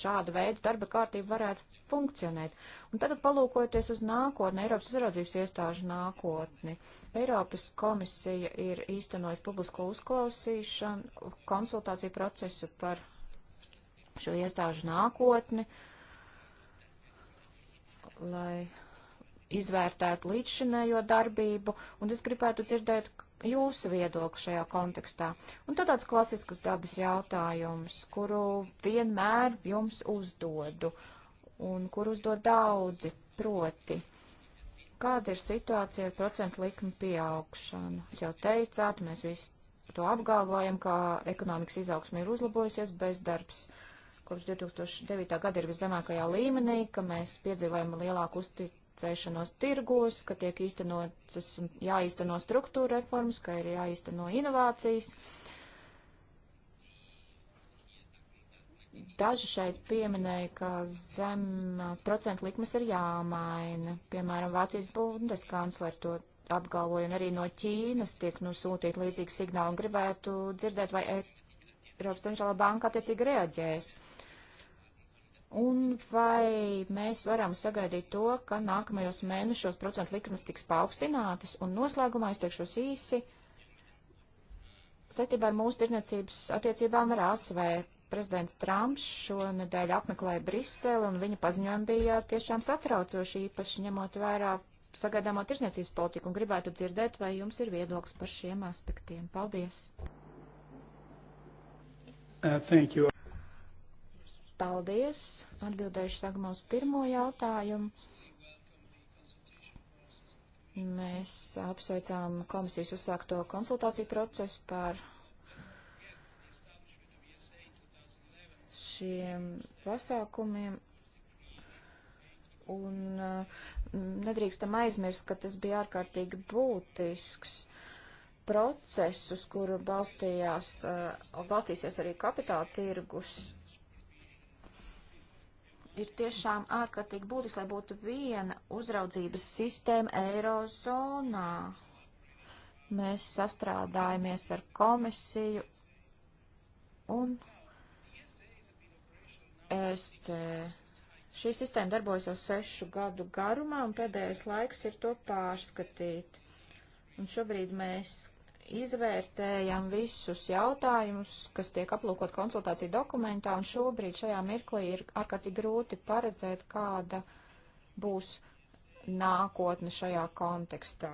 Speaker 2: šāda veida darba kārtība varētu funkcionēt. Un tagad palūkojoties uz nākotni, Eiropas uzraudzības iestāžu nākotni, Eiropas komisija ir īstenojis publisko uzklausīšanu, konsultāciju procesu par šo iestāžu nākotni, lai izvērtētu līdzšinējo darbību, un es gribētu dzirdēt, jūsu viedokli šajā kontekstā? Un tad tāds klasisks dabas jautājums, kuru vienmēr jums uzdodu un kur uzdod daudzi proti. Kāda ir situācija ar procentu likmi pieaugšanu? Jūs jau teicāt, mēs visi to apgalvojam, ka ekonomikas izaugsme ir uzlabojusies, bezdarbs kopš 2009. gada ir viszemākajā līmenī, ka mēs piedzīvojam lielāku uzticību cēšanos tirgos, ka tiek īstenotas, jāīsteno struktūra reformas, ka ir jāīsteno inovācijas. Daži šeit pieminēja, ka zemās procentu likmes ir jāmaina. Piemēram, Vācijas bundeskancler to apgalvoja, un arī no Ķīnas tiek nu sūtīt līdzīgi signāli, un gribētu dzirdēt, vai Eiropas centrālā banka attiecīgi reaģēs. Un vai mēs varam sagaidīt to, ka nākamajos mēnešos procentu likmes tiks paaugstinātas? Un noslēgumā es teikšos īsi saistībā ar mūsu tirniecības attiecībām ar ASV. Prezidents Trumps šonadēļ apmeklēja Briseli, un viņa paziņojumi bija tiešām satraucoši, īpaši ņemot vērā sagaidāmo tirniecības politiku, un gribētu dzirdēt, vai jums ir viedoklis par šiem aspektiem. Paldies!
Speaker 1: Uh, thank you.
Speaker 2: Paldies! Atbildējuši sākumā uz pirmo jautājumu. Mēs apsveicām komisijas uzsākto konsultāciju procesu par šiem pasākumiem. Un uh, nedrīkstam aizmirst, ka tas bija ārkārtīgi būtisks process, uz kuru balstījās, uh, balstīsies arī kapitāla tirgus ir tiešām ārkārtīgi būtiski, lai būtu viena uzraudzības sistēma Eirozonā. Mēs sastrādājamies ar komisiju un SC. Šī sistēma darbojas jau sešu gadu garumā, un pēdējais laiks ir to pārskatīt. Un šobrīd mēs izvērtējam visus jautājumus, kas tiek aplūkot konsultāciju dokumentā, un šobrīd šajā mirklī ir ārkārtīgi grūti paredzēt, kāda būs nākotne šajā kontekstā.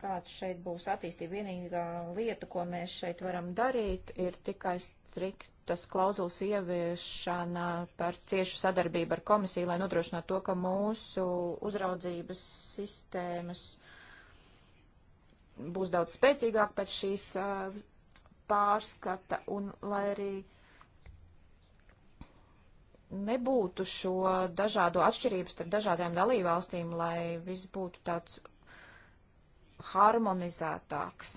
Speaker 2: kāds šeit būs attīstība. Vienīgā lieta, ko mēs šeit varam darīt, ir tikai striktas klauzulas ieviešana par ciešu sadarbību ar komisiju, lai nodrošinātu to, ka mūsu uzraudzības sistēmas būs daudz spēcīgāk pēc šīs uh, pārskata un lai arī nebūtu šo dažādo atšķirības starp dažādām dalībvalstīm, lai viss būtu tāds harmonizētāks.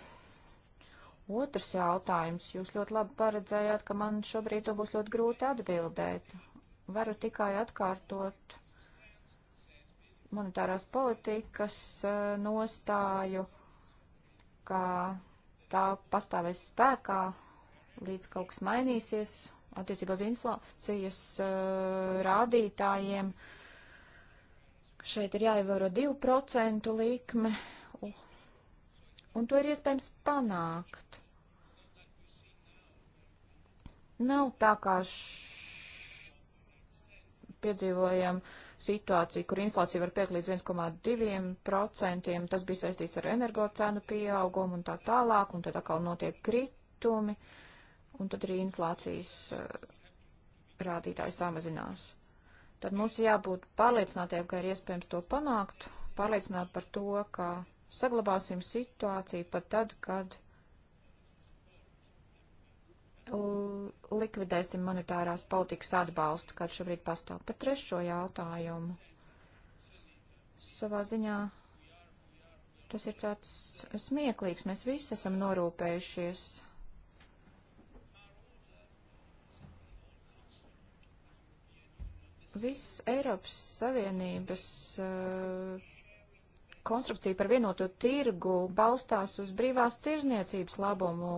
Speaker 2: Otrs jautājums. Jūs ļoti labi paredzējāt, ka man šobrīd to būs ļoti grūti atbildēt. Varu tikai atkārtot monetārās politikas eh, nostāju, ka tā pastāvēs spēkā, līdz kaut kas mainīsies attiecībā uz inflācijas eh, rādītājiem. Šeit ir jāievēro 2% likme un to ir iespējams panākt. Nav tā, kā š... piedzīvojam situāciju, kur inflācija var piekt līdz 1,2%, tas bija saistīts ar energocēnu pieaugumu un tā tālāk, un tad atkal notiek kritumi, un tad arī inflācijas uh, rādītāji samazinās. Tad mums jābūt pārliecinātiem, ka ir iespējams to panākt, pārliecināt par to, ka saglabāsim situāciju pat tad, kad likvidēsim monetārās politikas atbalstu, kad šobrīd pastāv par trešo jautājumu. Savā ziņā tas ir tāds smieklīgs, mēs visi esam norūpējušies. Visas Eiropas Savienības uh, konstrukcija par vienoto tirgu balstās uz brīvās tirzniecības labumu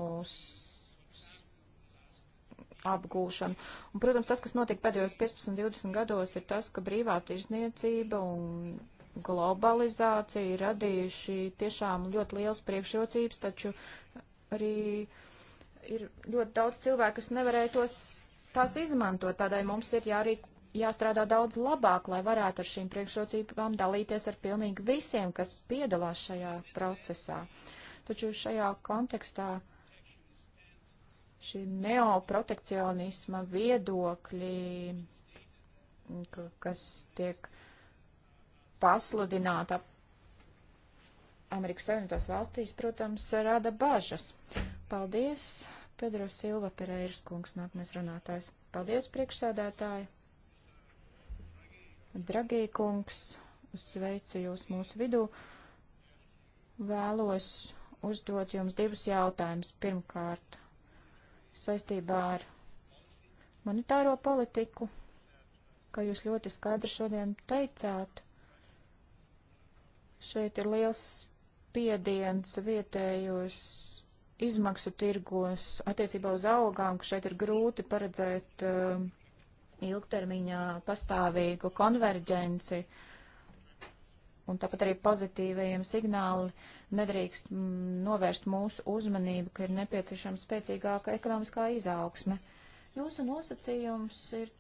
Speaker 2: apgūšanu. Un, protams, tas, kas notika pēdējos 15-20 gados, ir tas, ka brīvā tirzniecība un globalizācija ir radījuši tiešām ļoti liels priekšrocības, taču arī ir ļoti daudz cilvēku, kas nevarēja tos tās izmantot. Tādēļ mums ir jārīk, jāstrādā daudz labāk, lai varētu ar šīm priekšrocībām dalīties ar pilnīgi visiem, kas piedalās šajā procesā. Taču šajā kontekstā šī neoprotekcionisma viedokļi, kas tiek pasludināta Amerikas Savienotās valstīs, protams, rada bažas. Paldies, Pedro Silva Pereiras kungs, nākamais runātājs. Paldies, priekšsēdētāji. Dragī kungs, sveicu jūs mūsu vidū. Vēlos uzdot jums divus jautājumus. Pirmkārt, saistībā ar monetāro politiku, kā jūs ļoti skaidri šodien teicāt, šeit ir liels spiediens vietējos izmaksu tirgos attiecībā uz algām, ka šeit ir grūti paredzēt uh, ilgtermiņā pastāvīgu konverģenci, un tāpat arī pozitīvajiem signāli nedrīkst novērst mūsu uzmanību, ka ir nepieciešama spēcīgāka ekonomiskā izaugsme. Jūsu nosacījums ir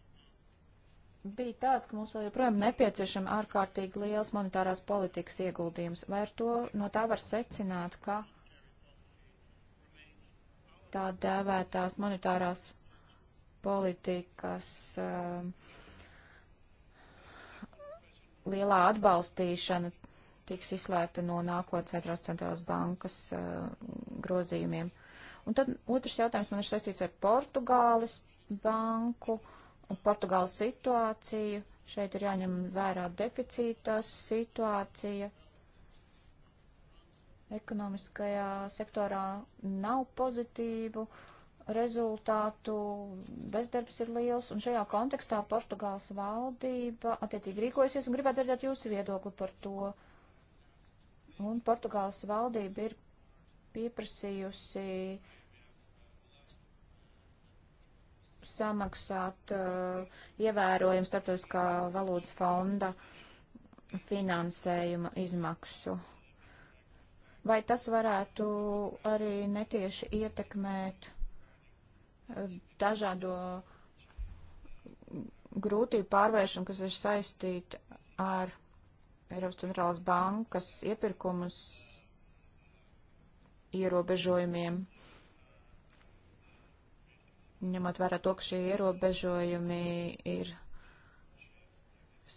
Speaker 2: bija tāds, ka mums vēl joprojām nepieciešama ārkārtīgi liels monetārās politikas ieguldījums. Vai ar to no tā var secināt, ka tā dēvētās monetārās politikas um, lielā atbalstīšana tiks izslēgta no nākotnes Eiropas centrālās bankas uh, grozījumiem. Un tad otrs jautājums man ir saistīts ar Portugāles banku un Portugāles situāciju. Šeit ir jāņem vērā deficīta situācija. Ekonomiskajā sektorā nav pozitīvu uh, rezultātu bezdarbs ir liels, un šajā kontekstā Portugāles valdība attiecīgi rīkojasies un gribētu dzirdēt jūsu viedokli par to. Un Portugāles valdība ir pieprasījusi samaksāt uh, ievērojumu starptautiskā valūtas fonda finansējuma izmaksu. Vai tas varētu arī netieši ietekmēt dažādo grūtību pārvēršanu, kas ir saistīta ar Eiropas centrālās bankas iepirkumus ierobežojumiem, ņemot vērā to, ka šie ierobežojumi ir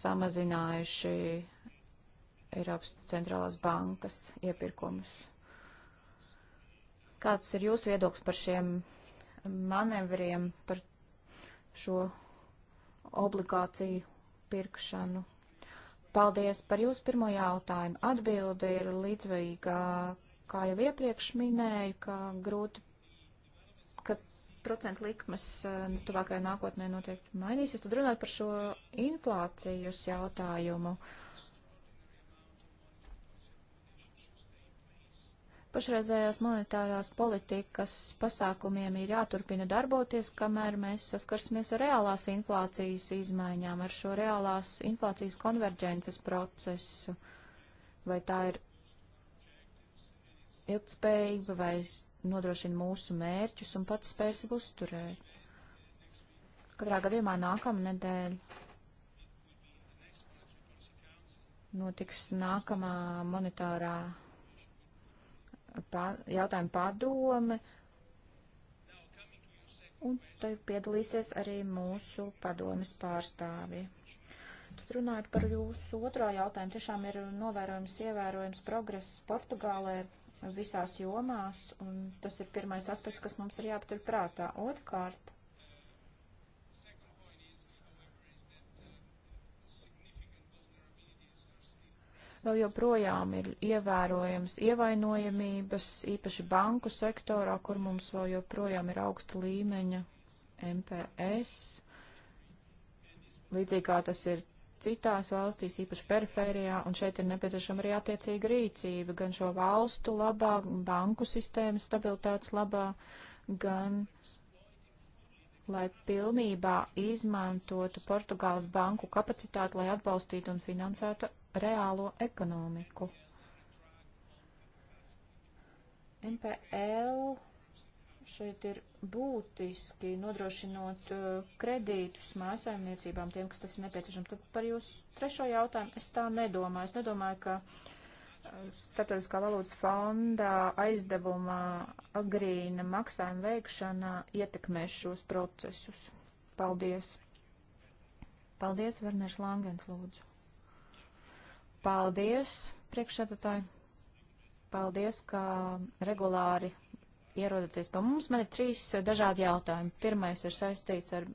Speaker 2: samazinājuši Eiropas centrālās bankas iepirkumus. Kāds ir jūsu viedoklis par šiem manevriem par šo obligāciju pirkšanu. Paldies par jūsu pirmo jautājumu. Atbilde ir līdzveiga, kā jau iepriekš minēju, ka grūti, ka procentu likmes eh, tuvākajā nākotnē noteikti mainīsies. Tad runāt par šo inflācijas jautājumu. Uh, Pašreizējās monetārās politikas pasākumiem ir jāturpina darboties, kamēr mēs saskarsimies ar reālās inflācijas izmaiņām, ar šo reālās inflācijas konverģences procesu. Vai tā ir ilgspējība vai nodrošina mūsu mērķus un pats spēsim uzturēt. Katrā gadījumā nākamā nedēļa notiks nākamā monetārā pa, jautājumu padome. Un tur piedalīsies arī mūsu padomes pārstāvi. Tad runājot par jūsu otro jautājumu, tiešām ir novērojams, ievērojams progress Portugālē visās jomās, un tas ir pirmais aspekts, kas mums ir jāpatur prātā. Otkārt, vēl joprojām ir ievērojams ievainojamības, īpaši banku sektorā, kur mums vēl joprojām ir augsta līmeņa MPS. Līdzīgi kā tas ir citās valstīs, īpaši perifērijā, un šeit ir nepieciešama arī attiecīga rīcība gan šo valstu labā, banku sistēmas stabilitātes labā, gan lai pilnībā izmantotu Portugāles banku kapacitāti, lai atbalstītu un finansētu reālo ekonomiku. MPL šeit ir būtiski nodrošinot uh, kredītus mājasājumniecībām, tiem, kas tas ir nepieciešams. Tad par jūsu trešo jautājumu es tā nedomāju. Es nedomāju, ka uh, Startautiskā valūtas fondā aizdevuma agrīna maksājuma veikšana ietekmēs šos procesus. Paldies. Paldies, Verners Langens, lūdzu. Paldies, priekšsēdētāji. Paldies, ka regulāri ierodaties pa mums. Man ir trīs eh, dažādi jautājumi. Pirmais ir saistīts ar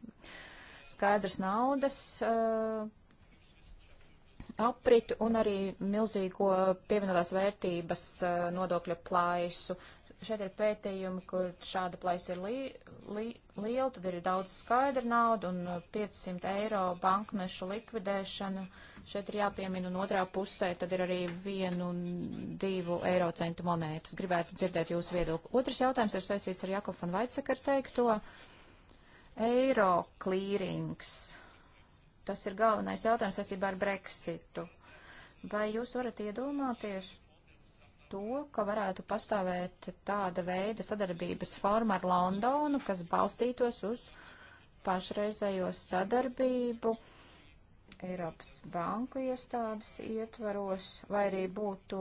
Speaker 2: skaidrs naudas uh, apritu un arī milzīgo pievienotās vērtības uh, nodokļa plaisu. Šeit ir pētījumi, kur šāda plaisa ir li, li, liela, tad ir daudz skaidra nauda un 500 eiro banknešu likvidēšana. Uh, Šeit ir jāpiemina, un otrā pusē tad ir arī vienu un divu eiro centu monētas. Gribētu dzirdēt jūsu viedokli. Otrs jautājums ir saistīts ar Jakobu un Vaitsakaru teikto. Eiro klīrings. Tas ir galvenais jautājums saistībā ar Brexitu. Vai jūs varat iedomāties to, ka varētu pastāvēt tāda veida sadarbības forma ar Londonu, kas balstītos uz pašreizējo sadarbību? Eiropas banku iestādes ietvaros, vai arī būtu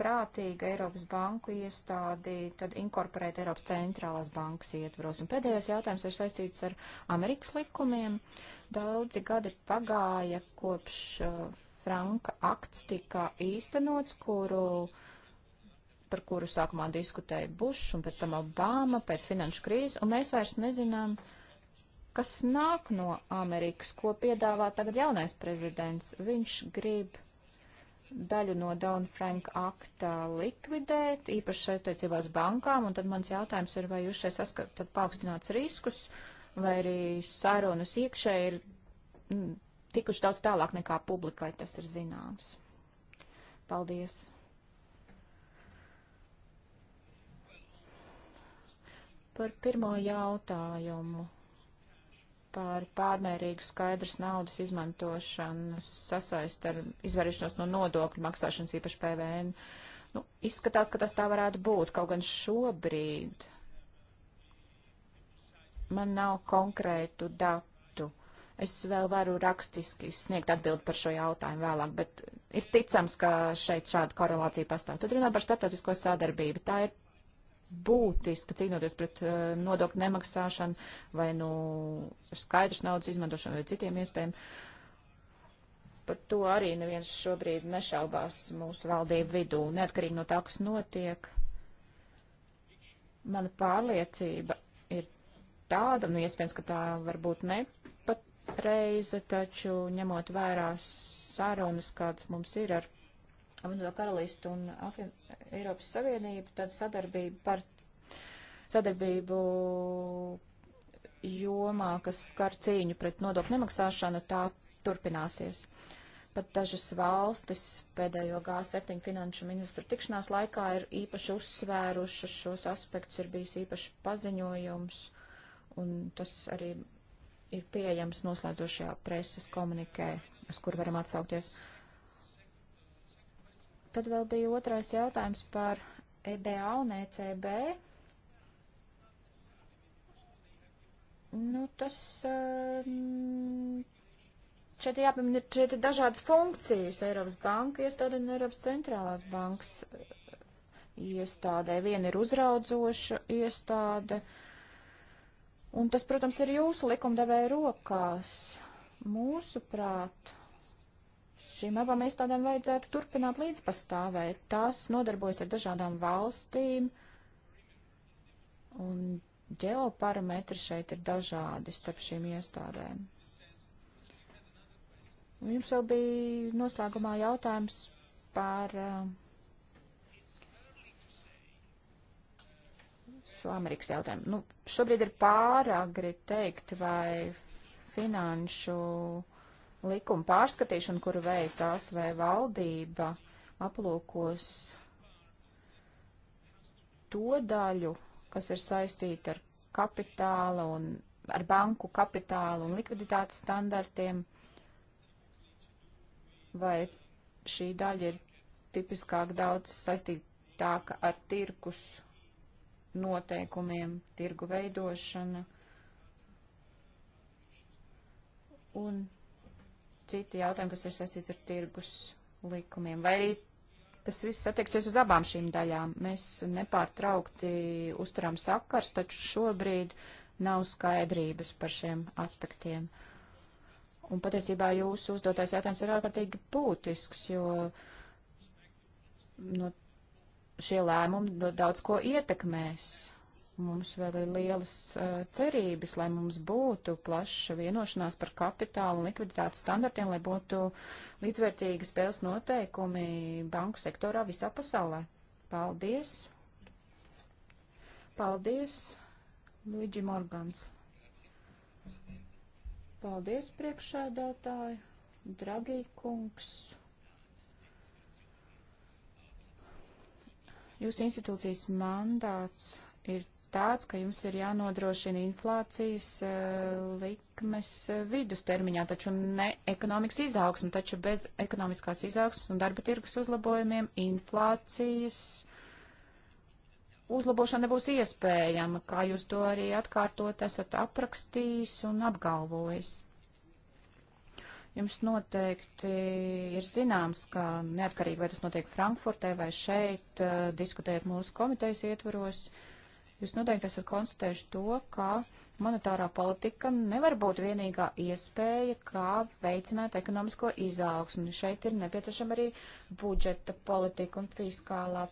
Speaker 2: prātīga Eiropas banku iestādi tad inkorporēt Eiropas centrālās bankas ietvaros. Un pēdējais jautājums ir saistīts ar Amerikas likumiem. Daudzi gadi pagāja kopš uh, Franka akts tika īstenots, kuru par kuru sākumā diskutēja Bušs un pēc tam Obama pēc finanšu krīzes, un mēs vairs nezinām, uh, kas nāk no Amerikas, ko piedāvā tagad jaunais prezidents. Viņš grib daļu no Downfranka akta likvidēt, īpaši saistībā ar bankām, un tad mans jautājums ir, vai jūs šeit saskatāt paaugstināts riskus, vai arī sarunas iekšē ir m, mm, tikuši daudz tālāk nekā publikai tas ir zināms. Paldies! Par pirmo jautājumu par pārmērīgu skaidras naudas izmantošanu sasaist ar izvairīšanos no nodokļu maksāšanas īpaši PVN. Nu, izskatās, ka tas tā varētu būt, kaut gan šobrīd man nav konkrētu datu. Es vēl varu rakstiski sniegt atbildi par šo jautājumu vēlāk, bet ir ticams, ka šeit šāda korelācija pastāv. Tad runā par starptautisko sadarbību. Tā ir būtiska cīnoties pret uh, nodokļu nemaksāšanu vai nu skaidrs naudas izmantošanu vai citiem iespējām. Par to arī neviens šobrīd nešaubās mūsu valdību vidū, neatkarīgi no tā, kas notiek. Mana pārliecība ir tāda, nu iespējams, ka tā varbūt ne pat reize, taču ņemot vērā sarunas, kādas mums ir ar Apvienoto karalistu un Afrin Eiropas Savienību, tad sadarbība par sadarbību jomā, kas skar cīņu pret nodokļu nemaksāšanu, tā turpināsies. Pat dažas valstis pēdējo G7 finanšu ministru tikšanās laikā ir īpaši uzsvērušas šos aspektus, ir bijis īpaši paziņojums, un tas arī ir pieejams noslēdzošajā preses komunikē, uz kur varam atsaukties. Uh, Tad vēl bija otrais jautājums par EBA un ECB. Nu, tas eh, šeit jāpamina, šeit ir dažādas funkcijas Eiropas banka iestāde un Eiropas centrālās bankas eh, iestādē. Viena ir uzraudzoša iestāde, un tas, protams, ir jūsu likumdevēja rokās. Mūsuprāt, Šīm abām iestādēm vajadzētu turpināt līdzpastāvēt. Tās nodarbojas ar dažādām valstīm, un ģeoparametri šeit ir dažādi starp šīm iestādēm. Un jums jau bija noslēgumā jautājums par uh, šo Amerikas jautājumu. Nu, šobrīd ir pāragri teikt, vai finanšu likuma pārskatīšana, kuru veic ASV valdība, aplūkos to daļu, kas ir saistīta ar kapitāla un ar banku kapitālu un likviditātes standartiem, vai šī daļa ir tipiskāk daudz saistītāka ar tirkus noteikumiem, tirgu veidošana un citi jautājumi, kas ir saistīti ar tirgus likumiem. Vai arī tas viss attieksies uz abām šīm daļām. Mēs nepārtraukti uzturām sakars, taču šobrīd nav skaidrības par šiem aspektiem. Un patiesībā jūsu uzdotais jautājums ir ārkārtīgi būtisks, jo nu, šie lēmumi daudz ko ietekmēs. Mums vēl ir lielas uh, cerības, lai mums būtu plaša vienošanās par kapitālu un likviditātes standartiem, lai būtu līdzvērtīgi spēles noteikumi banku sektorā visā pasaulē. Paldies! Paldies, Luigi Morgans! Paldies, priekšēdētāji, dragī kungs. Jūsu institūcijas mandāts ir tāds, ka jums ir jānodrošina inflācijas eh, likmes eh, vidustermiņā, taču ne ekonomikas izaugsme, taču bez ekonomiskās izaugsmes un darba tirgus uzlabojumiem inflācijas uzlabošana nebūs iespējama, kā jūs to arī atkārtot esat aprakstījis un apgalvojis. Jums noteikti ir zināms, ka neatkarīgi vai tas notiek Frankfurtē vai šeit, eh, diskutējot mūsu komitejas ietvaros, uh, Jūs noteikti esat konstatējuši to, ka monetārā politika nevar būt vienīgā iespēja, kā veicināt ekonomisko izaugsmu. Šeit ir nepieciešama arī budžeta politika un fiskālā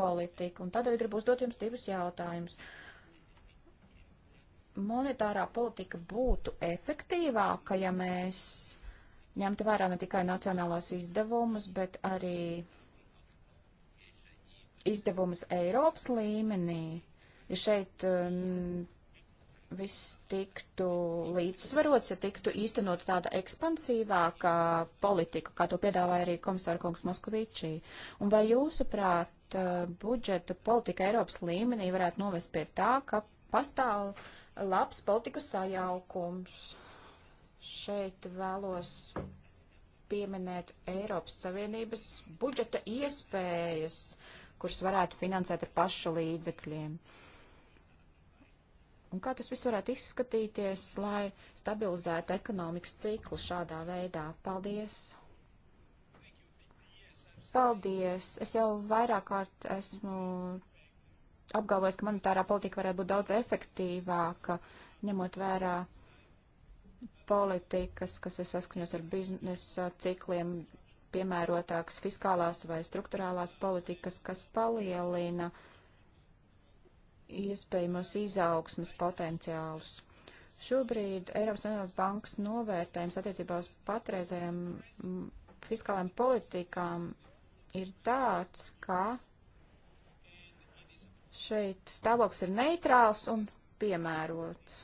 Speaker 2: politika. Un tādēļ gribu uzdot jums divus jautājumus. Monetārā politika būtu efektīvāka, ja mēs ņemtu vērā ne tikai nacionālās izdevumus, bet arī izdevumus Eiropas līmenī ja šeit um, viss tiktu līdzsvarots, ja tiktu īstenot tāda ekspansīvāka politika, kā to piedāvāja arī komisāra kungs Moskvičī. Un vai jūsuprāt, uh, budžeta politika Eiropas līmenī varētu novest pie tā, ka pastāv labs politiku sajaukums? Šeit vēlos pieminēt Eiropas Savienības budžeta iespējas, kuras varētu finansēt ar pašu līdzekļiem. Uh, Un kā tas viss varētu izskatīties, lai stabilizētu ekonomikas ciklu šādā veidā? Paldies! Paldies! Es jau vairāk kārt esmu apgalvojis, ka monetārā politika varētu būt daudz efektīvāka, ņemot vērā politikas, kas ir saskaņos ar biznesa cikliem, piemērotākas fiskālās vai struktūrālās politikas, kas palielina uh, iespējamos izaugsmas potenciālus. Šobrīd Eiropas Nacionālās bankas novērtējums attiecībā uz patreizējām mm, fiskālajām politikām ir tāds, ka šeit stāvoklis ir neitrāls un piemērots.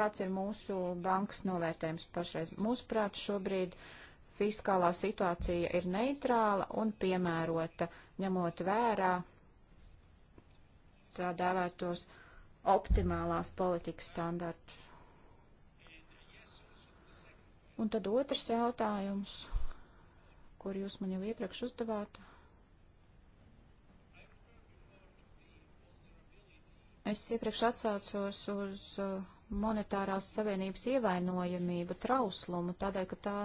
Speaker 2: Tāds ir mūsu bankas novērtējums pašreiz. Mūsuprāt, šobrīd fiskālā situācija ir neitrāla un piemērota, ņemot vērā tā dēvētos optimālās politikas standartus. Un tad otrs jautājums, kur jūs man jau iepriekš uzdevāt. Es iepriekš atsaucos uz uh, monetārās savienības ievainojamību, trauslumu, tādēļ, ka tā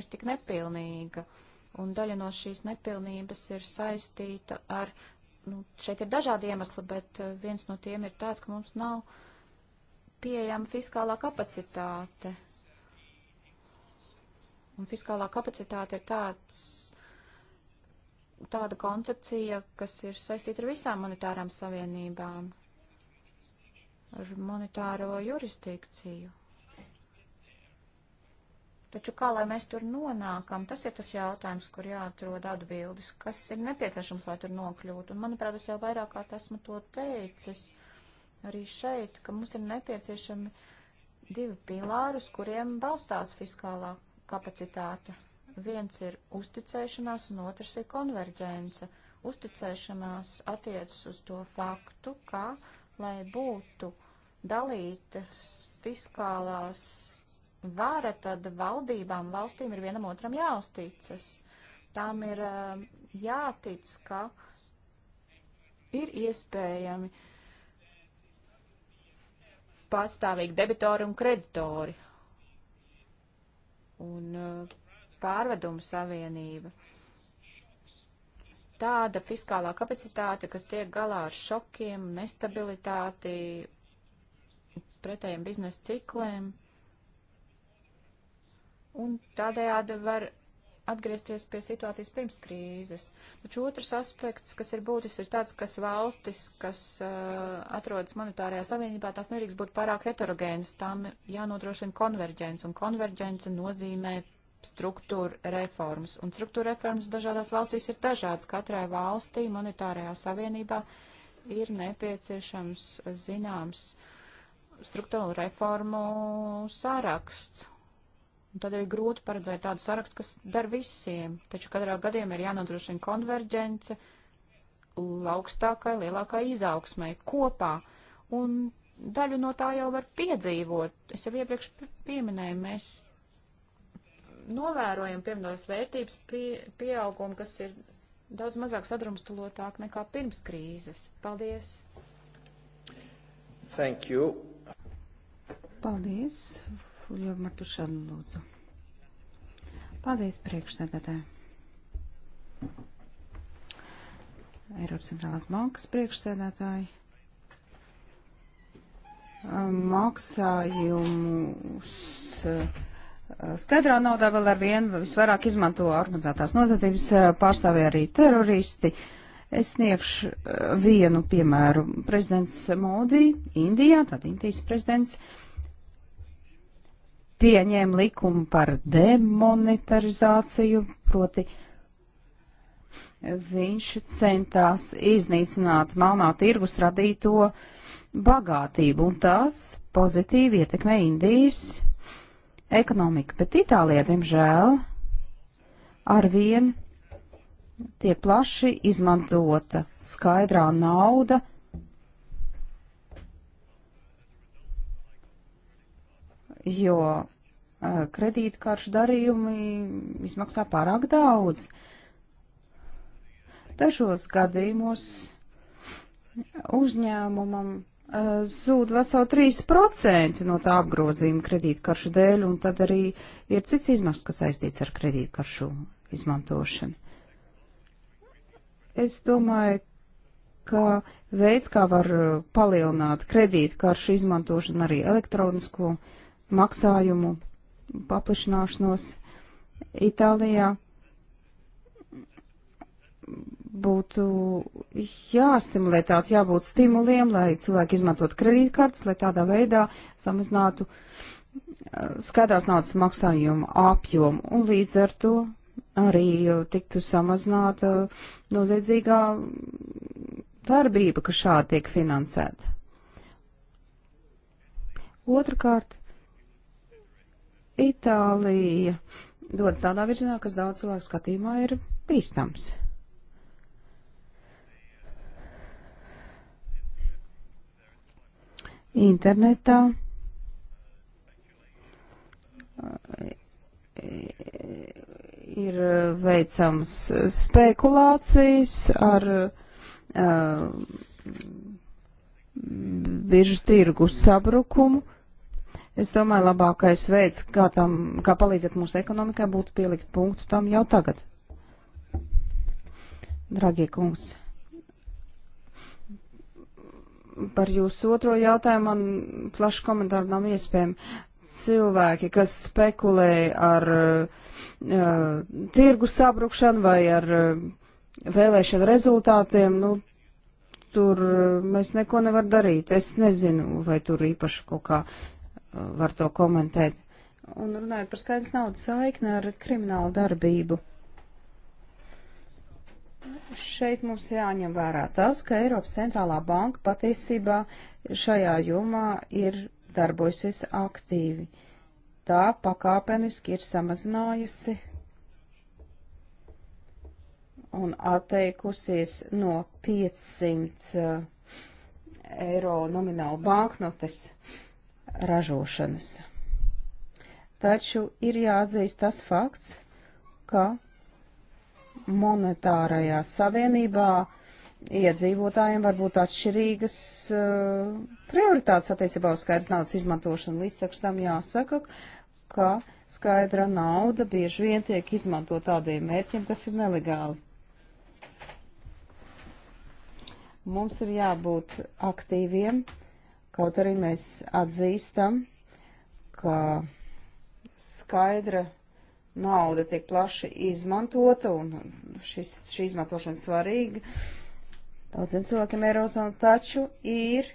Speaker 2: ir tik nepilnīga. Un daļa no šīs nepilnības ir saistīta ar Nu, šeit ir dažādi iemesli, bet eh, viens no tiem ir tāds, ka mums nav pieejama fiskālā kapacitāte. Un fiskālā kapacitāte ir tāds, tāda koncepcija, kas ir saistīta ar visām monetārām savienībām, ar monetāro jurisdikciju. Taču kā lai mēs tur nonākam, tas ir tas jautājums, kur jāatrod atbildes, kas ir nepieciešams, lai tur nokļūtu. Un, manuprāt, es jau vairāk kārt esmu to teicis arī šeit, ka mums ir nepieciešami divi pilāri, uz kuriem balstās fiskālā kapacitāte. Viens ir uzticēšanās, un otrs ir konverģence. Uzticēšanās attiecas uz to faktu, ka, lai būtu dalītas fiskālās vara, tad valdībām, valstīm ir vienam otram jāuzticas. Tām ir eh, jātic, ka ir iespējami pastāvīgi debitori un kreditori un eh, pārvedumu savienība. Tāda fiskālā kapacitāte, kas tiek galā ar šokiem, nestabilitāti, pretējiem biznesa cikliem. Mm un tādējādi var atgriezties pie situācijas pirms krīzes. Taču otrs aspekts, kas ir būtisks, ir tāds, kas valstis, kas uh, atrodas monetārajā savienībā, tās nedrīkst būt pārāk heterogēnas, tām jānodrošina konverģence, un konverģence nozīmē struktūra reformas. Un struktūra reformas dažādās valstīs ir dažādas. Katrai valstī monetārajā savienībā ir nepieciešams zināms struktūra reformu saraksts Un tad ir grūti paredzēt tādu sarakstu, kas der visiem. Taču katrā gadījumā ir jānodrošina konverģence augstākai, lielākai izaugsmai kopā. Un daļu no tā jau var piedzīvot. Es jau iepriekš pieminēju, mēs novērojam pieminētas vērtības pie, pieaugumu, kas ir daudz mazāk sadrumstulotāk nekā pirms krīzes. Paldies!
Speaker 1: Thank you.
Speaker 4: Paldies Fuljo Martušanu lūdzu. Paldies priekšsēdētē. Eiropas centrālās bankas priekšsēdētāji. Maksājumus eh, skaidrā naudā vēl ar vienu visvairāk izmanto organizētās nozadzības eh, pārstāvē arī teroristi. Es sniegšu eh, vienu piemēru. Prezidents Modi Indijā, tad Indijas prezidents. Uh, pieņēma likumu par demonetarizāciju, proti viņš centās iznīcināt melnā tirgus radīto bagātību, un tas pozitīvi ietekmē Indijas ekonomiku. Bet Itālijā, diemžēl, arvien tiek plaši izmantota skaidrā nauda. Jo kredītkaršu darījumi izmaksā pārāk daudz. Dažos gadījumos uzņēmumam zūd vesel 3% no tā apgrozījuma kredītkaršu dēļ, un tad arī ir cits izmaksas, kas saistīts ar kredītkaršu izmantošanu. Es domāju, ka veids, kā var palielināt kredītkaršu izmantošanu arī elektronisko maksājumu paplašināšanos Itālijā būtu jāstimulē tādu, jābūt stimuliem, lai cilvēki izmantotu kredītkartes, lai tādā veidā samazinātu eh, skaidrās naudas maksājumu apjomu un līdz ar to arī tiktu samazināta noziedzīgā darbība, kas šādi tiek finansēta. Otrakārt, Itālija dodas tādā virzienā, kas daudz cilvēku skatījumā ir bīstams. Internetā eh, ir veicams spekulācijas ar uh, biržu tirgu sabrukumu Es domāju, labākais veids, kā, tam, kā palīdzēt mūsu ekonomikai, būtu pielikt punktu tam jau tagad. Dragie kungs, par jūsu otro jautājumu man plašu komentāru nav iespējami. Cilvēki, kas spekulē ar uh, tirgu sabrukšanu vai ar uh, vēlēšanu rezultātiem, nu, tur uh, mēs neko nevar darīt. Es nezinu, vai tur īpaši kaut kā var to komentēt. Un runājot par skaidrs naudas saikni ar kriminālu darbību. Šeit mums jāņem vērā tas, ka Eiropas centrālā banka patiesībā šajā jomā ir darbojusies aktīvi. Tā pakāpeniski ir samazinājusi un atteikusies no 500 eh, eiro nominālu banknotes. Uh, ražošanas. Taču ir jāatzīst tas fakts, ka monetārajā savienībā iedzīvotājiem var būt atšķirīgas uh, prioritātes attiecībā uz skaidrs naudas izmantošanu. Līdz tam jāsaka, ka skaidra nauda bieži vien tiek izmantot tādiem mērķiem, kas ir nelegāli. Mums ir jābūt aktīviem Kaut arī mēs atzīstam, ka skaidra nauda tiek plaši izmantota un šis, šī izmantošana svarīga daudziem cilvēkiem Eirozonu, taču ir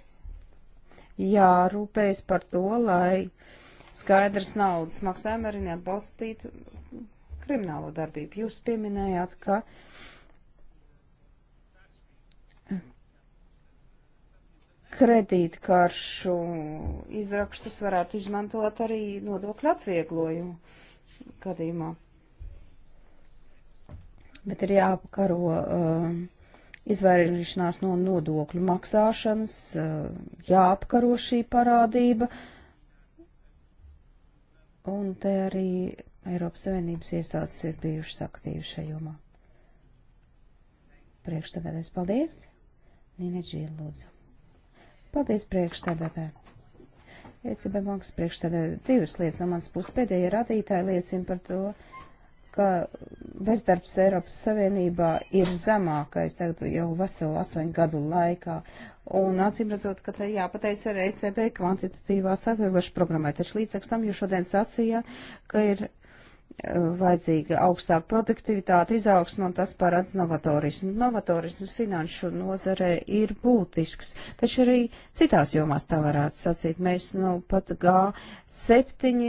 Speaker 4: jārūpējas par to, lai skaidrs naudas maksājumi arī neatbalstītu kriminālo darbību. Jūs pieminējāt, ka uh, kredītkaršu izrakstus varētu izmantot arī nodokļu atvieglojumu gadījumā. Bet ir jāapkaro uh, izvairīšanās no nodokļu maksāšanas, uh, jāapkaro šī parādība. Un te arī Eiropas Savienības iestādes ir bijušas aktīvas šajā jomā. Priekšstādātais paldies! Nīne Džīla lūdzu. Paldies priekšstādātē. ECB bankas priekšstādē divas lietas no manas puses. Pēdējie radītāji liecina par to, ka bezdarbs Eiropas Savienībā ir zemākais tagad jau veselu astoņu gadu laikā. Un acīmredzot, ka te jāpateic ar ECB kvantitatīvās atvieglošanas programmai, taču līdz tam jūs šodien sacījā, ka ir vajadzīga augstāka produktivitāte, izaugsme un tas parāds novatorismu. Novatorisms finanšu nozarē ir būtisks, taču arī citās jomās tā varētu sacīt. Mēs nu pat G7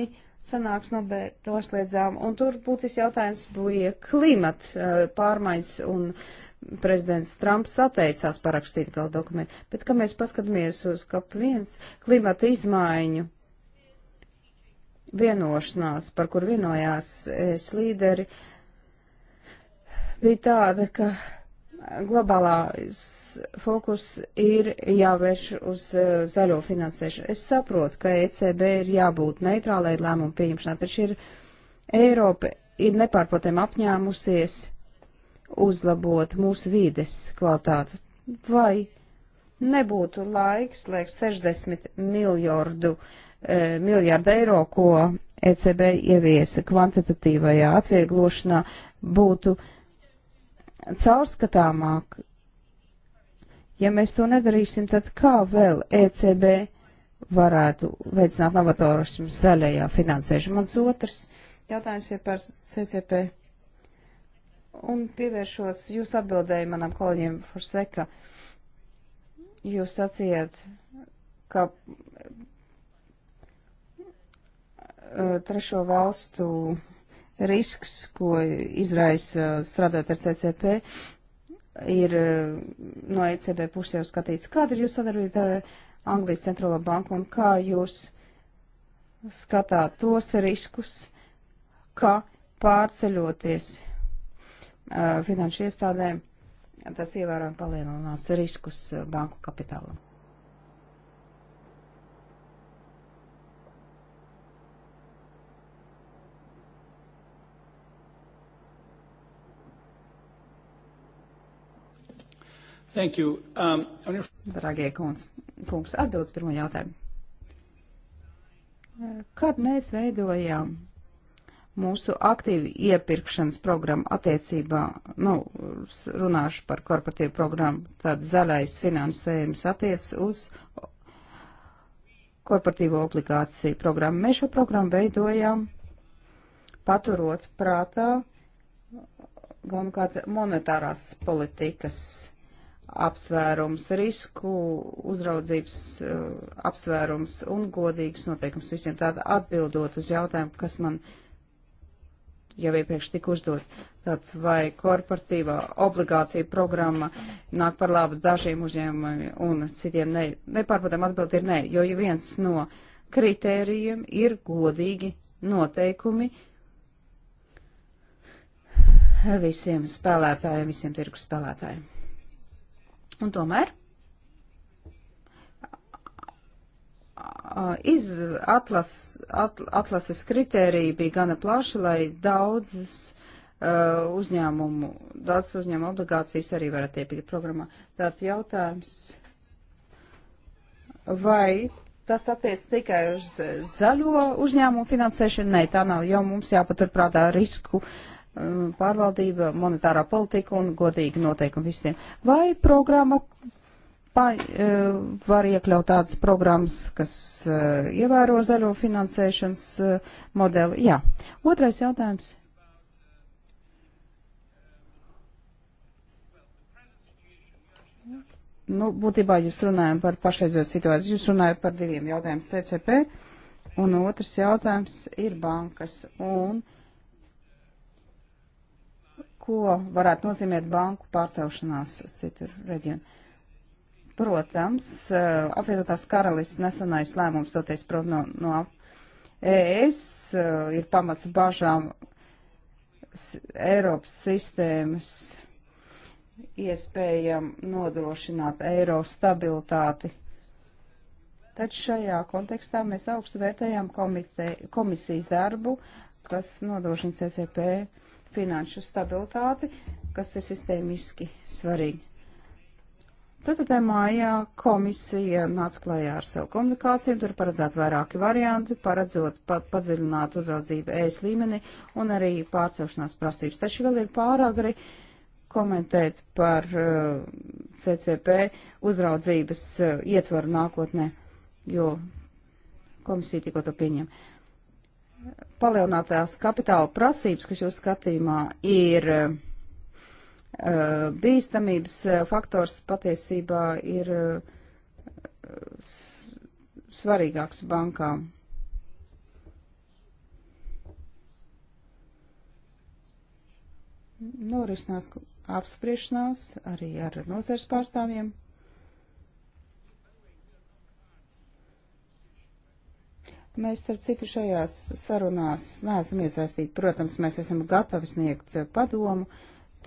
Speaker 4: sanāks no bērtos liedzām un tur būtisks jautājums bija klimata eh, pārmaiņas un prezidents Trumps atteicās parakstīt galu dokumentu. Bet, kad mēs paskatāmies uz COP1 klimata izmaiņu vienošanās, par kur vienojās es līderi, bija tāda, ka globālās fokus ir jāvērš uz eh, zaļo finansēšanu. Es saprotu, ka ECB ir jābūt neitrālai lēmumu pieņemšanā, taču ir Eiropa ir nepārprotam apņēmusies uzlabot mūsu vīdes kvalitātu. Vai nebūtu laiks, lai 60 miljardu uh, E, miljārdu eiro, ko ECB ieviesa kvantitatīvajā atvieglošanā, būtu caurskatāmāk. Ja mēs to nedarīsim, tad kā vēl ECB varētu veicināt novatorismu zaļajā finansēšanā? Mans otrs jautājums ir par CCP. Un pievēršos jūs atbildēju manam kolēģiem Forseka. Jūs sacījāt, ka trešo valstu risks, ko izraisa strādāt ar CCP, ir no ECB puses jau skatīts, kāda ir jūsu sadarbība ar Anglijas centrālo banku un kā jūs skatāt tos riskus, ka pārceļoties finanšu iestādēm, tas ievērojami palielinās riskus banku kapitālam.
Speaker 1: Thank you. Um,
Speaker 4: your... Dragie kungs, kungs atbildes pirmo jautājumu. Kad mēs veidojām mūsu aktīvu iepirkšanas programmu attiecībā, nu, runāšu par korporatīvu programmu, tad zaļais finansējums attiec uz korporatīvo obligāciju programmu. Mēs šo programmu veidojām paturot prātā galvenokārt monetārās politikas apsvērums, risku uzraudzības uh, apsvērums un godīgs noteikums visiem tāda atbildot uz jautājumu, kas man jau iepriekš tika uzdots. Tāds vai korporatīvā obligācija programma nāk par labu dažiem uzņēmumiem un citiem ne. Nepārprotam atbildi ir nē, jo ja viens no kritērijiem ir godīgi noteikumi visiem spēlētājiem, visiem tirgus spēlētājiem. Un tomēr iz, atlas, at, atlases kritērija bija gana plaša, lai daudzas uh, uzņēmumu, daudz uzņēmumu obligācijas arī varētu iepīt programmā. Tātad jautājums, vai tas attiec tikai uz zaļo uzņēmumu finansēšanu? Nē, tā nav, jo mums jāpaturprātā risku uh, Um, pārvaldība, monetārā politika un godīgi noteikumi visiem. Vai programma pa, uh, var iekļaut tādas programmas, kas uh, ievēro zaļo finansēšanas uh, modeli? Jā. Otrais jautājums. Nu, būtībā jūs runājam par pašreizējo situāciju. Jūs runājat par diviem jautājumiem - CCP, un otrs jautājums ir bankas. Un, uh, ko varētu nozīmēt banku pārcelšanās uz citu reģionu. Protams, eh, apvienotās karalists nesanais lēmums doties prom no, no ES eh, ir pamats bažām Eiropas sistēmas iespējam nodrošināt eiro stabilitāti. Taču šajā kontekstā mēs augstu vērtējām komite, komisijas darbu, kas nodrošina CCP finanšu stabilitāti, kas ir sistēmiski svarīgi. 4. mājā komisija nāca klajā ar savu komunikāciju, tur paredzēt vairāki varianti, paredzot pat padziļināt uzraudzību ēs līmenī un arī pārcelšanās prasības. Taču vēl ir pārāk arī komentēt par uh, CCP uzraudzības uh, ietvaru nākotnē, jo komisija tikko to pieņem. Uh, palielinātās kapitāla prasības, kas jūs skatījumā ir uh, bīstamības eh, faktors, patiesībā ir uh, svarīgāks bankām. Norisinās apspriešanās arī ar nozars pārstāvjiem. Mēs, starp citu, šajās sarunās neesam iesaistīti. Protams, mēs esam gatavi sniegt eh, padomu,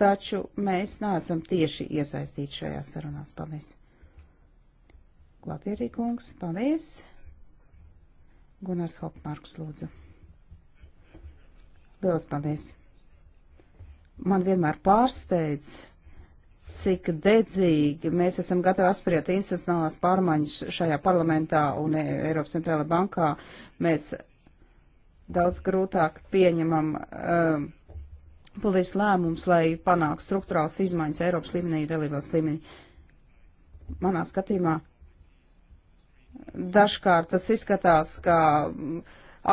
Speaker 4: taču mēs neesam tieši iesaistīti šajās sarunās. Paldies. Latvijā kungs, paldies. Gunārs Hopmārks, lūdzu. Lielas paldies. Man vienmēr pārsteidz cik dedzīgi mēs esam gatavi apspriest institucionālās pārmaiņas šajā parlamentā un e- Eiropas centrālajā bankā, mēs daudz grūtāk pieņemam um, polijas lēmums, lai panāktu struktūrāls izmaiņas Eiropas līmenī, dalībās līmenī. Manā skatījumā dažkārt tas izskatās, ka mm,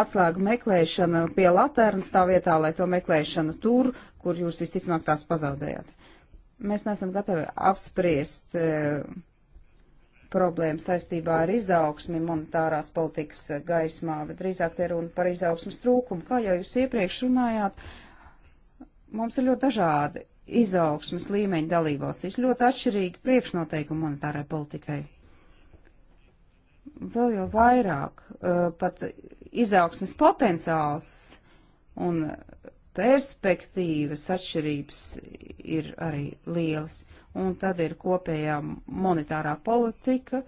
Speaker 4: atslēgu meklēšana pie laternas tā vietā, lai to meklēšanu tur, kur jūs visticamāk tās pazaudējat. Mēs neesam gatavi apspriest uh, problēmu saistībā ar izaugsmi monetārās politikas e, gaismā, bet drīzāk te runa par izaugsmas trūkumu. Kā jau jūs iepriekš runājāt, mums ir ļoti dažādi izaugsmas līmeņi dalībvalstīs, ļoti atšķirīgi priekšnoteikumi monetārai politikai. Vēl jau vairāk, uh, pat izaugsmas potenciāls un perspektīvas atšķirības ir arī lielas. Un tad ir kopējā monetārā politika,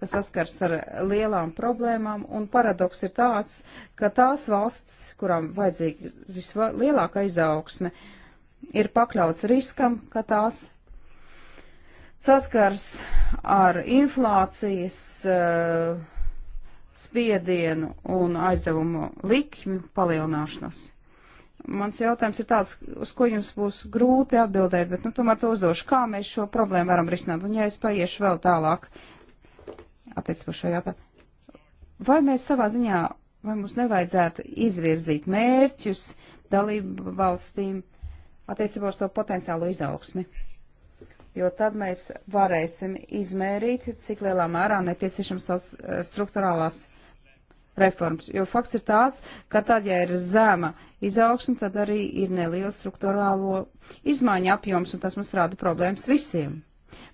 Speaker 4: kas saskars ar lielām problēmām, un paradoks ir tāds, ka tās valsts, kurām vajadzīga vislielākā izaugsme, ir pakļauts riskam, ka tās saskars ar inflācijas uh, spiedienu un aizdevumu likmi palielināšanos. Mans jautājums ir tāds, uz ko jums būs grūti atbildēt, bet nu, tomēr to uzdošu. Kā mēs šo problēmu varam risināt? Un ja es paiešu vēl tālāk, attiec par šo jautājumu. Vai mēs savā ziņā, vai mums nevajadzētu izvirzīt mērķus dalību valstīm attiecībā uz to potenciālo izaugsmi? Jo tad mēs varēsim izmērīt, cik lielā mērā nepieciešams eh, struktūrālās reformas, jo fakts ir tāds, ka tad, ja ir zema izaugsme, tad arī ir neliela struktūrālo izmaiņu apjoms, un tas mums rāda problēmas visiem.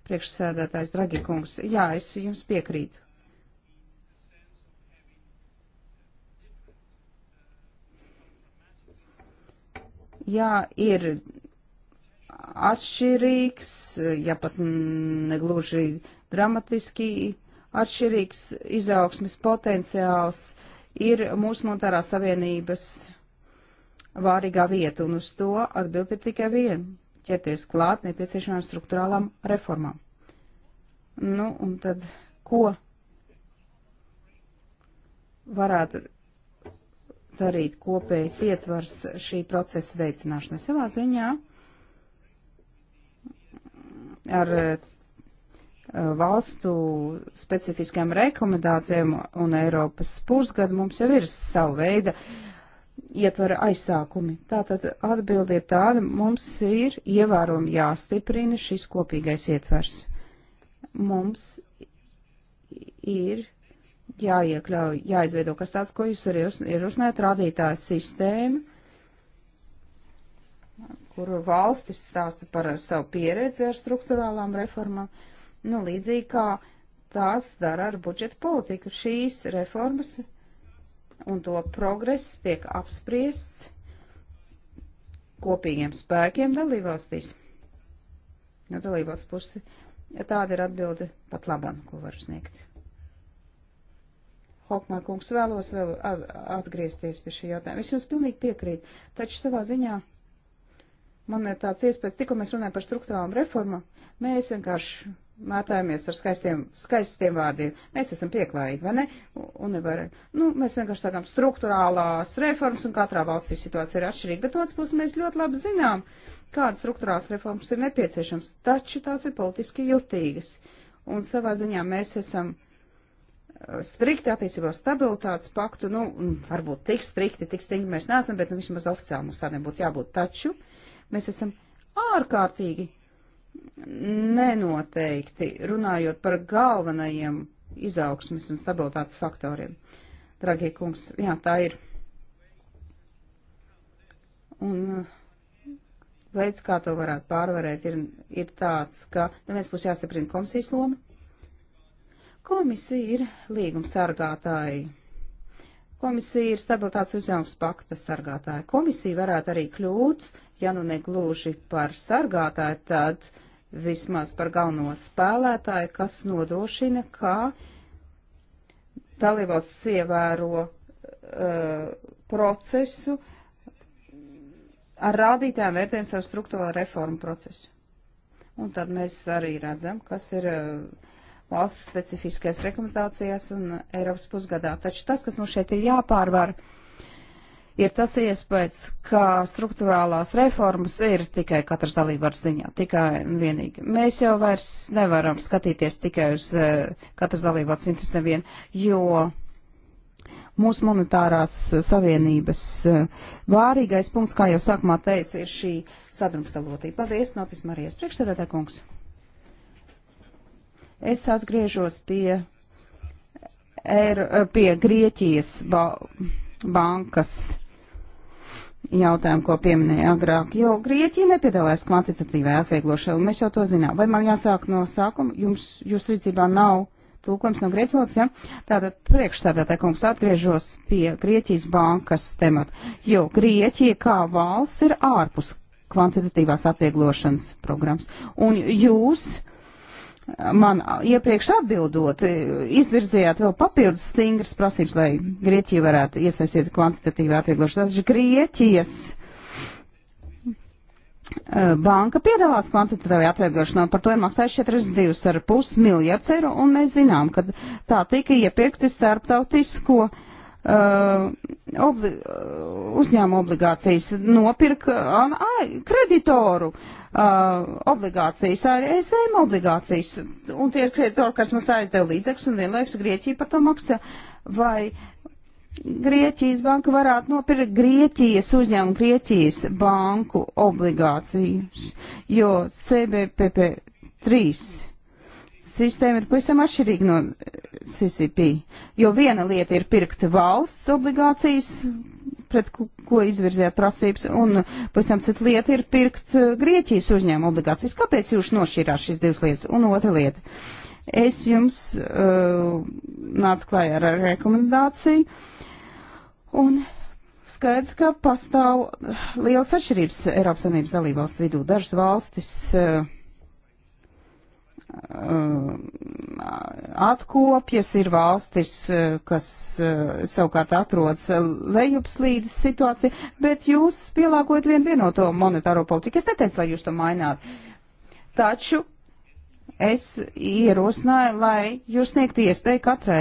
Speaker 4: Priekšsēdētājs Dragi kungs, jā, es jums piekrītu. Jā, ir atšķirīgs, ja pat negluži dramatiski atšķirīgs izaugsmes potenciāls ir mūsu monetārā savienības vārīgā vieta, un uz to atbild ir tikai viena - ķerties klāt nepieciešamām struktūrālām reformām. Nu, un tad ko varētu darīt kopējs ietvars šī procesa veicināšanai savā ziņā? Ar valstu specifiskajām rekomendācijām un Eiropas pusgadu mums jau ir savu veidu ietvara aizsākumi. Tātad atbildi ir tāda, mums ir ievērojami jāstiprina šis kopīgais ietvers. Mums ir jāiekļauj, jāizveido kas tāds, ko jūs arī ir uzsnēt, rādītāja sistēma, kur valstis stāsta par savu pieredzi ar struktūrālām reformām. Uh, nu līdzīgi kā tās dara ar budžeta politiku. Šīs reformas un to progress tiek apspriests kopīgiem spēkiem dalībvalstīs. No nu, dalībvalsts puses ja tāda ir atbilde pat labam, ko var sniegt. Hokmār kungs vēlos vēl atgriezties pie šī jautājuma. Es jums pilnīgi piekrītu, taču savā ziņā man ir tāds iespējas, tikko mēs runājam par struktūrālām reformām, mēs vienkārši mētājamies ar skaistiem, skaistiem vārdiem. Mēs esam pieklājīgi, vai ne? Un nevar, nu, mēs vienkārši tādām struktūrālās reformas, un katrā valstī situācija ir atšķirīga, bet otrs puses mēs ļoti labi zinām, kādas struktūrāls reformas ir nepieciešams, taču tās ir politiski jutīgas. Un savā ziņā mēs esam uh, strikti attiecībā uz stabilitātes paktu, nu, varbūt tik strikti, tik stingri mēs neesam, bet nu, vismaz oficiāli mums tādiem būtu jābūt. Taču mēs esam ārkārtīgi nenoteikti, runājot par galvenajiem izaugsmes un stabilitātes faktoriem. Dragie kungs, jā, tā ir. Un uh, veids, kā to varētu pārvarēt, ir, ir tāds, ka no nu, vienas puses jāstiprina komisijas loma. Komisija ir līguma sargātāji. Komisija ir stabilitātes uzņēmums pakta sargātāja. Komisija varētu arī kļūt, ja nu negluži par sargātāju, tad uh, vismaz par galveno spēlētāju, kas nodrošina, ka dalībvalsts ievēro uh, procesu ar rādītājiem vērtējumu savu struktūrālo reformu procesu. Un tad mēs arī redzam, kas ir uh, valsts specifiskais rekomendācijās un Eiropas pusgadā. Taču tas, kas mums šeit ir jāpārvar, uh, ir tas iespējas, ka struktūrālās reformas ir tikai katras dalībvaras ziņā, tikai un vienīgi. Mēs jau vairs nevaram skatīties tikai uz eh, katras dalībvaras interesēm vien, jo mūsu monetārās savienības eh, vārīgais punkts, kā jau sākumā teicu, ir šī sadrumstalotība. Paldies, Notis Marijas priekšstādātā kungs. Es atgriežos pie, er, pie Grieķijas ba bankas jautājumu, ko pieminēja agrāk, jo Grieķija nepiedalās kvantitatīvā atvieglošanā, un mēs jau to zinām. Vai man jāsāk no sākuma? Jums, jūs rīcībā nav tulkojums no grieķu valodas, ja? Tātad priekšstādātāja kungs atgriežos pie Grieķijas bankas temata, jo Grieķija kā valsts ir ārpus kvantitatīvās atvieglošanas programmas, un jūs man iepriekš atbildot, izvirzījāt vēl papildus stingras prasības, lai Grieķija varētu iesaistīt kvantitatīvi atvieglošu. Tas ir Grieķijas e, banka piedalās kvantitatīvi atvieglošanā, par to ir maksājuši 42,5 miljardus eiro, un mēs zinām, ka tā tika iepirkti starptautisko uh, obli e, uzņēmu obligācijas, nopirka uh, kreditoru uh, Uh, obligācijas, arī ESM obligācijas, un tie ir kreditori, kas mums aizdeva līdzekļus, un vienlaiks Grieķija par to maksā. Vai Grieķijas banka varētu nopirkt Grieķijas uzņēmumu, Grieķijas banku obligācijas, jo CBPP 3 sistēma ir pavisam atšķirīga no eh, CCP, jo viena lieta ir pirkt valsts obligācijas, pret ko, ko izvirzē prasības, un pavisam cita lieta ir pirkt eh, Grieķijas uzņēmuma obligācijas. Kāpēc jūs nošķirās šīs divas lietas? Un otra lieta. Es jums uh, nācu klājā ar rekomendāciju, un skaidrs, ka pastāv liels atšķirības Eiropas Savienības dalībvalstu vidū. Dažas valstis uh, Um, atkopjas, ir valstis, uh, kas uh, savukārt atrodas lejupslīdes situācija, bet jūs pielāgojat vienu vienoto monetāro politiku. Es neteicu, lai jūs to maināt. Taču es ierosināju, lai jūs sniegtu iespēju katrai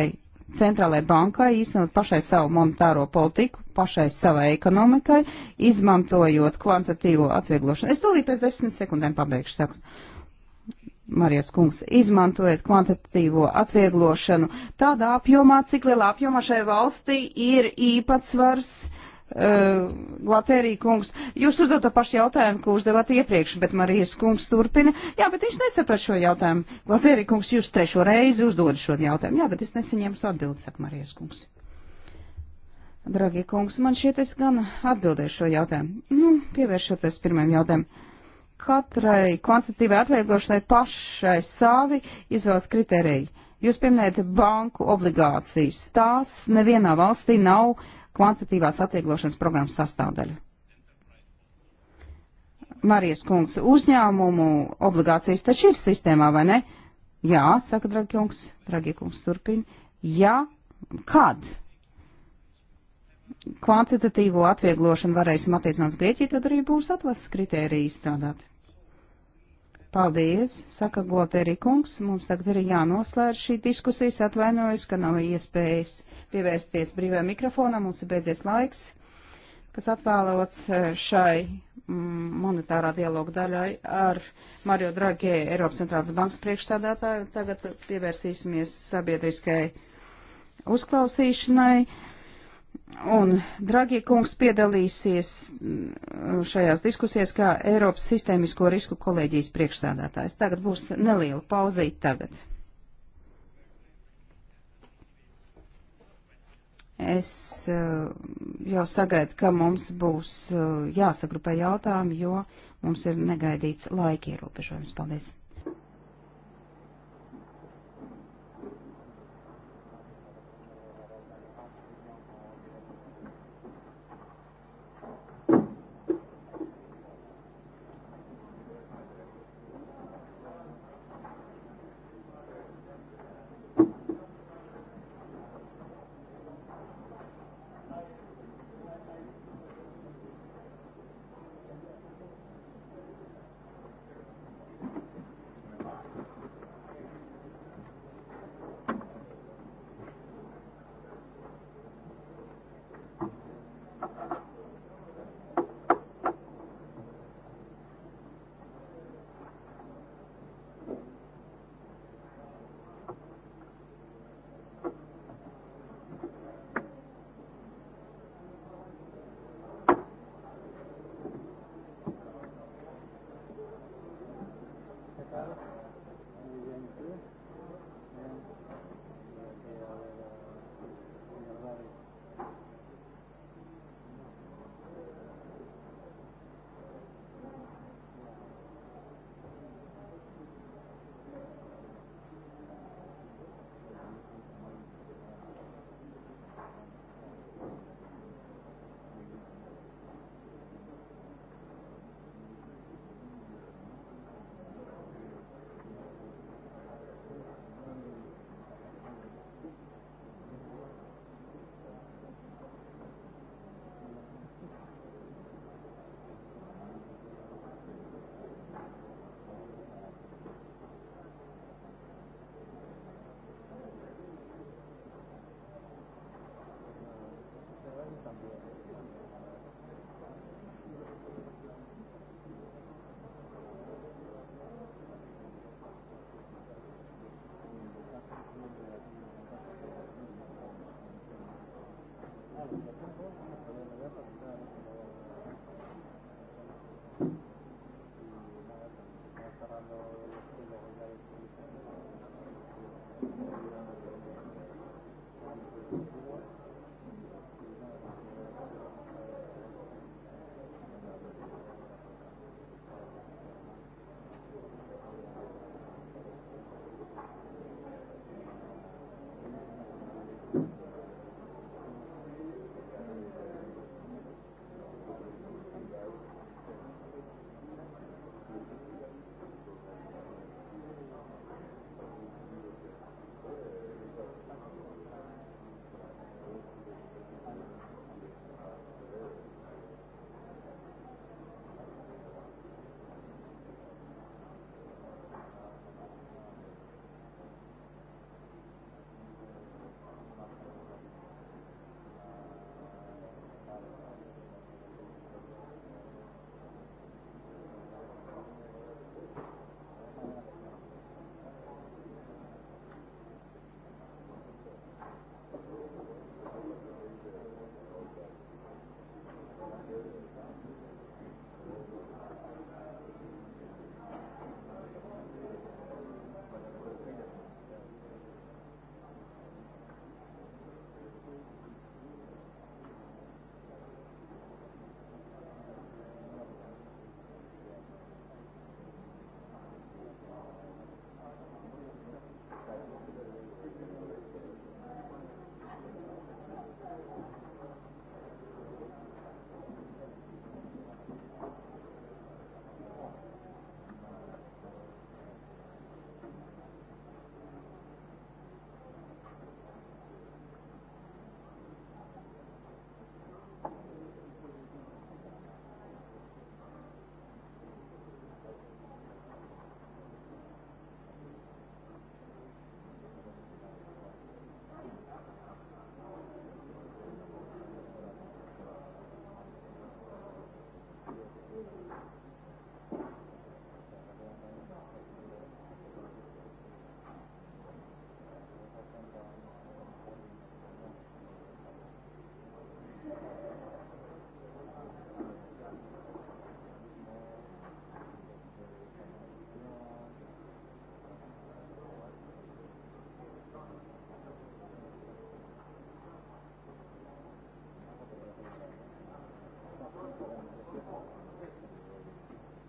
Speaker 4: centrālajai bankai īstenot pašai savu monetāro politiku, pašai savai ekonomikai, izmantojot kvantitīvo atvieglošanu. Es tūlīt pēc desmit sekundēm pabeigšu saktu Marijas kungs, izmantojiet kvantitatīvo atvieglošanu tādā apjomā, cik lielā apjomā šai valstī ir īpatsvars. Uh, e, Latērija kungs, jūs uzdot to pašu jautājumu, ko uzdevāt iepriekš, bet Marijas kungs turpina. Jā, bet viņš nesaprat šo jautājumu. Latērija kungs, jūs trešo reizi uzdod šo jautājumu. Jā, bet es nesaņēmu to atbildi, saka Marijas kungs. Dragie kungs, man šķiet, es gan atbildēšu šo jautājumu. Nu, pievēršoties pirmajam jautājumam katrai kvantitīvai atvieglošanai pašai savi izvēles kriteriji. Jūs pieminējat banku obligācijas. Tās nevienā valstī nav kvantitīvās atvieglošanas programmas sastāvdaļa. Marijas kungs, uzņēmumu obligācijas taču ir sistēmā, vai ne? Jā, saka dragi kungs, dragi kungs turpina. Jā, kad? Kvantitatīvo atvieglošanu varēsim attiecināt uz Grieķiju, tad arī būs atlases kritērija izstrādāt. Paldies, saka Goperi kungs. Mums tagad ir jānoslēdz šī diskusijas. Atvainojos, ka nav iespējas pievērsties brīvajam mikrofonam. Mums ir beidzies laiks, kas atvēlots eh, šai mm, monetārā dialoga daļai ar Mario Dragē, Eiropas centrālas bankas priekšstādātāju. Tagad pievērsīsimies sabiedriskai uzklausīšanai. Un Dragi kungs piedalīsies
Speaker 1: mm,
Speaker 4: šajās diskusijās kā Eiropas sistēmisko risku kolēģijas priekšsādātājs. Tagad būs neliela pauzīt tagad. Es eh, jau sagaidu, ka mums būs eh, jāsagrupē jautājumi, jo mums ir negaidīts laika ierobežojums. Paldies!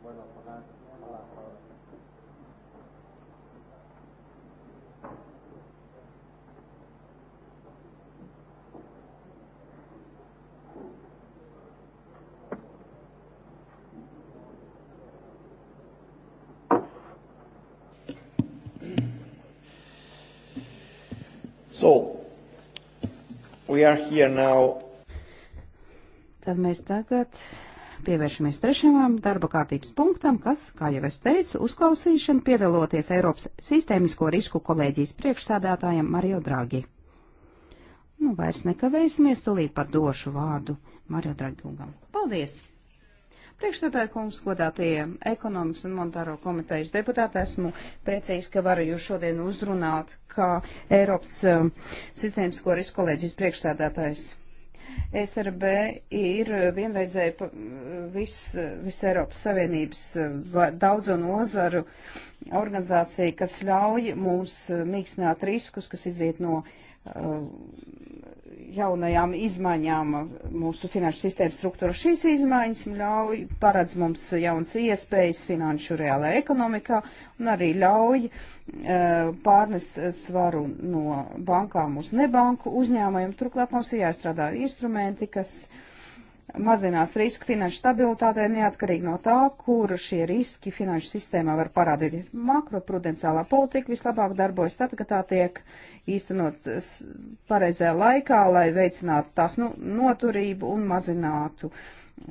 Speaker 1: Mudah-mudahan Allah tahu. So, we are here now.
Speaker 4: Tad mēs tagad pievēršamies trešajam darba kārtības punktam, kas, kā jau es teicu, uzklausīšana piedaloties Eiropas sistēmisko risku kolēģijas priekšsādātājam Mario Draghi. Nu, vairs nekavēsimies, tūlīt pat došu vārdu Mario Draghiungam. Paldies! Priekšstādāja kungs, godātie ekonomikas un monetāro komitejas deputāti, esmu priecīgs, ka varu jūs šodien uzrunāt kā Eiropas um, sistēmisko risku kolēģijas priekšstādātājs SRB ir vienreizēji viss vis Eiropas Savienības daudzo nozaru organizācija, kas ļauj mums mīkstināt riskus, kas izriet no uh, jaunajām izmaiņām mūsu finanšu sistēmas struktūra. Šīs izmaiņas ļauj, paredz mums jauns iespējas finanšu reālajā ekonomikā un arī ļauj e, pārnes svaru no bankām uz nebanku uzņēmējiem. Turklāt mums ir jāstrādā instrumenti, kas uh, mazinās risku finanšu stabilitātei neatkarīgi no tā, kur šie riski finanšu sistēmā var parādīt. Makroprudenciālā politika vislabāk darbojas tad, kad tā tiek īstenot pareizajā laikā, lai veicinātu tās nu, noturību un mazinātu uh,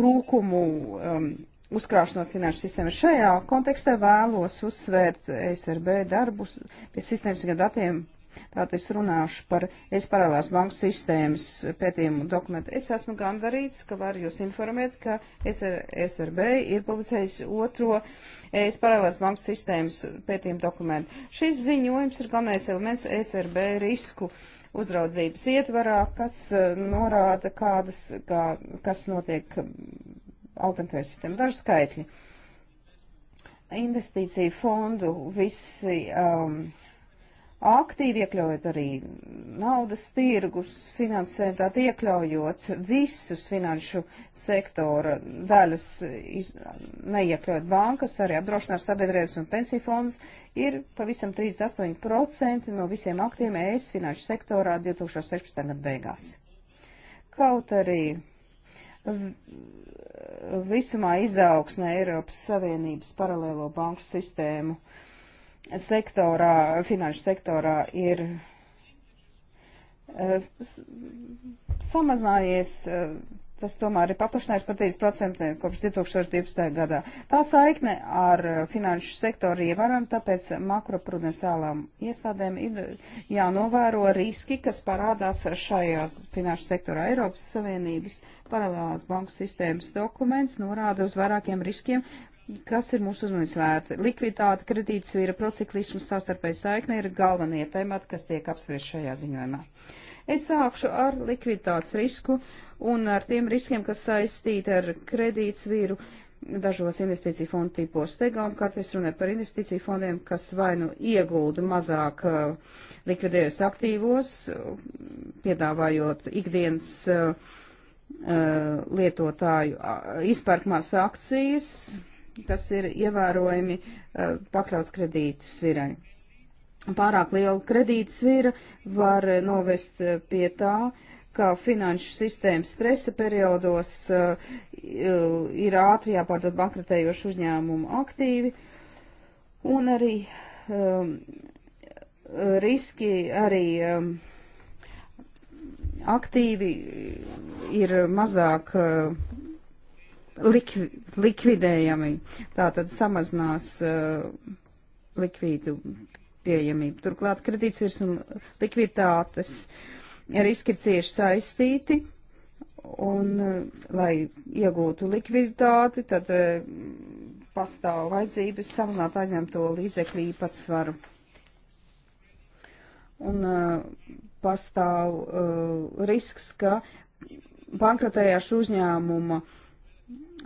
Speaker 4: trūkumu. Um, Uzkrāšanos finanšu sistēmas šajā kontekstā vēlos uzsvērt SRB darbus pie sistēmas gan datiem Tātad es runāšu par es paralēlās banku sistēmas pētījumu dokumentu. Es esmu gandarīts, ka varu jūs informēt, ka SR, SRB ir publicējis otro es paralēlās banku sistēmas pētījumu dokumentu. Šis ziņojums ir galvenais elements SRB risku uzraudzības ietvarā, kas uh, norāda, kādas, kā, kas notiek alternatīvajā sistēmā. Daži skaitļi investīciju fondu visi um, aktīvi iekļaujot arī naudas tirgus finansējumu, tātad iekļaujot visus finanšu sektora daļas, iz, neiekļaujot bankas, arī apdrošināt sabiedrības un pensiju fondus, ir pavisam 38% no visiem aktīviem ES finanšu sektorā 2016. gada beigās. Kaut arī visumā izaugsme Eiropas Savienības paralēlo banku sistēmu uh, sektorā, finanšu sektorā ir eh, samazinājies, eh, tas tomēr ir paplašinājies par 3% kopš 2012. gadā. Tā saikne ar eh, finanšu sektoru ievērojama, tāpēc makroprudenciālām iestādēm ir jānovēro riski, kas parādās šajās finanšu sektorā Eiropas Savienības paralēlās banku sistēmas dokuments norāda uz vairākiem riskiem, kas ir mūsu uzmanības vērti. Likviditāte, kredītsvīra, prociklismas, sastarpēja saikne ir galvenie temati, kas tiek apspriest šajā ziņojumā. Es sākšu ar likviditātes risku un ar tiem riskiem, kas saistīti ar kredītsvīru dažos investīciju fondu tipos. Te galvenokārt es runāju par investīciju fondiem, kas vai nu iegulda mazāk uh, likvidējos aktīvos, uh, piedāvājot ikdienas uh, uh lietotāju uh, izpērkamās akcijas, kas ir ievērojami eh, pakļauts kredīta svirai. Pārāk liela kredīta svira var eh, novest eh, pie tā, ka finanšu sistēmas stresa periodos ir ātri jāpārdod bankrotējošu uzņēmumu aktīvi un arī um, riski arī um, aktīvi ir mazāk uh, likvi, likvidējami. Tātad samazinās uh, likvīdu pieejamību. Turklāt kredītsvirs un likviditātes riski ir cieši saistīti. Un, uh, lai iegūtu likviditāti, tad uh, pastāv vajadzības samazināt aizņemto līdzekļu īpatsvaru. Un uh, pastāv uh, risks, ka bankrotējoša uzņēmuma uh,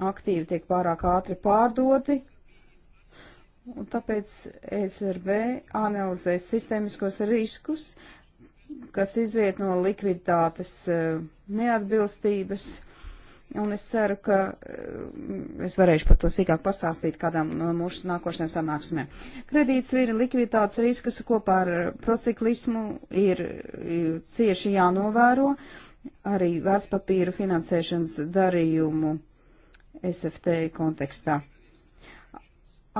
Speaker 4: aktīvi tiek pārāk ātri pārdoti, un tāpēc SRB analizēs sistēmiskos riskus, kas izriet no likviditātes eh, neatbilstības, un es ceru, ka eh, es varēšu par to sīkāk pastāstīt kādām no mūsu nākošajām sanāksmēm. Kredītsvīra likviditātes riskus kopā ar prociklismu ir, ir cieši jānovēro, arī vērtspapīru finansēšanas darījumu SFT kontekstā.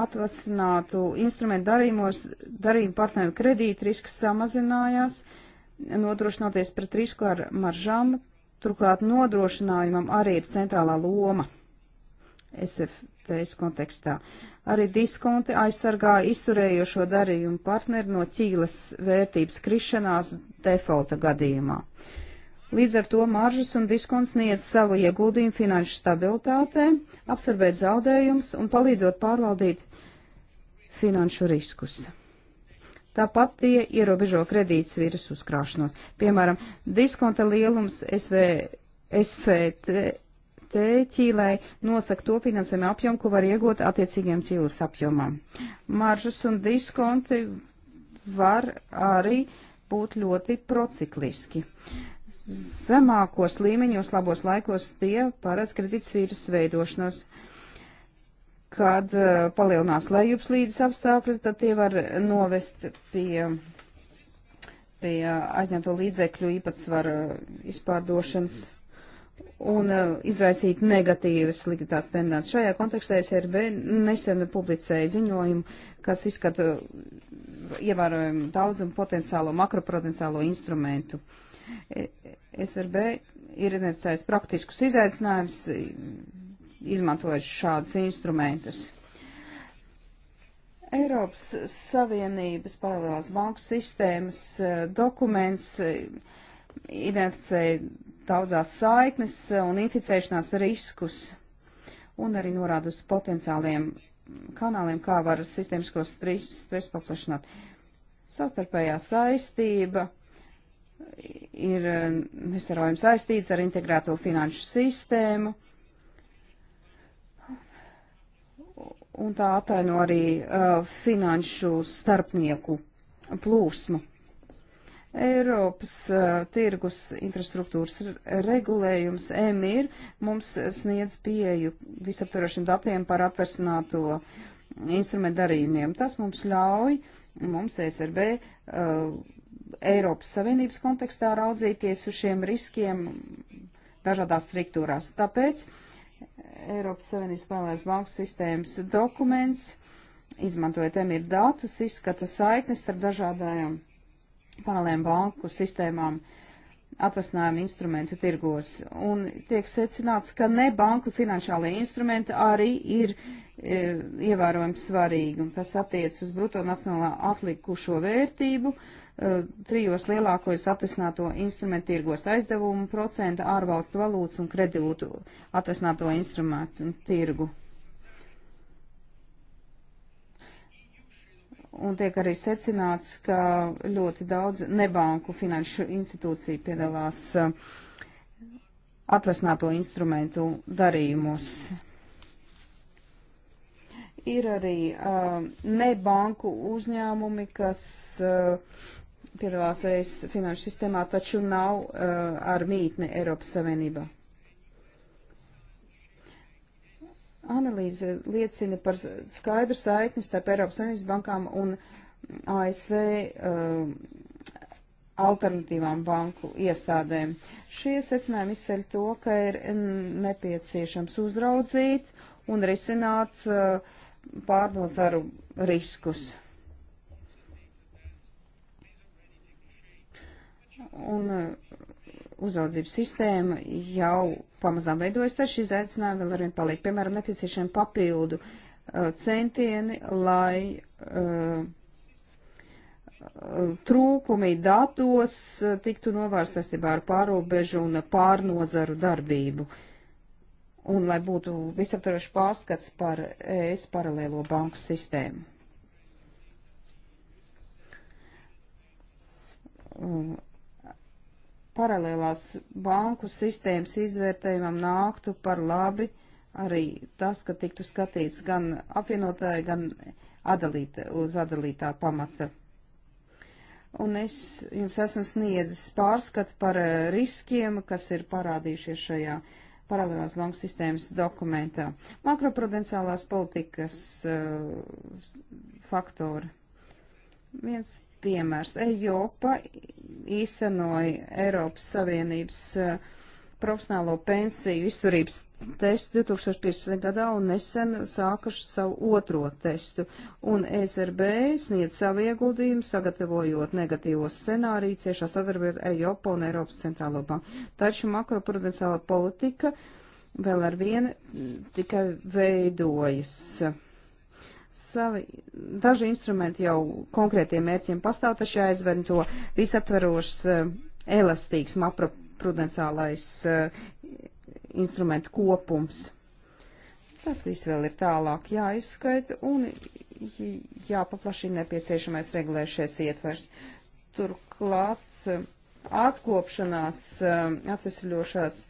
Speaker 4: Atvasinātu instrumentu darījumos darījumu partneru kredīta risks samazinājās, nodrošinoties pret risku ar maržām, turklāt nodrošinājumam arī ir centrālā loma SFT kontekstā. Arī diskonti aizsargāja izturējošo darījumu partneri no ķīles vērtības krišanās defaulta gadījumā. Uh, Līdz ar to maržas un diskonts sniedz savu ieguldījumu finanšu stabilitātē, apsarbēt zaudējumus un palīdzot pārvaldīt finanšu riskus. Tāpat tie ierobežo kredītsviras uzkrāšanos. Piemēram, diskonta lielums SV, SVT ķīlē nosaka to finansējumu apjomu, ko var iegūt attiecīgiem ķīles apjomam. Maržas un diskonti var arī būt ļoti procikliski. Uh, zemākos līmeņos labos laikos tie paredz kredītsvīras veidošanos. Kad uh, palielinās lejupslīdes apstākļi, tad tie var novest pie, pie aizņemto līdzekļu īpatsvaru izpārdošanas un uh, izraisīt negatīvas likvidācijas tendences. Šajā kontekstā SRB nesen publicēja ziņojumu, kas izskata uh, ievērojumu daudzumu potenciālo makroprudenciālo instrumentu uh, SRB ir necesājis praktiskus izaicinājumus, izmantojot šādus instrumentus. Eiropas Savienības paralēlās banku sistēmas eh, dokuments eh, identificēja daudzās saiknes un inficēšanās riskus un arī norāda uz potenciāliem kanāliem, kā var sistēmiskos stresu paplašināt. Sastarpējā saistība ir nesarojami eh, saistīts ar integrēto finanšu sistēmu, un tā ataino arī uh, finanšu starpnieku plūsmu. Eiropas uh, tirgus infrastruktūras regulējums EMIR mums sniedz pieeju visaptverošiem datiem par atversināto instrumentu darījumiem. Tas mums ļauj, mums ESRB, uh, Eiropas Savienības kontekstā raudzīties uz šiem riskiem dažādās struktūrās. Tāpēc Eiropas Savienības Vēlēs banku sistēmas dokuments, izmantojot emīru datus, izskata saiknes starp dažādajām paralēliem banku sistēmām atvasinājuma instrumentu tirgos. Un tiek secināts, ka ne banku finanšālie instrumenti arī ir e, ievērojami svarīgi, un tas attiec uz bruto nacionālā atlikušo vērtību. E, trijos lielākos atvesināto instrumentu tirgos aizdevumu procenta, ārvalstu valūtas un kredītu atvesināto instrumentu tirgu. Un tiek arī secināts, ka ļoti daudz nebanku finanšu institūciju piedalās atvesināto instrumentu darījumus ir arī uh, nebanku uzņēmumi, kas uh, piedalās es finanšu sistēmā, taču nav uh, ar mītni Eiropas Savienībā. Analīze liecina par skaidru saikni starp Eiropas Savienības bankām un ASV uh, alternatīvām banku iestādēm. Šie secinājumi izceļ to, ka ir nepieciešams uzraudzīt un risināt uh, pārnozaru riskus. Mm. un uh, uzraudzības sistēma jau pamazām veidojas, taču izaicinājumi vēl arvien paliek. Piemēram, nepieciešami papildu uh, centieni, lai uh, trūkumi datos uh, tiktu novērst saistībā ar pārobežu un pārnozaru darbību. Un lai būtu visaptvarošs pārskats par ES paralēlo banku sistēmu. Uh, paralēlās banku sistēmas izvērtējumam nāktu par labi arī tas, ka tiktu skatīts gan apvienotāji, gan atdalīt, uz atdalītā pamata. Un es jums esmu sniedzis pārskatu par eh, riskiem, kas ir parādījušies šajā paralēlās banku sistēmas dokumentā. Makroprudenciālās politikas uh, faktori. Viens piemērs. Ejopa īstenoja Eiropas Savienības uh, profesionālo pensiju izturības testu 2015. gadā un nesen sākuši savu otro testu. Un e SRB sniedz savu ieguldījumu, sagatavojot negatīvos scenāriju ciešā sadarbībā ar Eiropu un Eiropas centrālo banku. Taču makroprudenciāla politika vēl ar vienu tikai veidojas Savi, daži instrumenti jau konkrētiem mērķiem pastāv, taču jāizved to visaptverošs, eh, elastīgs makroprudenciālais eh, instrumentu kopums. Tas viss vēl ir tālāk jāizskaita un jāpaplašina nepieciešamais regulēšies ietvers. Turklāt eh, atkopšanās, atvesļošās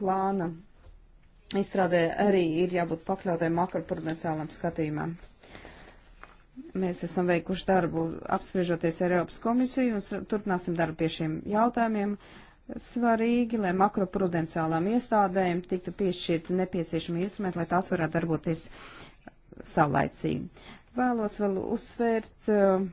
Speaker 4: plāna izstrādē arī ir jābūt pakļautai makroprudenciālam skatījumam. Mēs esam veikuši darbu apspriežoties ar Eiropas komisiju un turpināsim darbu pie šiem jautājumiem. Svarīgi, lai makroprudenciālām iestādēm tiktu piešķirti nepieciešami instrumenti, lai tās varētu darboties saulaicīgi. Vēlos vēl uzsvērt uh,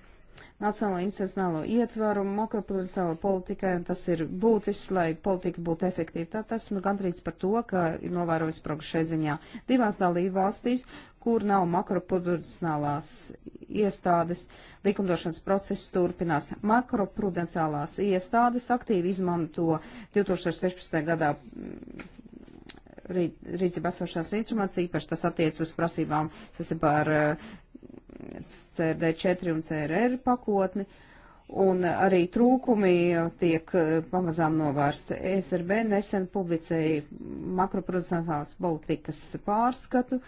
Speaker 4: nacionālo institucionālo ietvaru makroprudenciālo politikai, un tas ir būtisks, lai politika būtu efektīva. Tad esmu gandrīz par to, ka ir novērojis progresu šai ziņā divās dalību valstīs, kur nav makroprudenciālās iestādes. Likumdošanas process turpinās. Makroprudenciālās iestādes aktīvi izmanto 2016. gadā mm, rīcībā esošās instruments, īpaši tas attiec uz prasībām sasībā ar uh, CRD4 un CRR pakotni, un arī trūkumi tiek eh, pamazām novērsti. ESRB nesen publicēja makroprudentālās politikas pārskatu,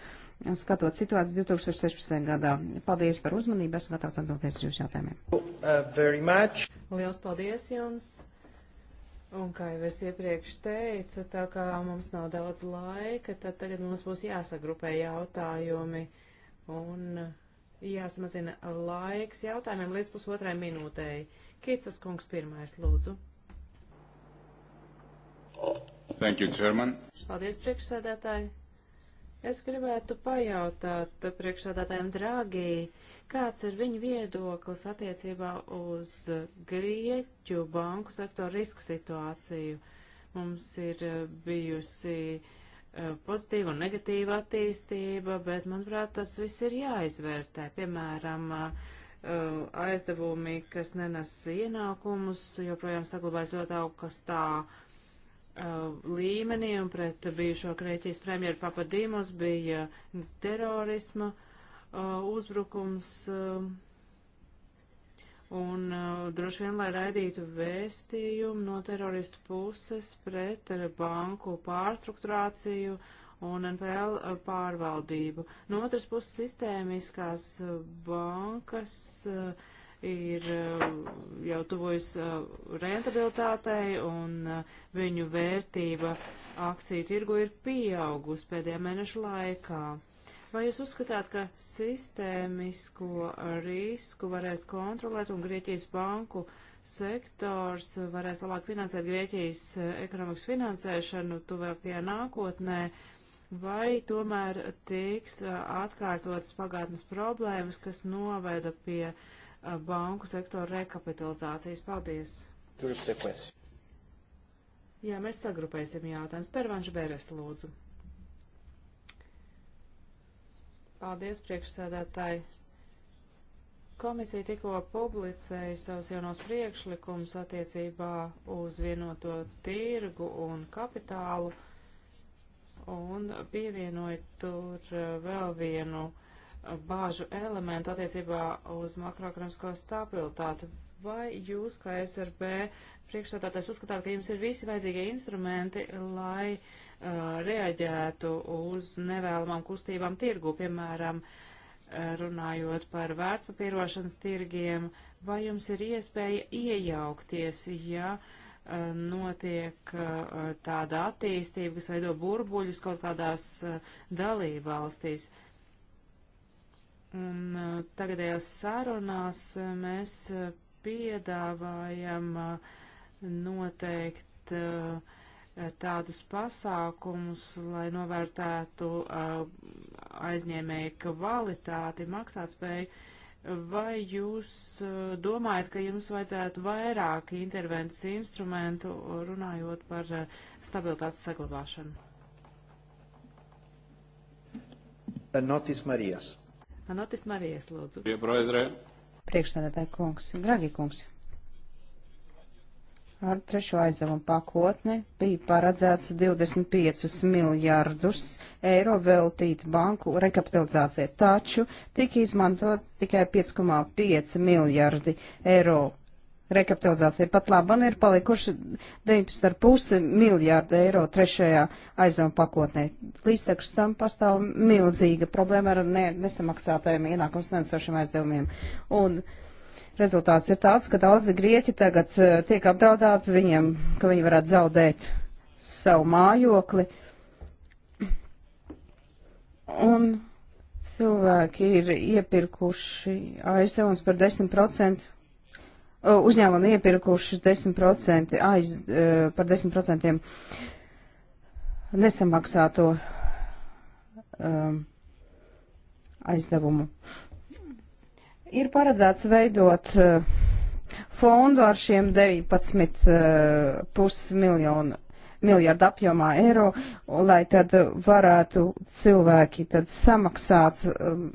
Speaker 4: skatot situāciju 2016. gadā. Paldies par uzmanību, esmu gatavs atbildēt uz jūsu jautājumiem.
Speaker 3: Uh, Liels paldies jums! Un kā jau es iepriekš teicu, tā kā mums nav daudz laika, tad tagad mums būs jāsagrupē jautājumi un jāsamazina laiks jautājumiem līdz pusotrai minūtei. Kīcas kungs pirmais, lūdzu. Thank you, Chairman. Paldies, priekšsēdētāji. Es gribētu pajautāt priekšsādātājiem Dragī, kāds ir viņa viedoklis attiecībā uz Grieķu banku sektoru riska situāciju. Mums ir bijusi uh, Eh, pozitīva un negatīva attīstība, bet, manuprāt, tas viss ir jāizvērtē. Piemēram, eh, aizdevumi, kas nenes ienākumus, joprojām saglabājas ļoti augstā eh, līmenī, un pret bijušo Krēķijas premjeru Papadīmos bija terorisma uzbrukums. Uh, Un uh, droši vien, lai raidītu vēstījumu no teroristu puses pret uh, banku pārstrukturāciju un NPL uh, pārvaldību. No otras puses, sistēmiskās uh, bankas uh, ir jau tuvojas rentabilitātei un viņu vērtība akciju tirgu ir pieaugusi pēdējā mēneša laikā. Vai jūs uzskatāt, ka sistēmisko risku varēs kontrolēt un Grieķijas banku sektors varēs labāk finansēt Grieķijas eh, ekonomikas finansēšanu tuvākajā nākotnē? Vai tomēr tiks eh, atkārtotas pagātnes problēmas, kas noveda pie eh, banku sektora rekapitalizācijas? Paldies! Jā, mēs sagrupēsim jautājumus. Pervanš Beres, lūdzu. Paldies, priekšsēdētāji. Komisija tikko publicēja savus jaunos priekšlikumus attiecībā uz vienoto tirgu un kapitālu un pievienoja tur uh, vēl vienu uh, bāžu elementu attiecībā uz makroekonomisko stabilitāti. Vai jūs, kā SRB priekšstādātājs, uzskatāt, ka jums ir visi vajadzīgie instrumenti, lai uh, Uh, reaģētu uz nevēlamām kustībām tirgu, piemēram, uh, runājot par vērtspapīrošanas tirgiem, vai jums ir iespēja iejaukties, ja uh, notiek tāda attīstība, kas veido burbuļus kaut kādās dalībvalstīs. Un tagadējās sarunās mēs piedāvājam noteikt uh, Eh, tādus pasākumus, lai novērtētu eh, aizņēmēju kvalitāti, maksātspēju. Vai jūs eh, domājat, ka jums vajadzētu vairāk intervences instrumentu, runājot par stabilitātes saglabāšanu?
Speaker 1: Anotis Marijas.
Speaker 3: Anotis Marijas, lūdzu. Priekšsēdētāji
Speaker 4: kungs, dragi kungs ar trešo aizdevumu pakotni bija paredzēts 25 miljārdus eiro veltīt banku rekapitalizācijai, taču tika izmantot tikai 5,5 miljārdi eiro rekapitalizācijai. Pat labam ir palikuši 19,5 miljārdi eiro trešajā aizdevuma pakotnē. Līdztekus tam pastāv milzīga problēma ar ne, nesamaksātajiem ienākums nesošiem aizdevumiem. Un, uh, Rezultāts ir tāds, ka daudzi grieķi tagad eh, tiek apdraudāti viņiem, ka viņi varētu zaudēt savu mājokli. Un cilvēki ir iepirkuši aizdevums par 10%, uzņēmumi iepirkuši 10% aiz, eh, par 10% nesamaksāto um, aizdevumu. Uh, ir paredzēts veidot eh, fondu ar šiem 19,5 eh, miljonu miljardu apjomā eiro, lai tad varētu cilvēki tad samaksāt um,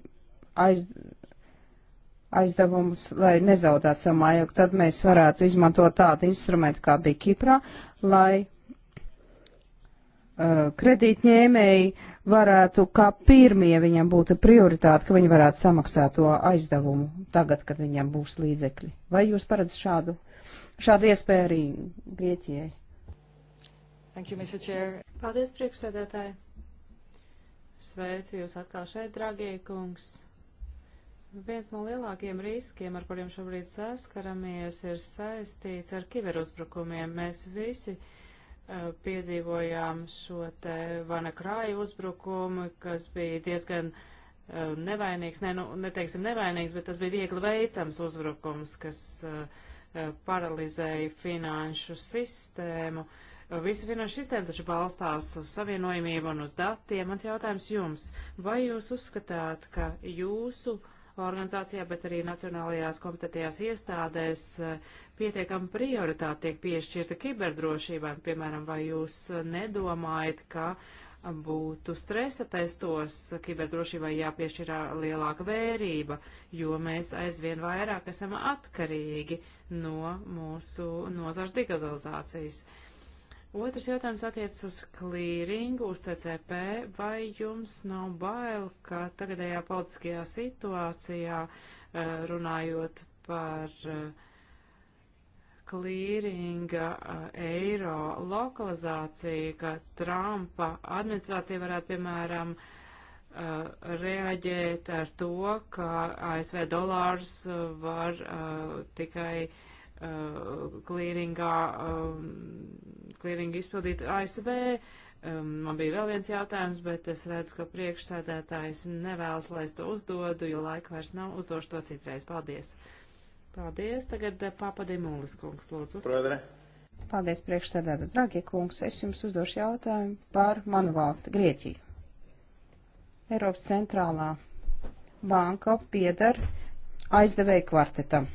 Speaker 4: aiz, aizdevumus, lai nezaudētu savu mājokli. Tad mēs varētu izmantot tādu instrumentu, kā bija Kiprā, lai Uh, kredītņēmēji varētu kā pirmie viņam būtu prioritāte, ka viņi varētu samaksāt to aizdevumu tagad, kad viņam būs līdzekļi. Vai jūs paredz šādu, šādu iespēju arī Grieķijai?
Speaker 3: Thank you, Mr. Chair. Paldies, priekšsēdētāji. Sveicu jūs atkal šeit, dragie kungs. Viens no lielākajiem riskiem, ar kuriem šobrīd saskaramies, ir saistīts ar kiberuzbrukumiem. Mēs visi uh, Eh, piedzīvojām šo te vanakrāju uzbrukumu, kas bija diezgan eh, nevainīgs, ne, nu, neteiksim nevainīgs, bet tas bija viegli veicams uzbrukums, kas eh, paralizēja finanšu sistēmu. Visa finanšu sistēma taču balstās uz savienojumību un uz datiem. Mans jautājums jums, vai jūs uzskatāt, ka jūsu organizācijā, bet arī nacionālajās kompetentajās iestādēs pietiekama prioritāte tiek piešķirta kiberdrošībai, piemēram, vai jūs nedomājat, ka būtu stresa testos kiberdrošībai jāpiešķirā lielāka vērība, jo mēs aizvien vairāk esam atkarīgi no mūsu nozars digitalizācijas. Otrs jautājums attiecas uz klīringu, uz CCP. Vai jums nav bail, ka tagadējā politiskajā situācijā, eh, runājot par uh, klīringa eiro lokalizācija, ka Trumpa administrācija varētu, piemēram, reaģēt ar to, ka ASV dolārus var tikai klīringā, klīringa izpildīt ASV. Man bija vēl viens jautājums, bet es redzu, ka priekšsēdētājs nevēlas, lai es to uzdodu, jo laika vairs nav. Uzdošu to citreiz. Paldies! Paldies. Tagad eh, papadimulis kungs, lūdzu. Prodre.
Speaker 4: Paldies, priekšstādāta. Dragie kungs, es jums uzdošu jautājumu par manu valsti, Grieķiju. Eiropas centrālā banka piedar aizdevēju kvartetam.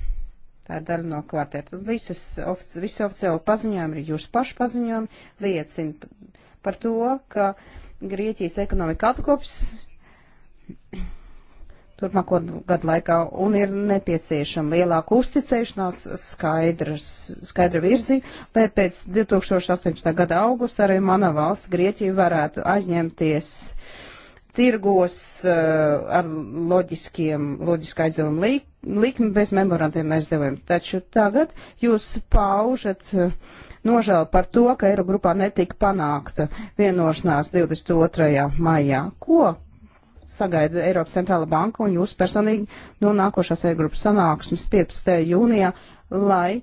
Speaker 4: Tā ir daļa no kvarteta. Visas, ofici, visi oficiāli paziņojumi ir jūsu pašu paziņojumi, liecina par to, ka Grieķijas ekonomika atkopjas turpmāko gadu laikā, un ir nepieciešama lielāka uzticēšanās, skaidrs, skaidra virzība, lai pēc 2018. gada augusta arī mana valsts Grieķija varētu aizņemties tirgos uh, ar loģiskiem, loģiski aizdevumu lik, likmi bez memorantiem aizdevumiem. Taču tagad jūs paužat uh, nožēlu par to, ka Eirogrupā netika panākta vienošanās 22. maijā. Ko sagaida Eiropas centrāla banka un jūs personīgi no nākošās E-grupas sanāksmes 15. jūnijā, lai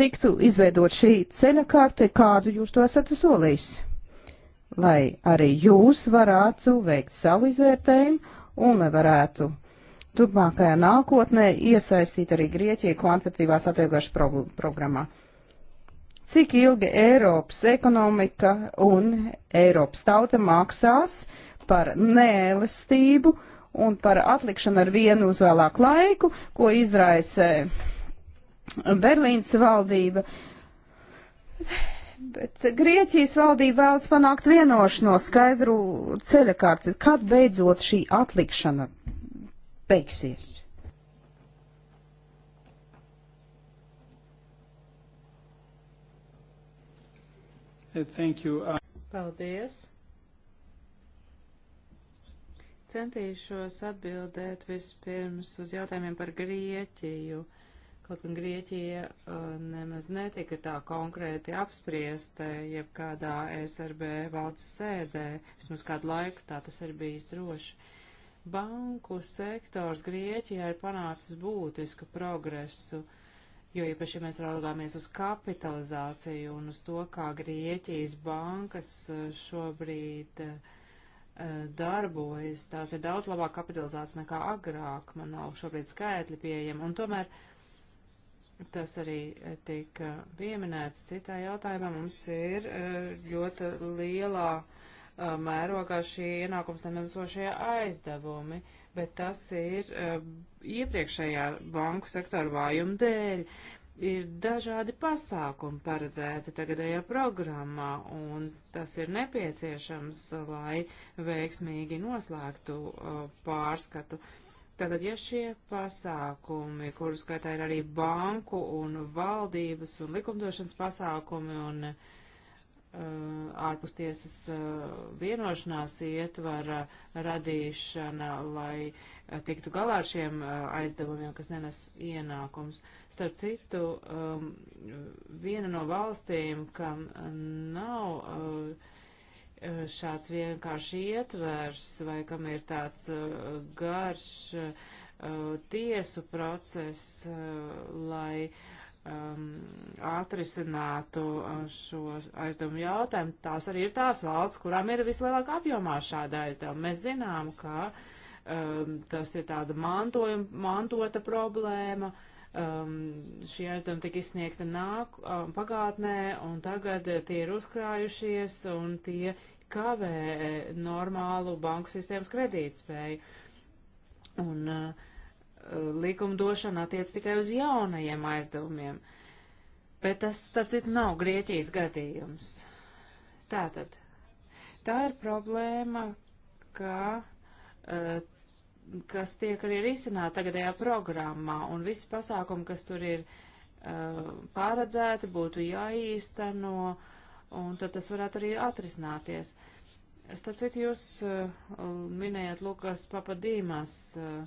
Speaker 4: tiktu izveidot šī ceļa karte, kādu jūs to esat solījis. Lai arī jūs varētu veikt savu izvērtējumu un lai varētu turpmākajā nākotnē iesaistīt arī Grieķiju kvantitīvās atvieglošanas pro programmā. Cik ilgi Eiropas ekonomika un Eiropas tauta maksās uh, par nēlistību un par atlikšanu ar vienu uz vēlāku laiku, ko izraisa Berlīnas valdība. Bet Grieķijas valdība vēlas panākt vienošanos skaidru ceļakārti, kad beidzot šī atlikšana beigsies.
Speaker 1: Thank you.
Speaker 3: Paldies. Centīšos atbildēt vispirms uz jautājumiem par Grieķiju. Kaut gan Grieķija uh, nemaz netika tā konkrēti apspriesta, jebkādā SRB valdes sēdē, vismaz kādu laiku tā tas ir bijis droši. Banku sektors Grieķijā ir panācis būtisku progresu, jo īpaši, ja mēs raugāmies uz kapitalizāciju un uz to, kā Grieķijas bankas uh, šobrīd uh, E, darbojas. Tās ir daudz labāk kapitalizētas nekā agrāk. Man nav šobrīd skaitļi pieejami. Un tomēr tas arī tika pieminēts citā jautājumā. Mums ir e, ļoti lielā e, mērogā šī ienākums nenesošie aizdevumi, bet tas ir iepriekšējā banku sektora vājuma dēļ ir dažādi pasākumi paredzēti tagadējā programmā, un tas ir nepieciešams, lai veiksmīgi noslēgtu uh, pārskatu. Tātad, ja šie pasākumi, kuru skaitā ir arī banku un valdības un likumdošanas pasākumi un uh, Eh, ārpustiesas eh, vienošanās ietvara radīšana, lai eh, tiktu galā ar šiem aizdevumiem, kas nenes ienākums. Starp citu, um, viena no valstīm, kam nav šāds vienkārši ietvers vai kam ir tāds garš tiesu process, lai um, atrisinātu uh, šo aizdevumu jautājumu. Tās arī ir tās valsts, kurām ir vislielākā apjomā šāda aizdevuma. Mēs zinām, ka um, tas ir tāda mantojuma, mantota problēma. Um, šī aizdevuma tika izsniegta nāk, um, pagātnē, un tagad eh, tie ir uzkrājušies, un tie kavē eh, normālu banku sistēmas kredītspēju. Un uh, likumdošana attiec tikai uz jaunajiem aizdevumiem. Bet tas, starp citu, nav Grieķijas gadījums. Tātad, tā ir problēma, ka, eh, kas tiek arī risināta tagadējā programmā, un visi pasākumi, kas tur ir eh, paredzēti, būtu jāīsteno, un tad tas varētu arī atrisināties. Starp citu, jūs eh, minējat Lukas Papadīmas. Uh,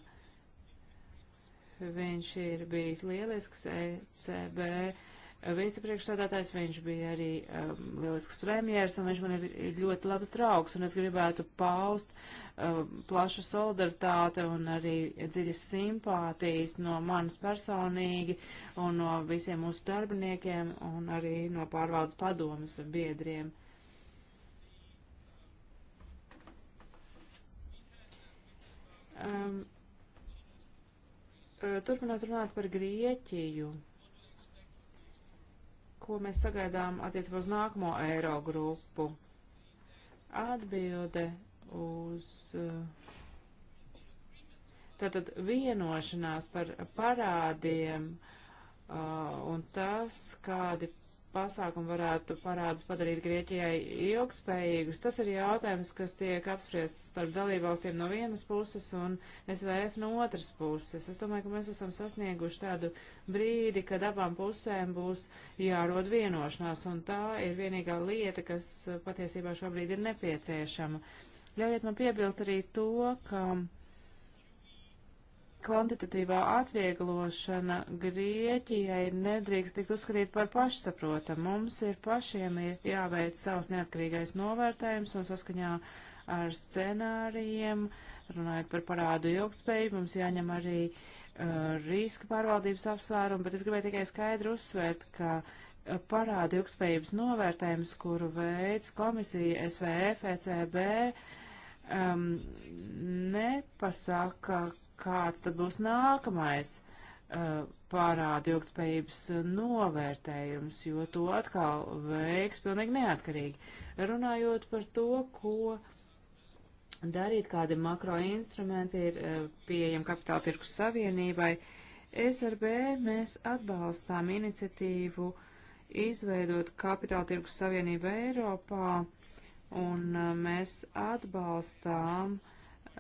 Speaker 3: Viņš ir bijis lielisks ECB vicepriekšstādātājs, viņš bija arī um, lielisks premjers, un viņš man ir ļoti labs draugs, un es gribētu paust um, plašu solidaritāti un arī dziļas simpātijas no manis personīgi un no visiem mūsu darbiniekiem un arī no pārvaldes padomas biedriem. Um, turpinot runāt par Grieķiju, ko mēs sagaidām attiecībā uz nākamo eiro grupu. Atbilde uz. Tātad vienošanās par parādiem uh, un tas, kādi pasākumi varētu parādus padarīt Grieķijai ilgspējīgus. Tas ir jautājums, kas tiek apspriests starp dalībvalstīm no vienas puses un SVF no otras puses. Es domāju, ka mēs esam sasnieguši tādu brīdi, kad abām pusēm būs jārod vienošanās, un tā ir vienīgā lieta, kas patiesībā šobrīd ir nepieciešama. Ļaujiet man piebilst arī to, ka kvantitatīvā atvieglošana Grieķijai nedrīkst tikt uzskatīt par pašsaprotamu. Mums ir pašiem jāveic savs neatkarīgais novērtējums un saskaņā ar scenārijiem, runājot par parādu ilgtspēju, mums jāņem arī uh, riska pārvaldības apsvērumu, bet es gribēju tikai skaidri uzsvērt, ka uh, parādu ilgtspējības novērtējums, kuru veids komisija SVF, e ECB, um, nepasaka, kāds tad būs nākamais uh, pārādu ilgtspējības novērtējums, jo to atkal veiks pilnīgi neatkarīgi. Runājot par to, ko darīt, kādi makroinstrumenti ir uh, pieejami kapitāla tirkus savienībai, SRB mēs atbalstām iniciatīvu izveidot kapitāla tirkus savienību Eiropā, un uh, mēs atbalstām uh,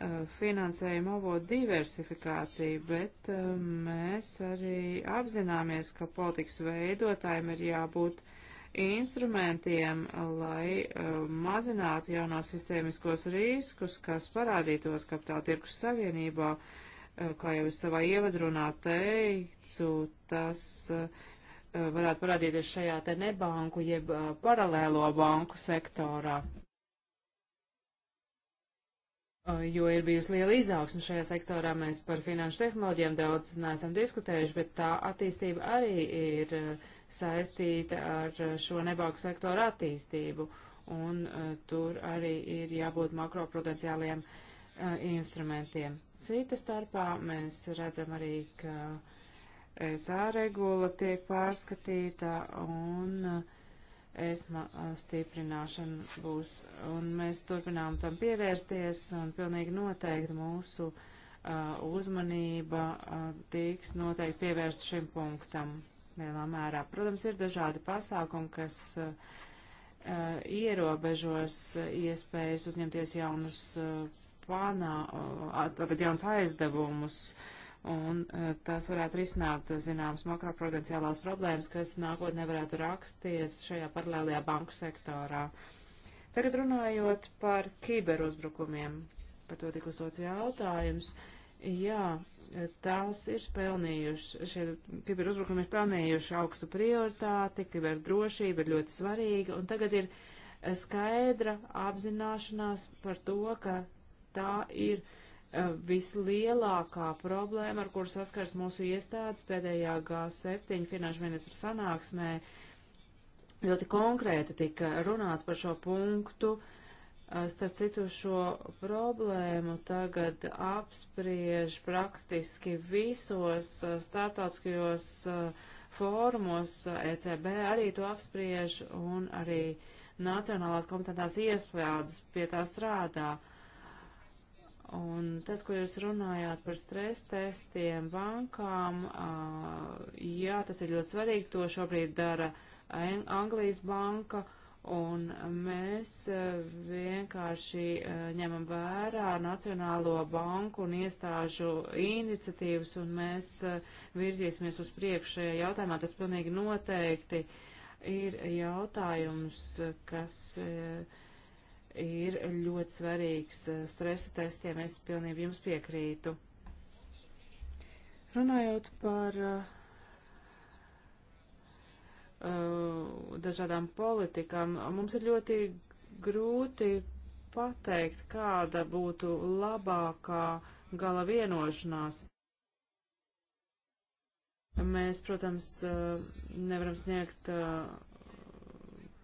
Speaker 3: Eh, finansējuma avotu diversifikāciju, bet eh, mēs arī apzināmies, ka politikas veidotājiem ir jābūt instrumentiem, lai eh, mazinātu jaunos sistēmiskos riskus, kas parādītos kapitāla tirkus savienībā. Kā jau es savā ievadrunā teicu, tas varētu parādīties šajā te nebanku jeb paralēlo banku sektorā. Uh, jo ir bijusi liela izaugsme šajā sektorā. Mēs par finanšu tehnoloģiem daudz neesam diskutējuši, bet tā attīstība arī ir uh, saistīta ar uh, šo nebauku sektoru attīstību. Un uh, tur arī ir jābūt makroprudenciāliem uh, instrumentiem. Cita starpā mēs redzam arī, ka SR regula tiek pārskatīta un uh, ESMA uh, stiprināšana būs. Un mēs turpinām tam pievērsties un pilnīgi noteikti mūsu uh, uzmanība uh, tiks noteikti pievērst šim punktam lielā mērā. Protams, ir dažādi pasākumi, kas uh, uh ierobežos uh, iespējas uzņemties jaunus panā, tātad jaunus aizdevumus. Uh, un eh, tas varētu risināt eh, zināmas makroprudenciālās problēmas, kas nākotnē varētu raksties šajā paralēlajā banku sektorā. Tagad runājot par kiberuzbrukumiem, par to tik uzdots jautājums. Jā, tās ir pelnījuši, šie kiberuzbrukumi ir pelnījuši augstu prioritāti, kiberdrošība ir ļoti svarīga, un tagad ir eh, skaidra apzināšanās par to, ka tā ir uh, Eh, vislielākā problēma, ar kuru saskars mūsu iestādes pēdējā G7 finanšu ministra sanāksmē, ļoti konkrēti tika runāts par šo punktu. Eh, starp citu, šo problēmu tagad apspriež praktiski visos eh, startautiskajos fórumos, ECB e arī to apspriež un arī nacionālās kompetentās iespējas pie tā strādā. Uh, Un tas, ko jūs runājāt par stresa testiem bankām, jā, tas ir ļoti svarīgi. To šobrīd dara Anglijas banka. Un mēs vienkārši ņemam vērā Nacionālo banku un iestāžu iniciatīvas, un mēs virzīsimies uz priekšu šajā jautājumā. Tas pilnīgi noteikti ir jautājums, kas. Uh, ir ļoti svarīgs eh, stresa testiem. Es pilnīgi jums piekrītu. Runājot par uh, dažādām politikām, mums ir ļoti grūti pateikt, kāda būtu labākā gala vienošanās. Mēs, protams, nevaram sniegt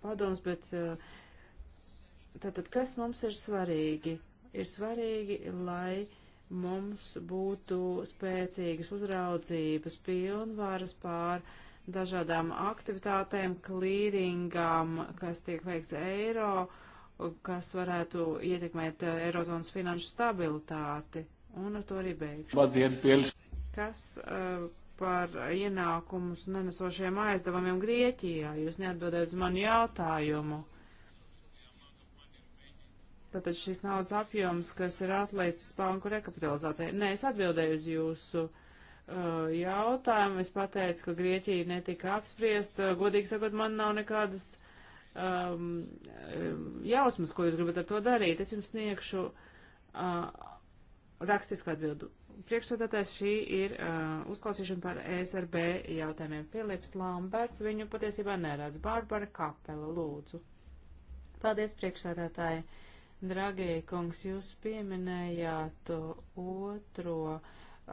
Speaker 3: padoms, bet Tātad, kas mums ir svarīgi? Ir svarīgi, lai mums būtu spēcīgas uzraudzības pilnvaras pār dažādām aktivitātēm, klīringām, kas tiek veikts eiro, kas varētu ietekmēt eh, eirozonas finanšu stabilitāti. Un ar to arī beigšu. Kas uh, par ienākumus nenesošiem aizdevumiem Grieķijā? Jūs neatbildējat uz manu jautājumu. Uh, Tātad šis naudas apjoms, kas ir atlicis banku rekapitalizācijai. Nē, es atbildēju uz jūsu uh, jautājumu. Es pateicu, ka Grieķija netika apspriest. Uh, godīgi sakot, man nav nekādas um, jausmas, ko jūs gribat ar to darīt. Es jums sniegšu uh, rakstisku atbildu. Priekšsēdētājs šī ir uh, uzklausīšana par ESRB jautājumiem. Filips Lamberts viņu patiesībā neredz. Bārbara Kapela, lūdzu. Paldies, priekšsēdētāji. Uh, Dragie kungs, jūs pieminējāt otro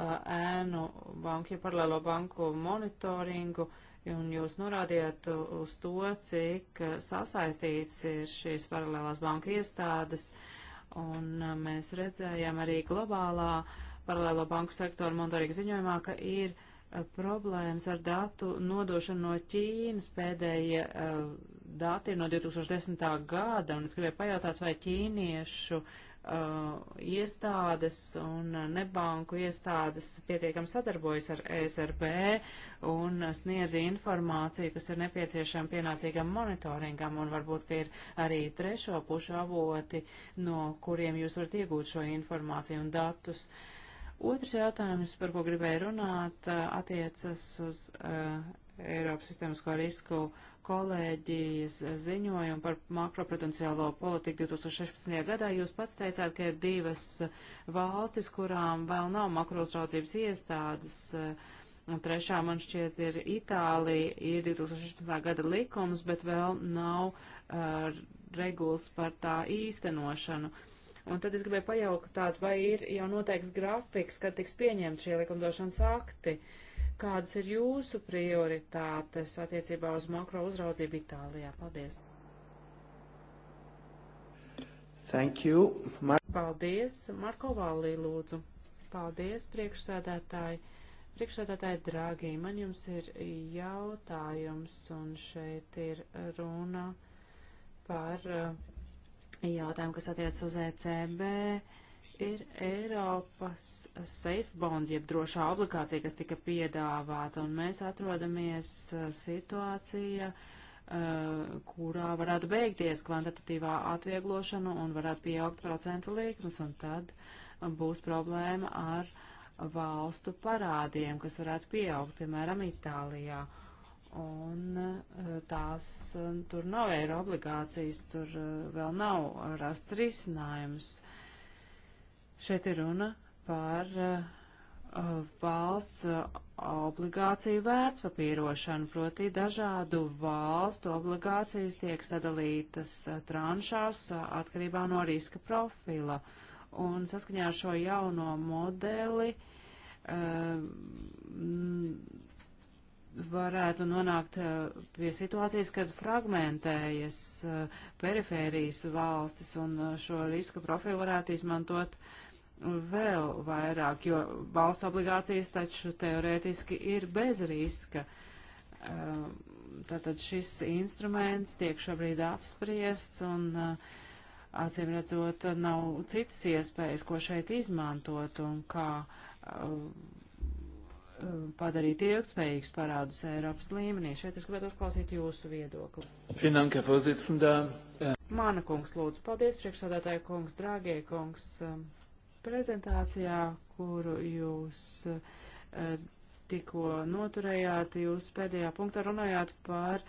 Speaker 3: ēnu banku, ja paralēlo banku monitoringu, un jūs norādījāt uz to, cik sasaistīts ir šīs paralēlās banku iestādes, un mēs redzējām arī globālā paralēlo banku sektoru monitoringa ziņojumā, ka ir uh, Eh, problēmas ar datu nodošanu no Ķīnas. Pēdējie uh, dati ir no 2010. gada, un es gribēju pajautāt, vai ķīniešu uh, iestādes un nebanku iestādes pietiekami sadarbojas ar ESRB un sniedz informāciju, kas ir nepieciešama pienācīgam monitoringam, un varbūt, ka ir arī trešo pušu avoti, no kuriem jūs varat iegūt šo informāciju un datus. Uh, Otrs jautājums, par ko gribēju runāt, attiecas uz uh, Eiropas sistēmisko risku kolēģijas ziņojumu par makroprudenciālo politiku 2016. gadā. Jūs pats teicāt, ka ir divas valstis, kurām vēl nav makrouzraudzības iestādes. Uh, Un trešā man šķiet ir Itālija, ir 2016. gada likums, bet vēl nav uh, regulas par tā īstenošanu. Uh, Un tad es gribēju pajautāt, vai ir jau noteikts grafiks, kad tiks pieņemt šie likumdošanas akti. Kādas ir jūsu prioritātes attiecībā uz makro uzraudzību Itālijā? Paldies!
Speaker 1: Thank you. Mar
Speaker 3: Paldies, Marko Vallī lūdzu. Paldies, priekšsēdētāji. Priekšsēdētāji, drāgī, man jums ir jautājums, un šeit ir runa par uh, Jautājumi, kas attiec uz ECB, ir Eiropas safe bond, jeb drošā obligācija, kas tika piedāvāta, un mēs atrodamies uh, situācija, uh, kurā varētu beigties kvantitatīvā atvieglošana un varētu pieaugt procentu likmes, un tad uh, būs problēma ar valstu parādiem, kas varētu pieaugt, piemēram, Itālijā. Uh, un eh, tās eh, tur nav eiro obligācijas, tur eh, vēl nav rasts risinājums. Šeit ir runa par valsts obligāciju vērtspapīrošanu, proti dažādu valstu obligācijas tiek sadalītas tranšās atkarībā no riska profila. Un saskaņā ar šo jauno modeli uh, varētu nonākt eh, pie situācijas, kad fragmentējas eh, perifērijas valstis un eh, šo riska profilu varētu izmantot vēl vairāk, jo valstu obligācijas taču teorētiski ir bez riska. Tātad šis instruments tiek šobrīd apspriests un acīm redzot nav citas iespējas, ko šeit izmantot un kā Um, padarīt ilgspējīgus parādus Eiropas līmenī. Šeit es gribētu uzklausīt jūsu viedokli.
Speaker 1: Finanka pozicindā.
Speaker 3: Äh, Mana kungs, lūdzu, paldies priekšsādātāja kungs, drāgie kungs, um, prezentācijā, kuru jūs uh, tikko noturējāt, jūs pēdējā punktā runājāt par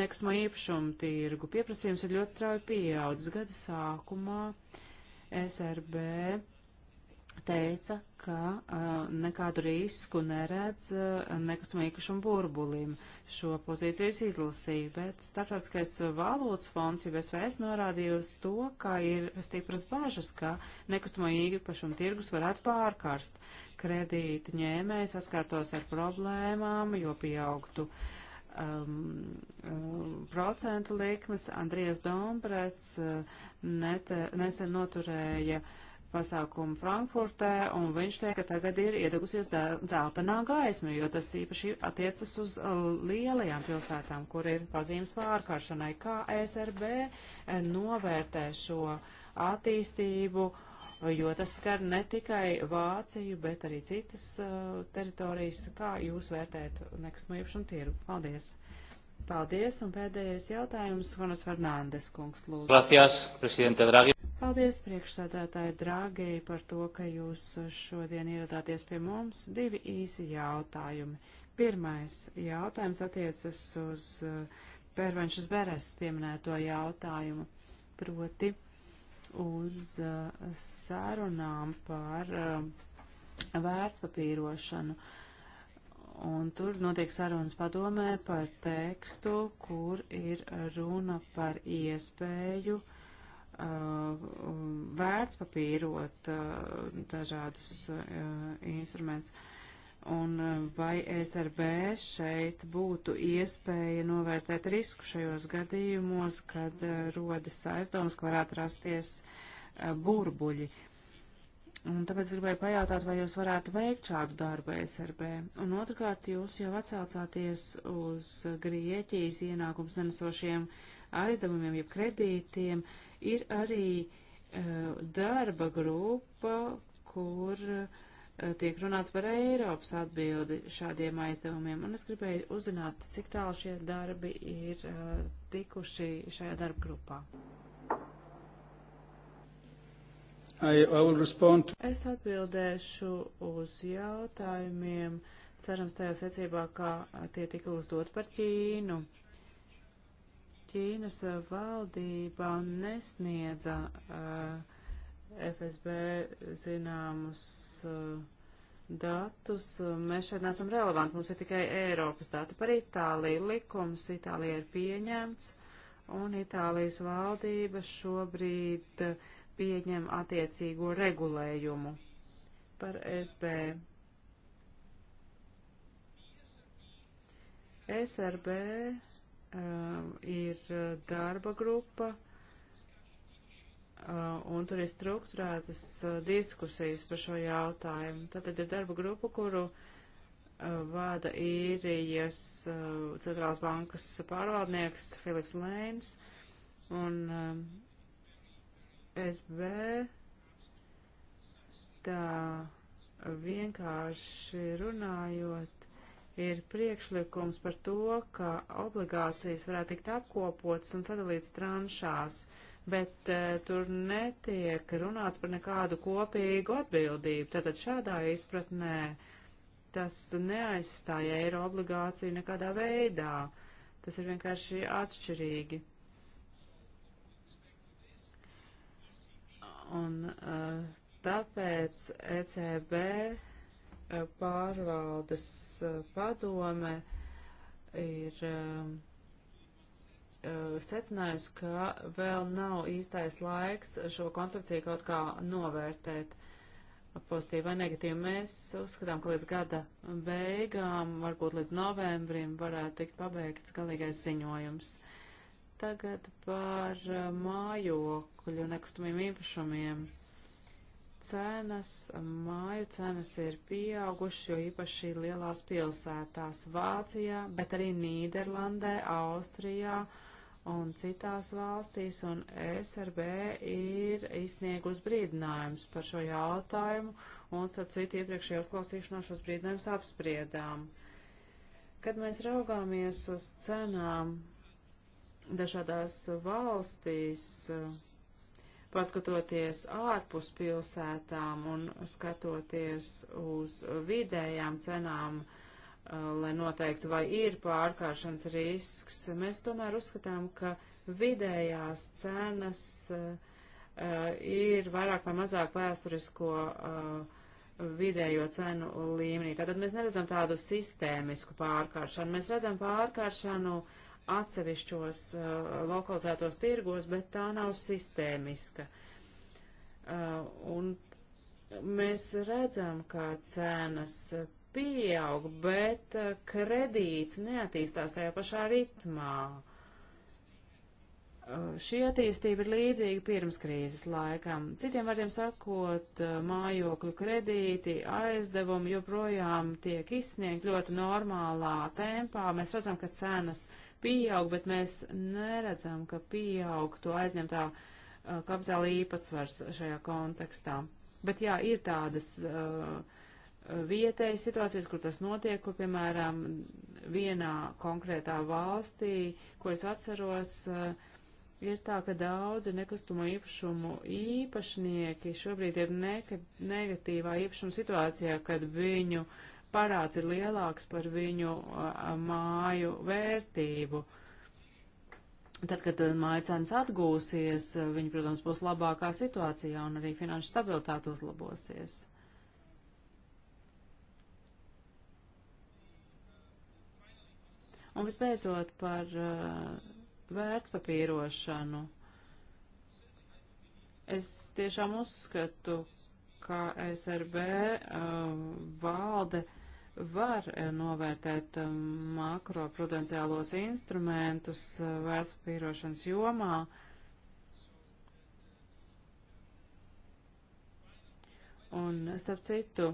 Speaker 3: nekustamo īpašumu tirgu. Pieprasījums ir ļoti strauji pieaudzis gada sākumā. SRB teica, ka uh, nekādu risku neredz uh, nekustamā īpašuma burbulim. Šo pozīciju es izlasīju, bet Startautiskais valūtas fonds jau SVS norādīja uz to, ka ir stipras bažas, ka nekustamā īpašuma tirgus varētu pārkarst. Kredītu ņēmēji saskārtos ar problēmām, jo pieaugtu um, um, procentu likmes. Andrijas Dombrets uh, nete, nesen noturēja uh, pasākumu Frankfurtē, un viņš teica, ka tagad ir iedegusies dzeltenā gaisma, jo tas īpaši attiecas uz uh, lielajām pilsētām, kur ir pazīmes pārkāršanai. Kā SRB eh, novērtē šo attīstību, jo tas skar ne tikai Vāciju, bet arī citas uh, teritorijas. Kā jūs vērtējat nekustamo īpašumu tirgu? Paldies! Uh, Paldies, un pēdējais jautājums, Honas Fernandes kungs, lūdzu. Gracias,
Speaker 1: prezidente Dragi.
Speaker 3: Paldies, priekšsādātāji Dragi, par to, ka jūs šodien ieradāties pie mums. Divi īsi jautājumi. Pirmais jautājums attiecas uz eh, Pērvenšas Beres pieminēto jautājumu, proti uz eh, sarunām par eh, vērtspapīrošanu. Uh, Un tur notiek sarunas padomē par tekstu, kur ir runa par iespēju uh, vērtspapīrot uh, dažādus uh, instrumentus. Un uh, vai SRB šeit būtu iespēja novērtēt risku šajos gadījumos, kad uh, rodas aizdomas, ka varētu rasties uh, burbuļi? Uh, Un tāpēc gribēju pajautāt, vai jūs varētu veikt šādu darbu SRB. Un otrkārt, jūs jau atsaucāties uz Grieķijas ienākums nenesošiem aizdevumiem, jeb kredītiem. Ir arī uh, darba grupa, kur uh, tiek runāts par Eiropas atbildi šādiem aizdevumiem. Un es gribēju uzzināt, cik tālu šie darbi ir uh, tikuši šajā darba grupā.
Speaker 1: I, I
Speaker 3: es atbildēšu uz jautājumiem, cerams, tajā secībā, kā tie tika uzdot par Ķīnu. Ķīnas valdība nesniedza uh, eh, FSB zināmus uh, datus. Mēs šeit neesam relevanti, mums ir tikai Eiropas dati par Itāliju. Likums Itālijā ir pieņemts, un Itālijas valdība šobrīd uh, pieņem attiecīgo regulējumu par SB. SRB um, uh, ir uh, darba grupa, uh, un tur ir struktūrētas uh, diskusijas par šo jautājumu. Tātad ir darba grupa, kuru uh, vada īrijas uh, centrālās bankas pārvaldnieks Filips Lēns, un uh, SB tā vienkārši runājot, ir priekšlikums par to, ka obligācijas varētu tikt apkopotas un sadalīts tranšās, bet uh, tur netiek runāts par nekādu kopīgu atbildību. Tātad šādā izpratnē tas neaizstāja eiro obligāciju nekādā veidā. Tas ir vienkārši atšķirīgi. Un uh, tāpēc ECB eh, pārvaldes eh, padome ir secinājusi, ka vēl nav īstais laiks šo koncepciju kaut kā novērtēt pozitīvi vai negatīvi. Mēs uzskatām, ka līdz gada beigām, varbūt līdz novembrim, varētu tikt pabeigts galīgais ziņojums. Uh, Tagad par uh, mājokļu nekustamiem īpašumiem. Cenas, māju cenas ir pieaugušas, jo īpaši lielās pilsētās Vācijā, bet arī Nīderlandē, Austrijā un citās valstīs, un SRB ir izsniegus brīdinājums par šo jautājumu, un, starp citu, iepriekšējā uzklausīšanā šos brīdinājumus apspriedām. Kad mēs raugāmies uz cenām dažādās valstīs, paskatoties ārpus pilsētām un skatoties uz vidējām cenām, eh, lai noteiktu, vai ir pārkāršanas risks, mēs tomēr uzskatām, ka vidējās cenas eh, ir vairāk vai mazāk vēsturisko eh, vidējo cenu līmenī. Tātad mēs neredzam tādu sistēmisku pārkāršanu. Mēs redzam pārkāršanu uh, atsevišķos uh, lokalizētos tirgos, bet tā nav sistēmiska. Uh, un mēs redzam, ka cenas pieaug, bet uh, kredīts neattīstās tajā pašā ritmā. Uh, šī attīstība ir līdzīga pirms krīzes laikam. Citiem vārdiem sakot, uh, mājokļu kredīti, aizdevumi joprojām tiek izsniegt ļoti normālā tempā. Mēs redzam, ka cenas uh, pieaug, bet mēs neredzam, ka pieaugtu aizņemtā uh, kapitāla īpatsvars šajā kontekstā. Bet jā, ir tādas uh, vietējas situācijas, kur tas notiek, kur, piemēram, vienā konkrētā valstī, ko es atceros, uh, ir tā, ka daudzi nekustamo īpašumu īpašnieki šobrīd ir negatīvā īpašuma situācijā, kad viņu parāds ir lielāks par viņu māju vērtību. Tad, kad mājasēns atgūsies, viņi, protams, būs labākā situācijā un arī finanšu stabilitāte uzlabosies. Un visbeidzot par uh, vērtspapīrošanu. Es tiešām uzskatu, ka SRB uh, valde var uh, novērtēt um, makroprudenciālos instrumentus uh, vērtspapīrošanas jomā. Un, starp citu,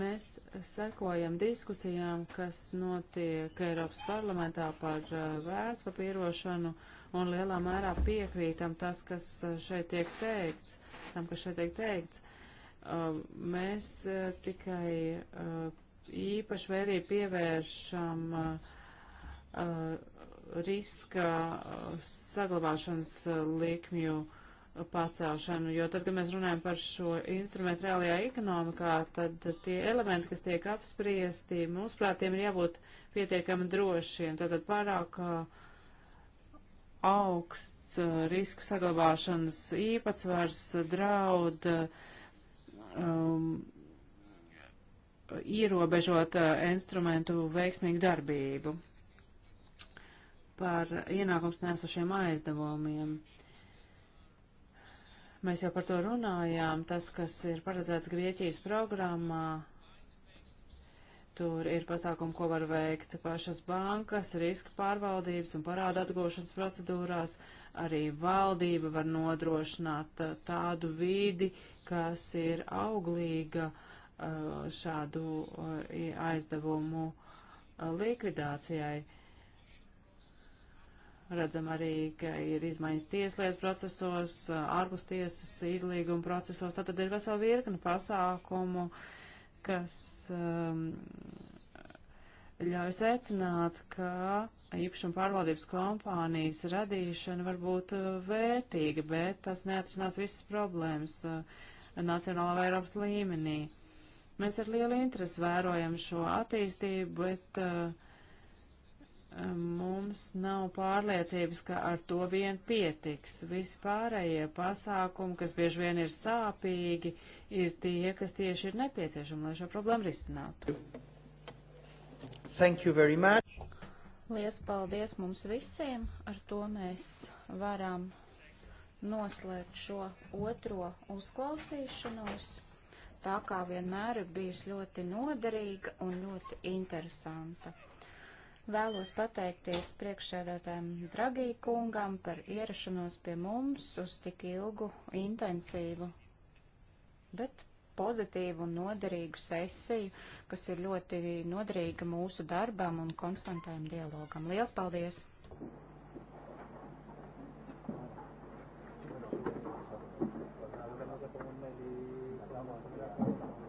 Speaker 3: mēs sekojam diskusijām, kas notiek Eiropas parlamentā par vērtspapīrošanu. Uh, un lielā mērā piekrītam tas, kas eh, šeit tiek teikts, tam, kas šeit tiek teikts. Um, mēs eh, tikai eh, īpaši vērību pievēršam riska saglabāšanas likmju pacelšanu, jo tad, kad mēs runājam par šo instrumentu reālajā ekonomikā, tad tie elementi, kas tiek apspriesti, mūsuprāt, tiem ir jābūt pietiekami drošiem. Tātad pārāk uh, augsts eh, risku saglabāšanas īpatsvars eh, draud eh, um, ierobežot instrumentu veiksmīgu darbību par ienākums nesušiem aizdevumiem. Mēs jau par to runājām. Tas, kas ir paredzēts Grieķijas programmā, Tur ir pasākumi, ko var veikt pašas bankas, riska pārvaldības un parāda atgūšanas procedūrās. Arī valdība var nodrošināt uh, tādu vīdi, kas ir auglīga uh, šādu uh, aizdevumu likvidācijai. Redzam arī, ka ir izmaiņas tieslietu procesos, ārpus tiesas izlīguma procesos. Tātad ir vesela virkne pasākumu, uh, kas um, ļauj secināt, ka īpašuma pārvaldības kompānijas radīšana var būt uh, vērtīga, bet tas neatrisinās visas problēmas uh, nacionālā vai Eiropas līmenī. Mēs ar lielu interesi vērojam šo attīstību, bet uh, mums nav pārliecības, ka ar to vien pietiks. Vispārējie pasākumi, kas bieži vien ir sāpīgi, ir tie, kas tieši ir nepieciešami, lai šo problēmu risinātu.
Speaker 1: Thank you very much.
Speaker 2: Lies paldies mums visiem. Ar to mēs varam noslēgt šo otro uzklausīšanos. Tā kā vienmēr ir bijusi ļoti noderīga un ļoti interesanta. Vēlos pateikties priekšsēdētājiem Dragī kungam par ierašanos pie mums uz tik ilgu, intensīvu, bet pozitīvu un noderīgu sesiju, kas ir ļoti noderīga mūsu darbam un konstantajam dialogam. Lielas paldies!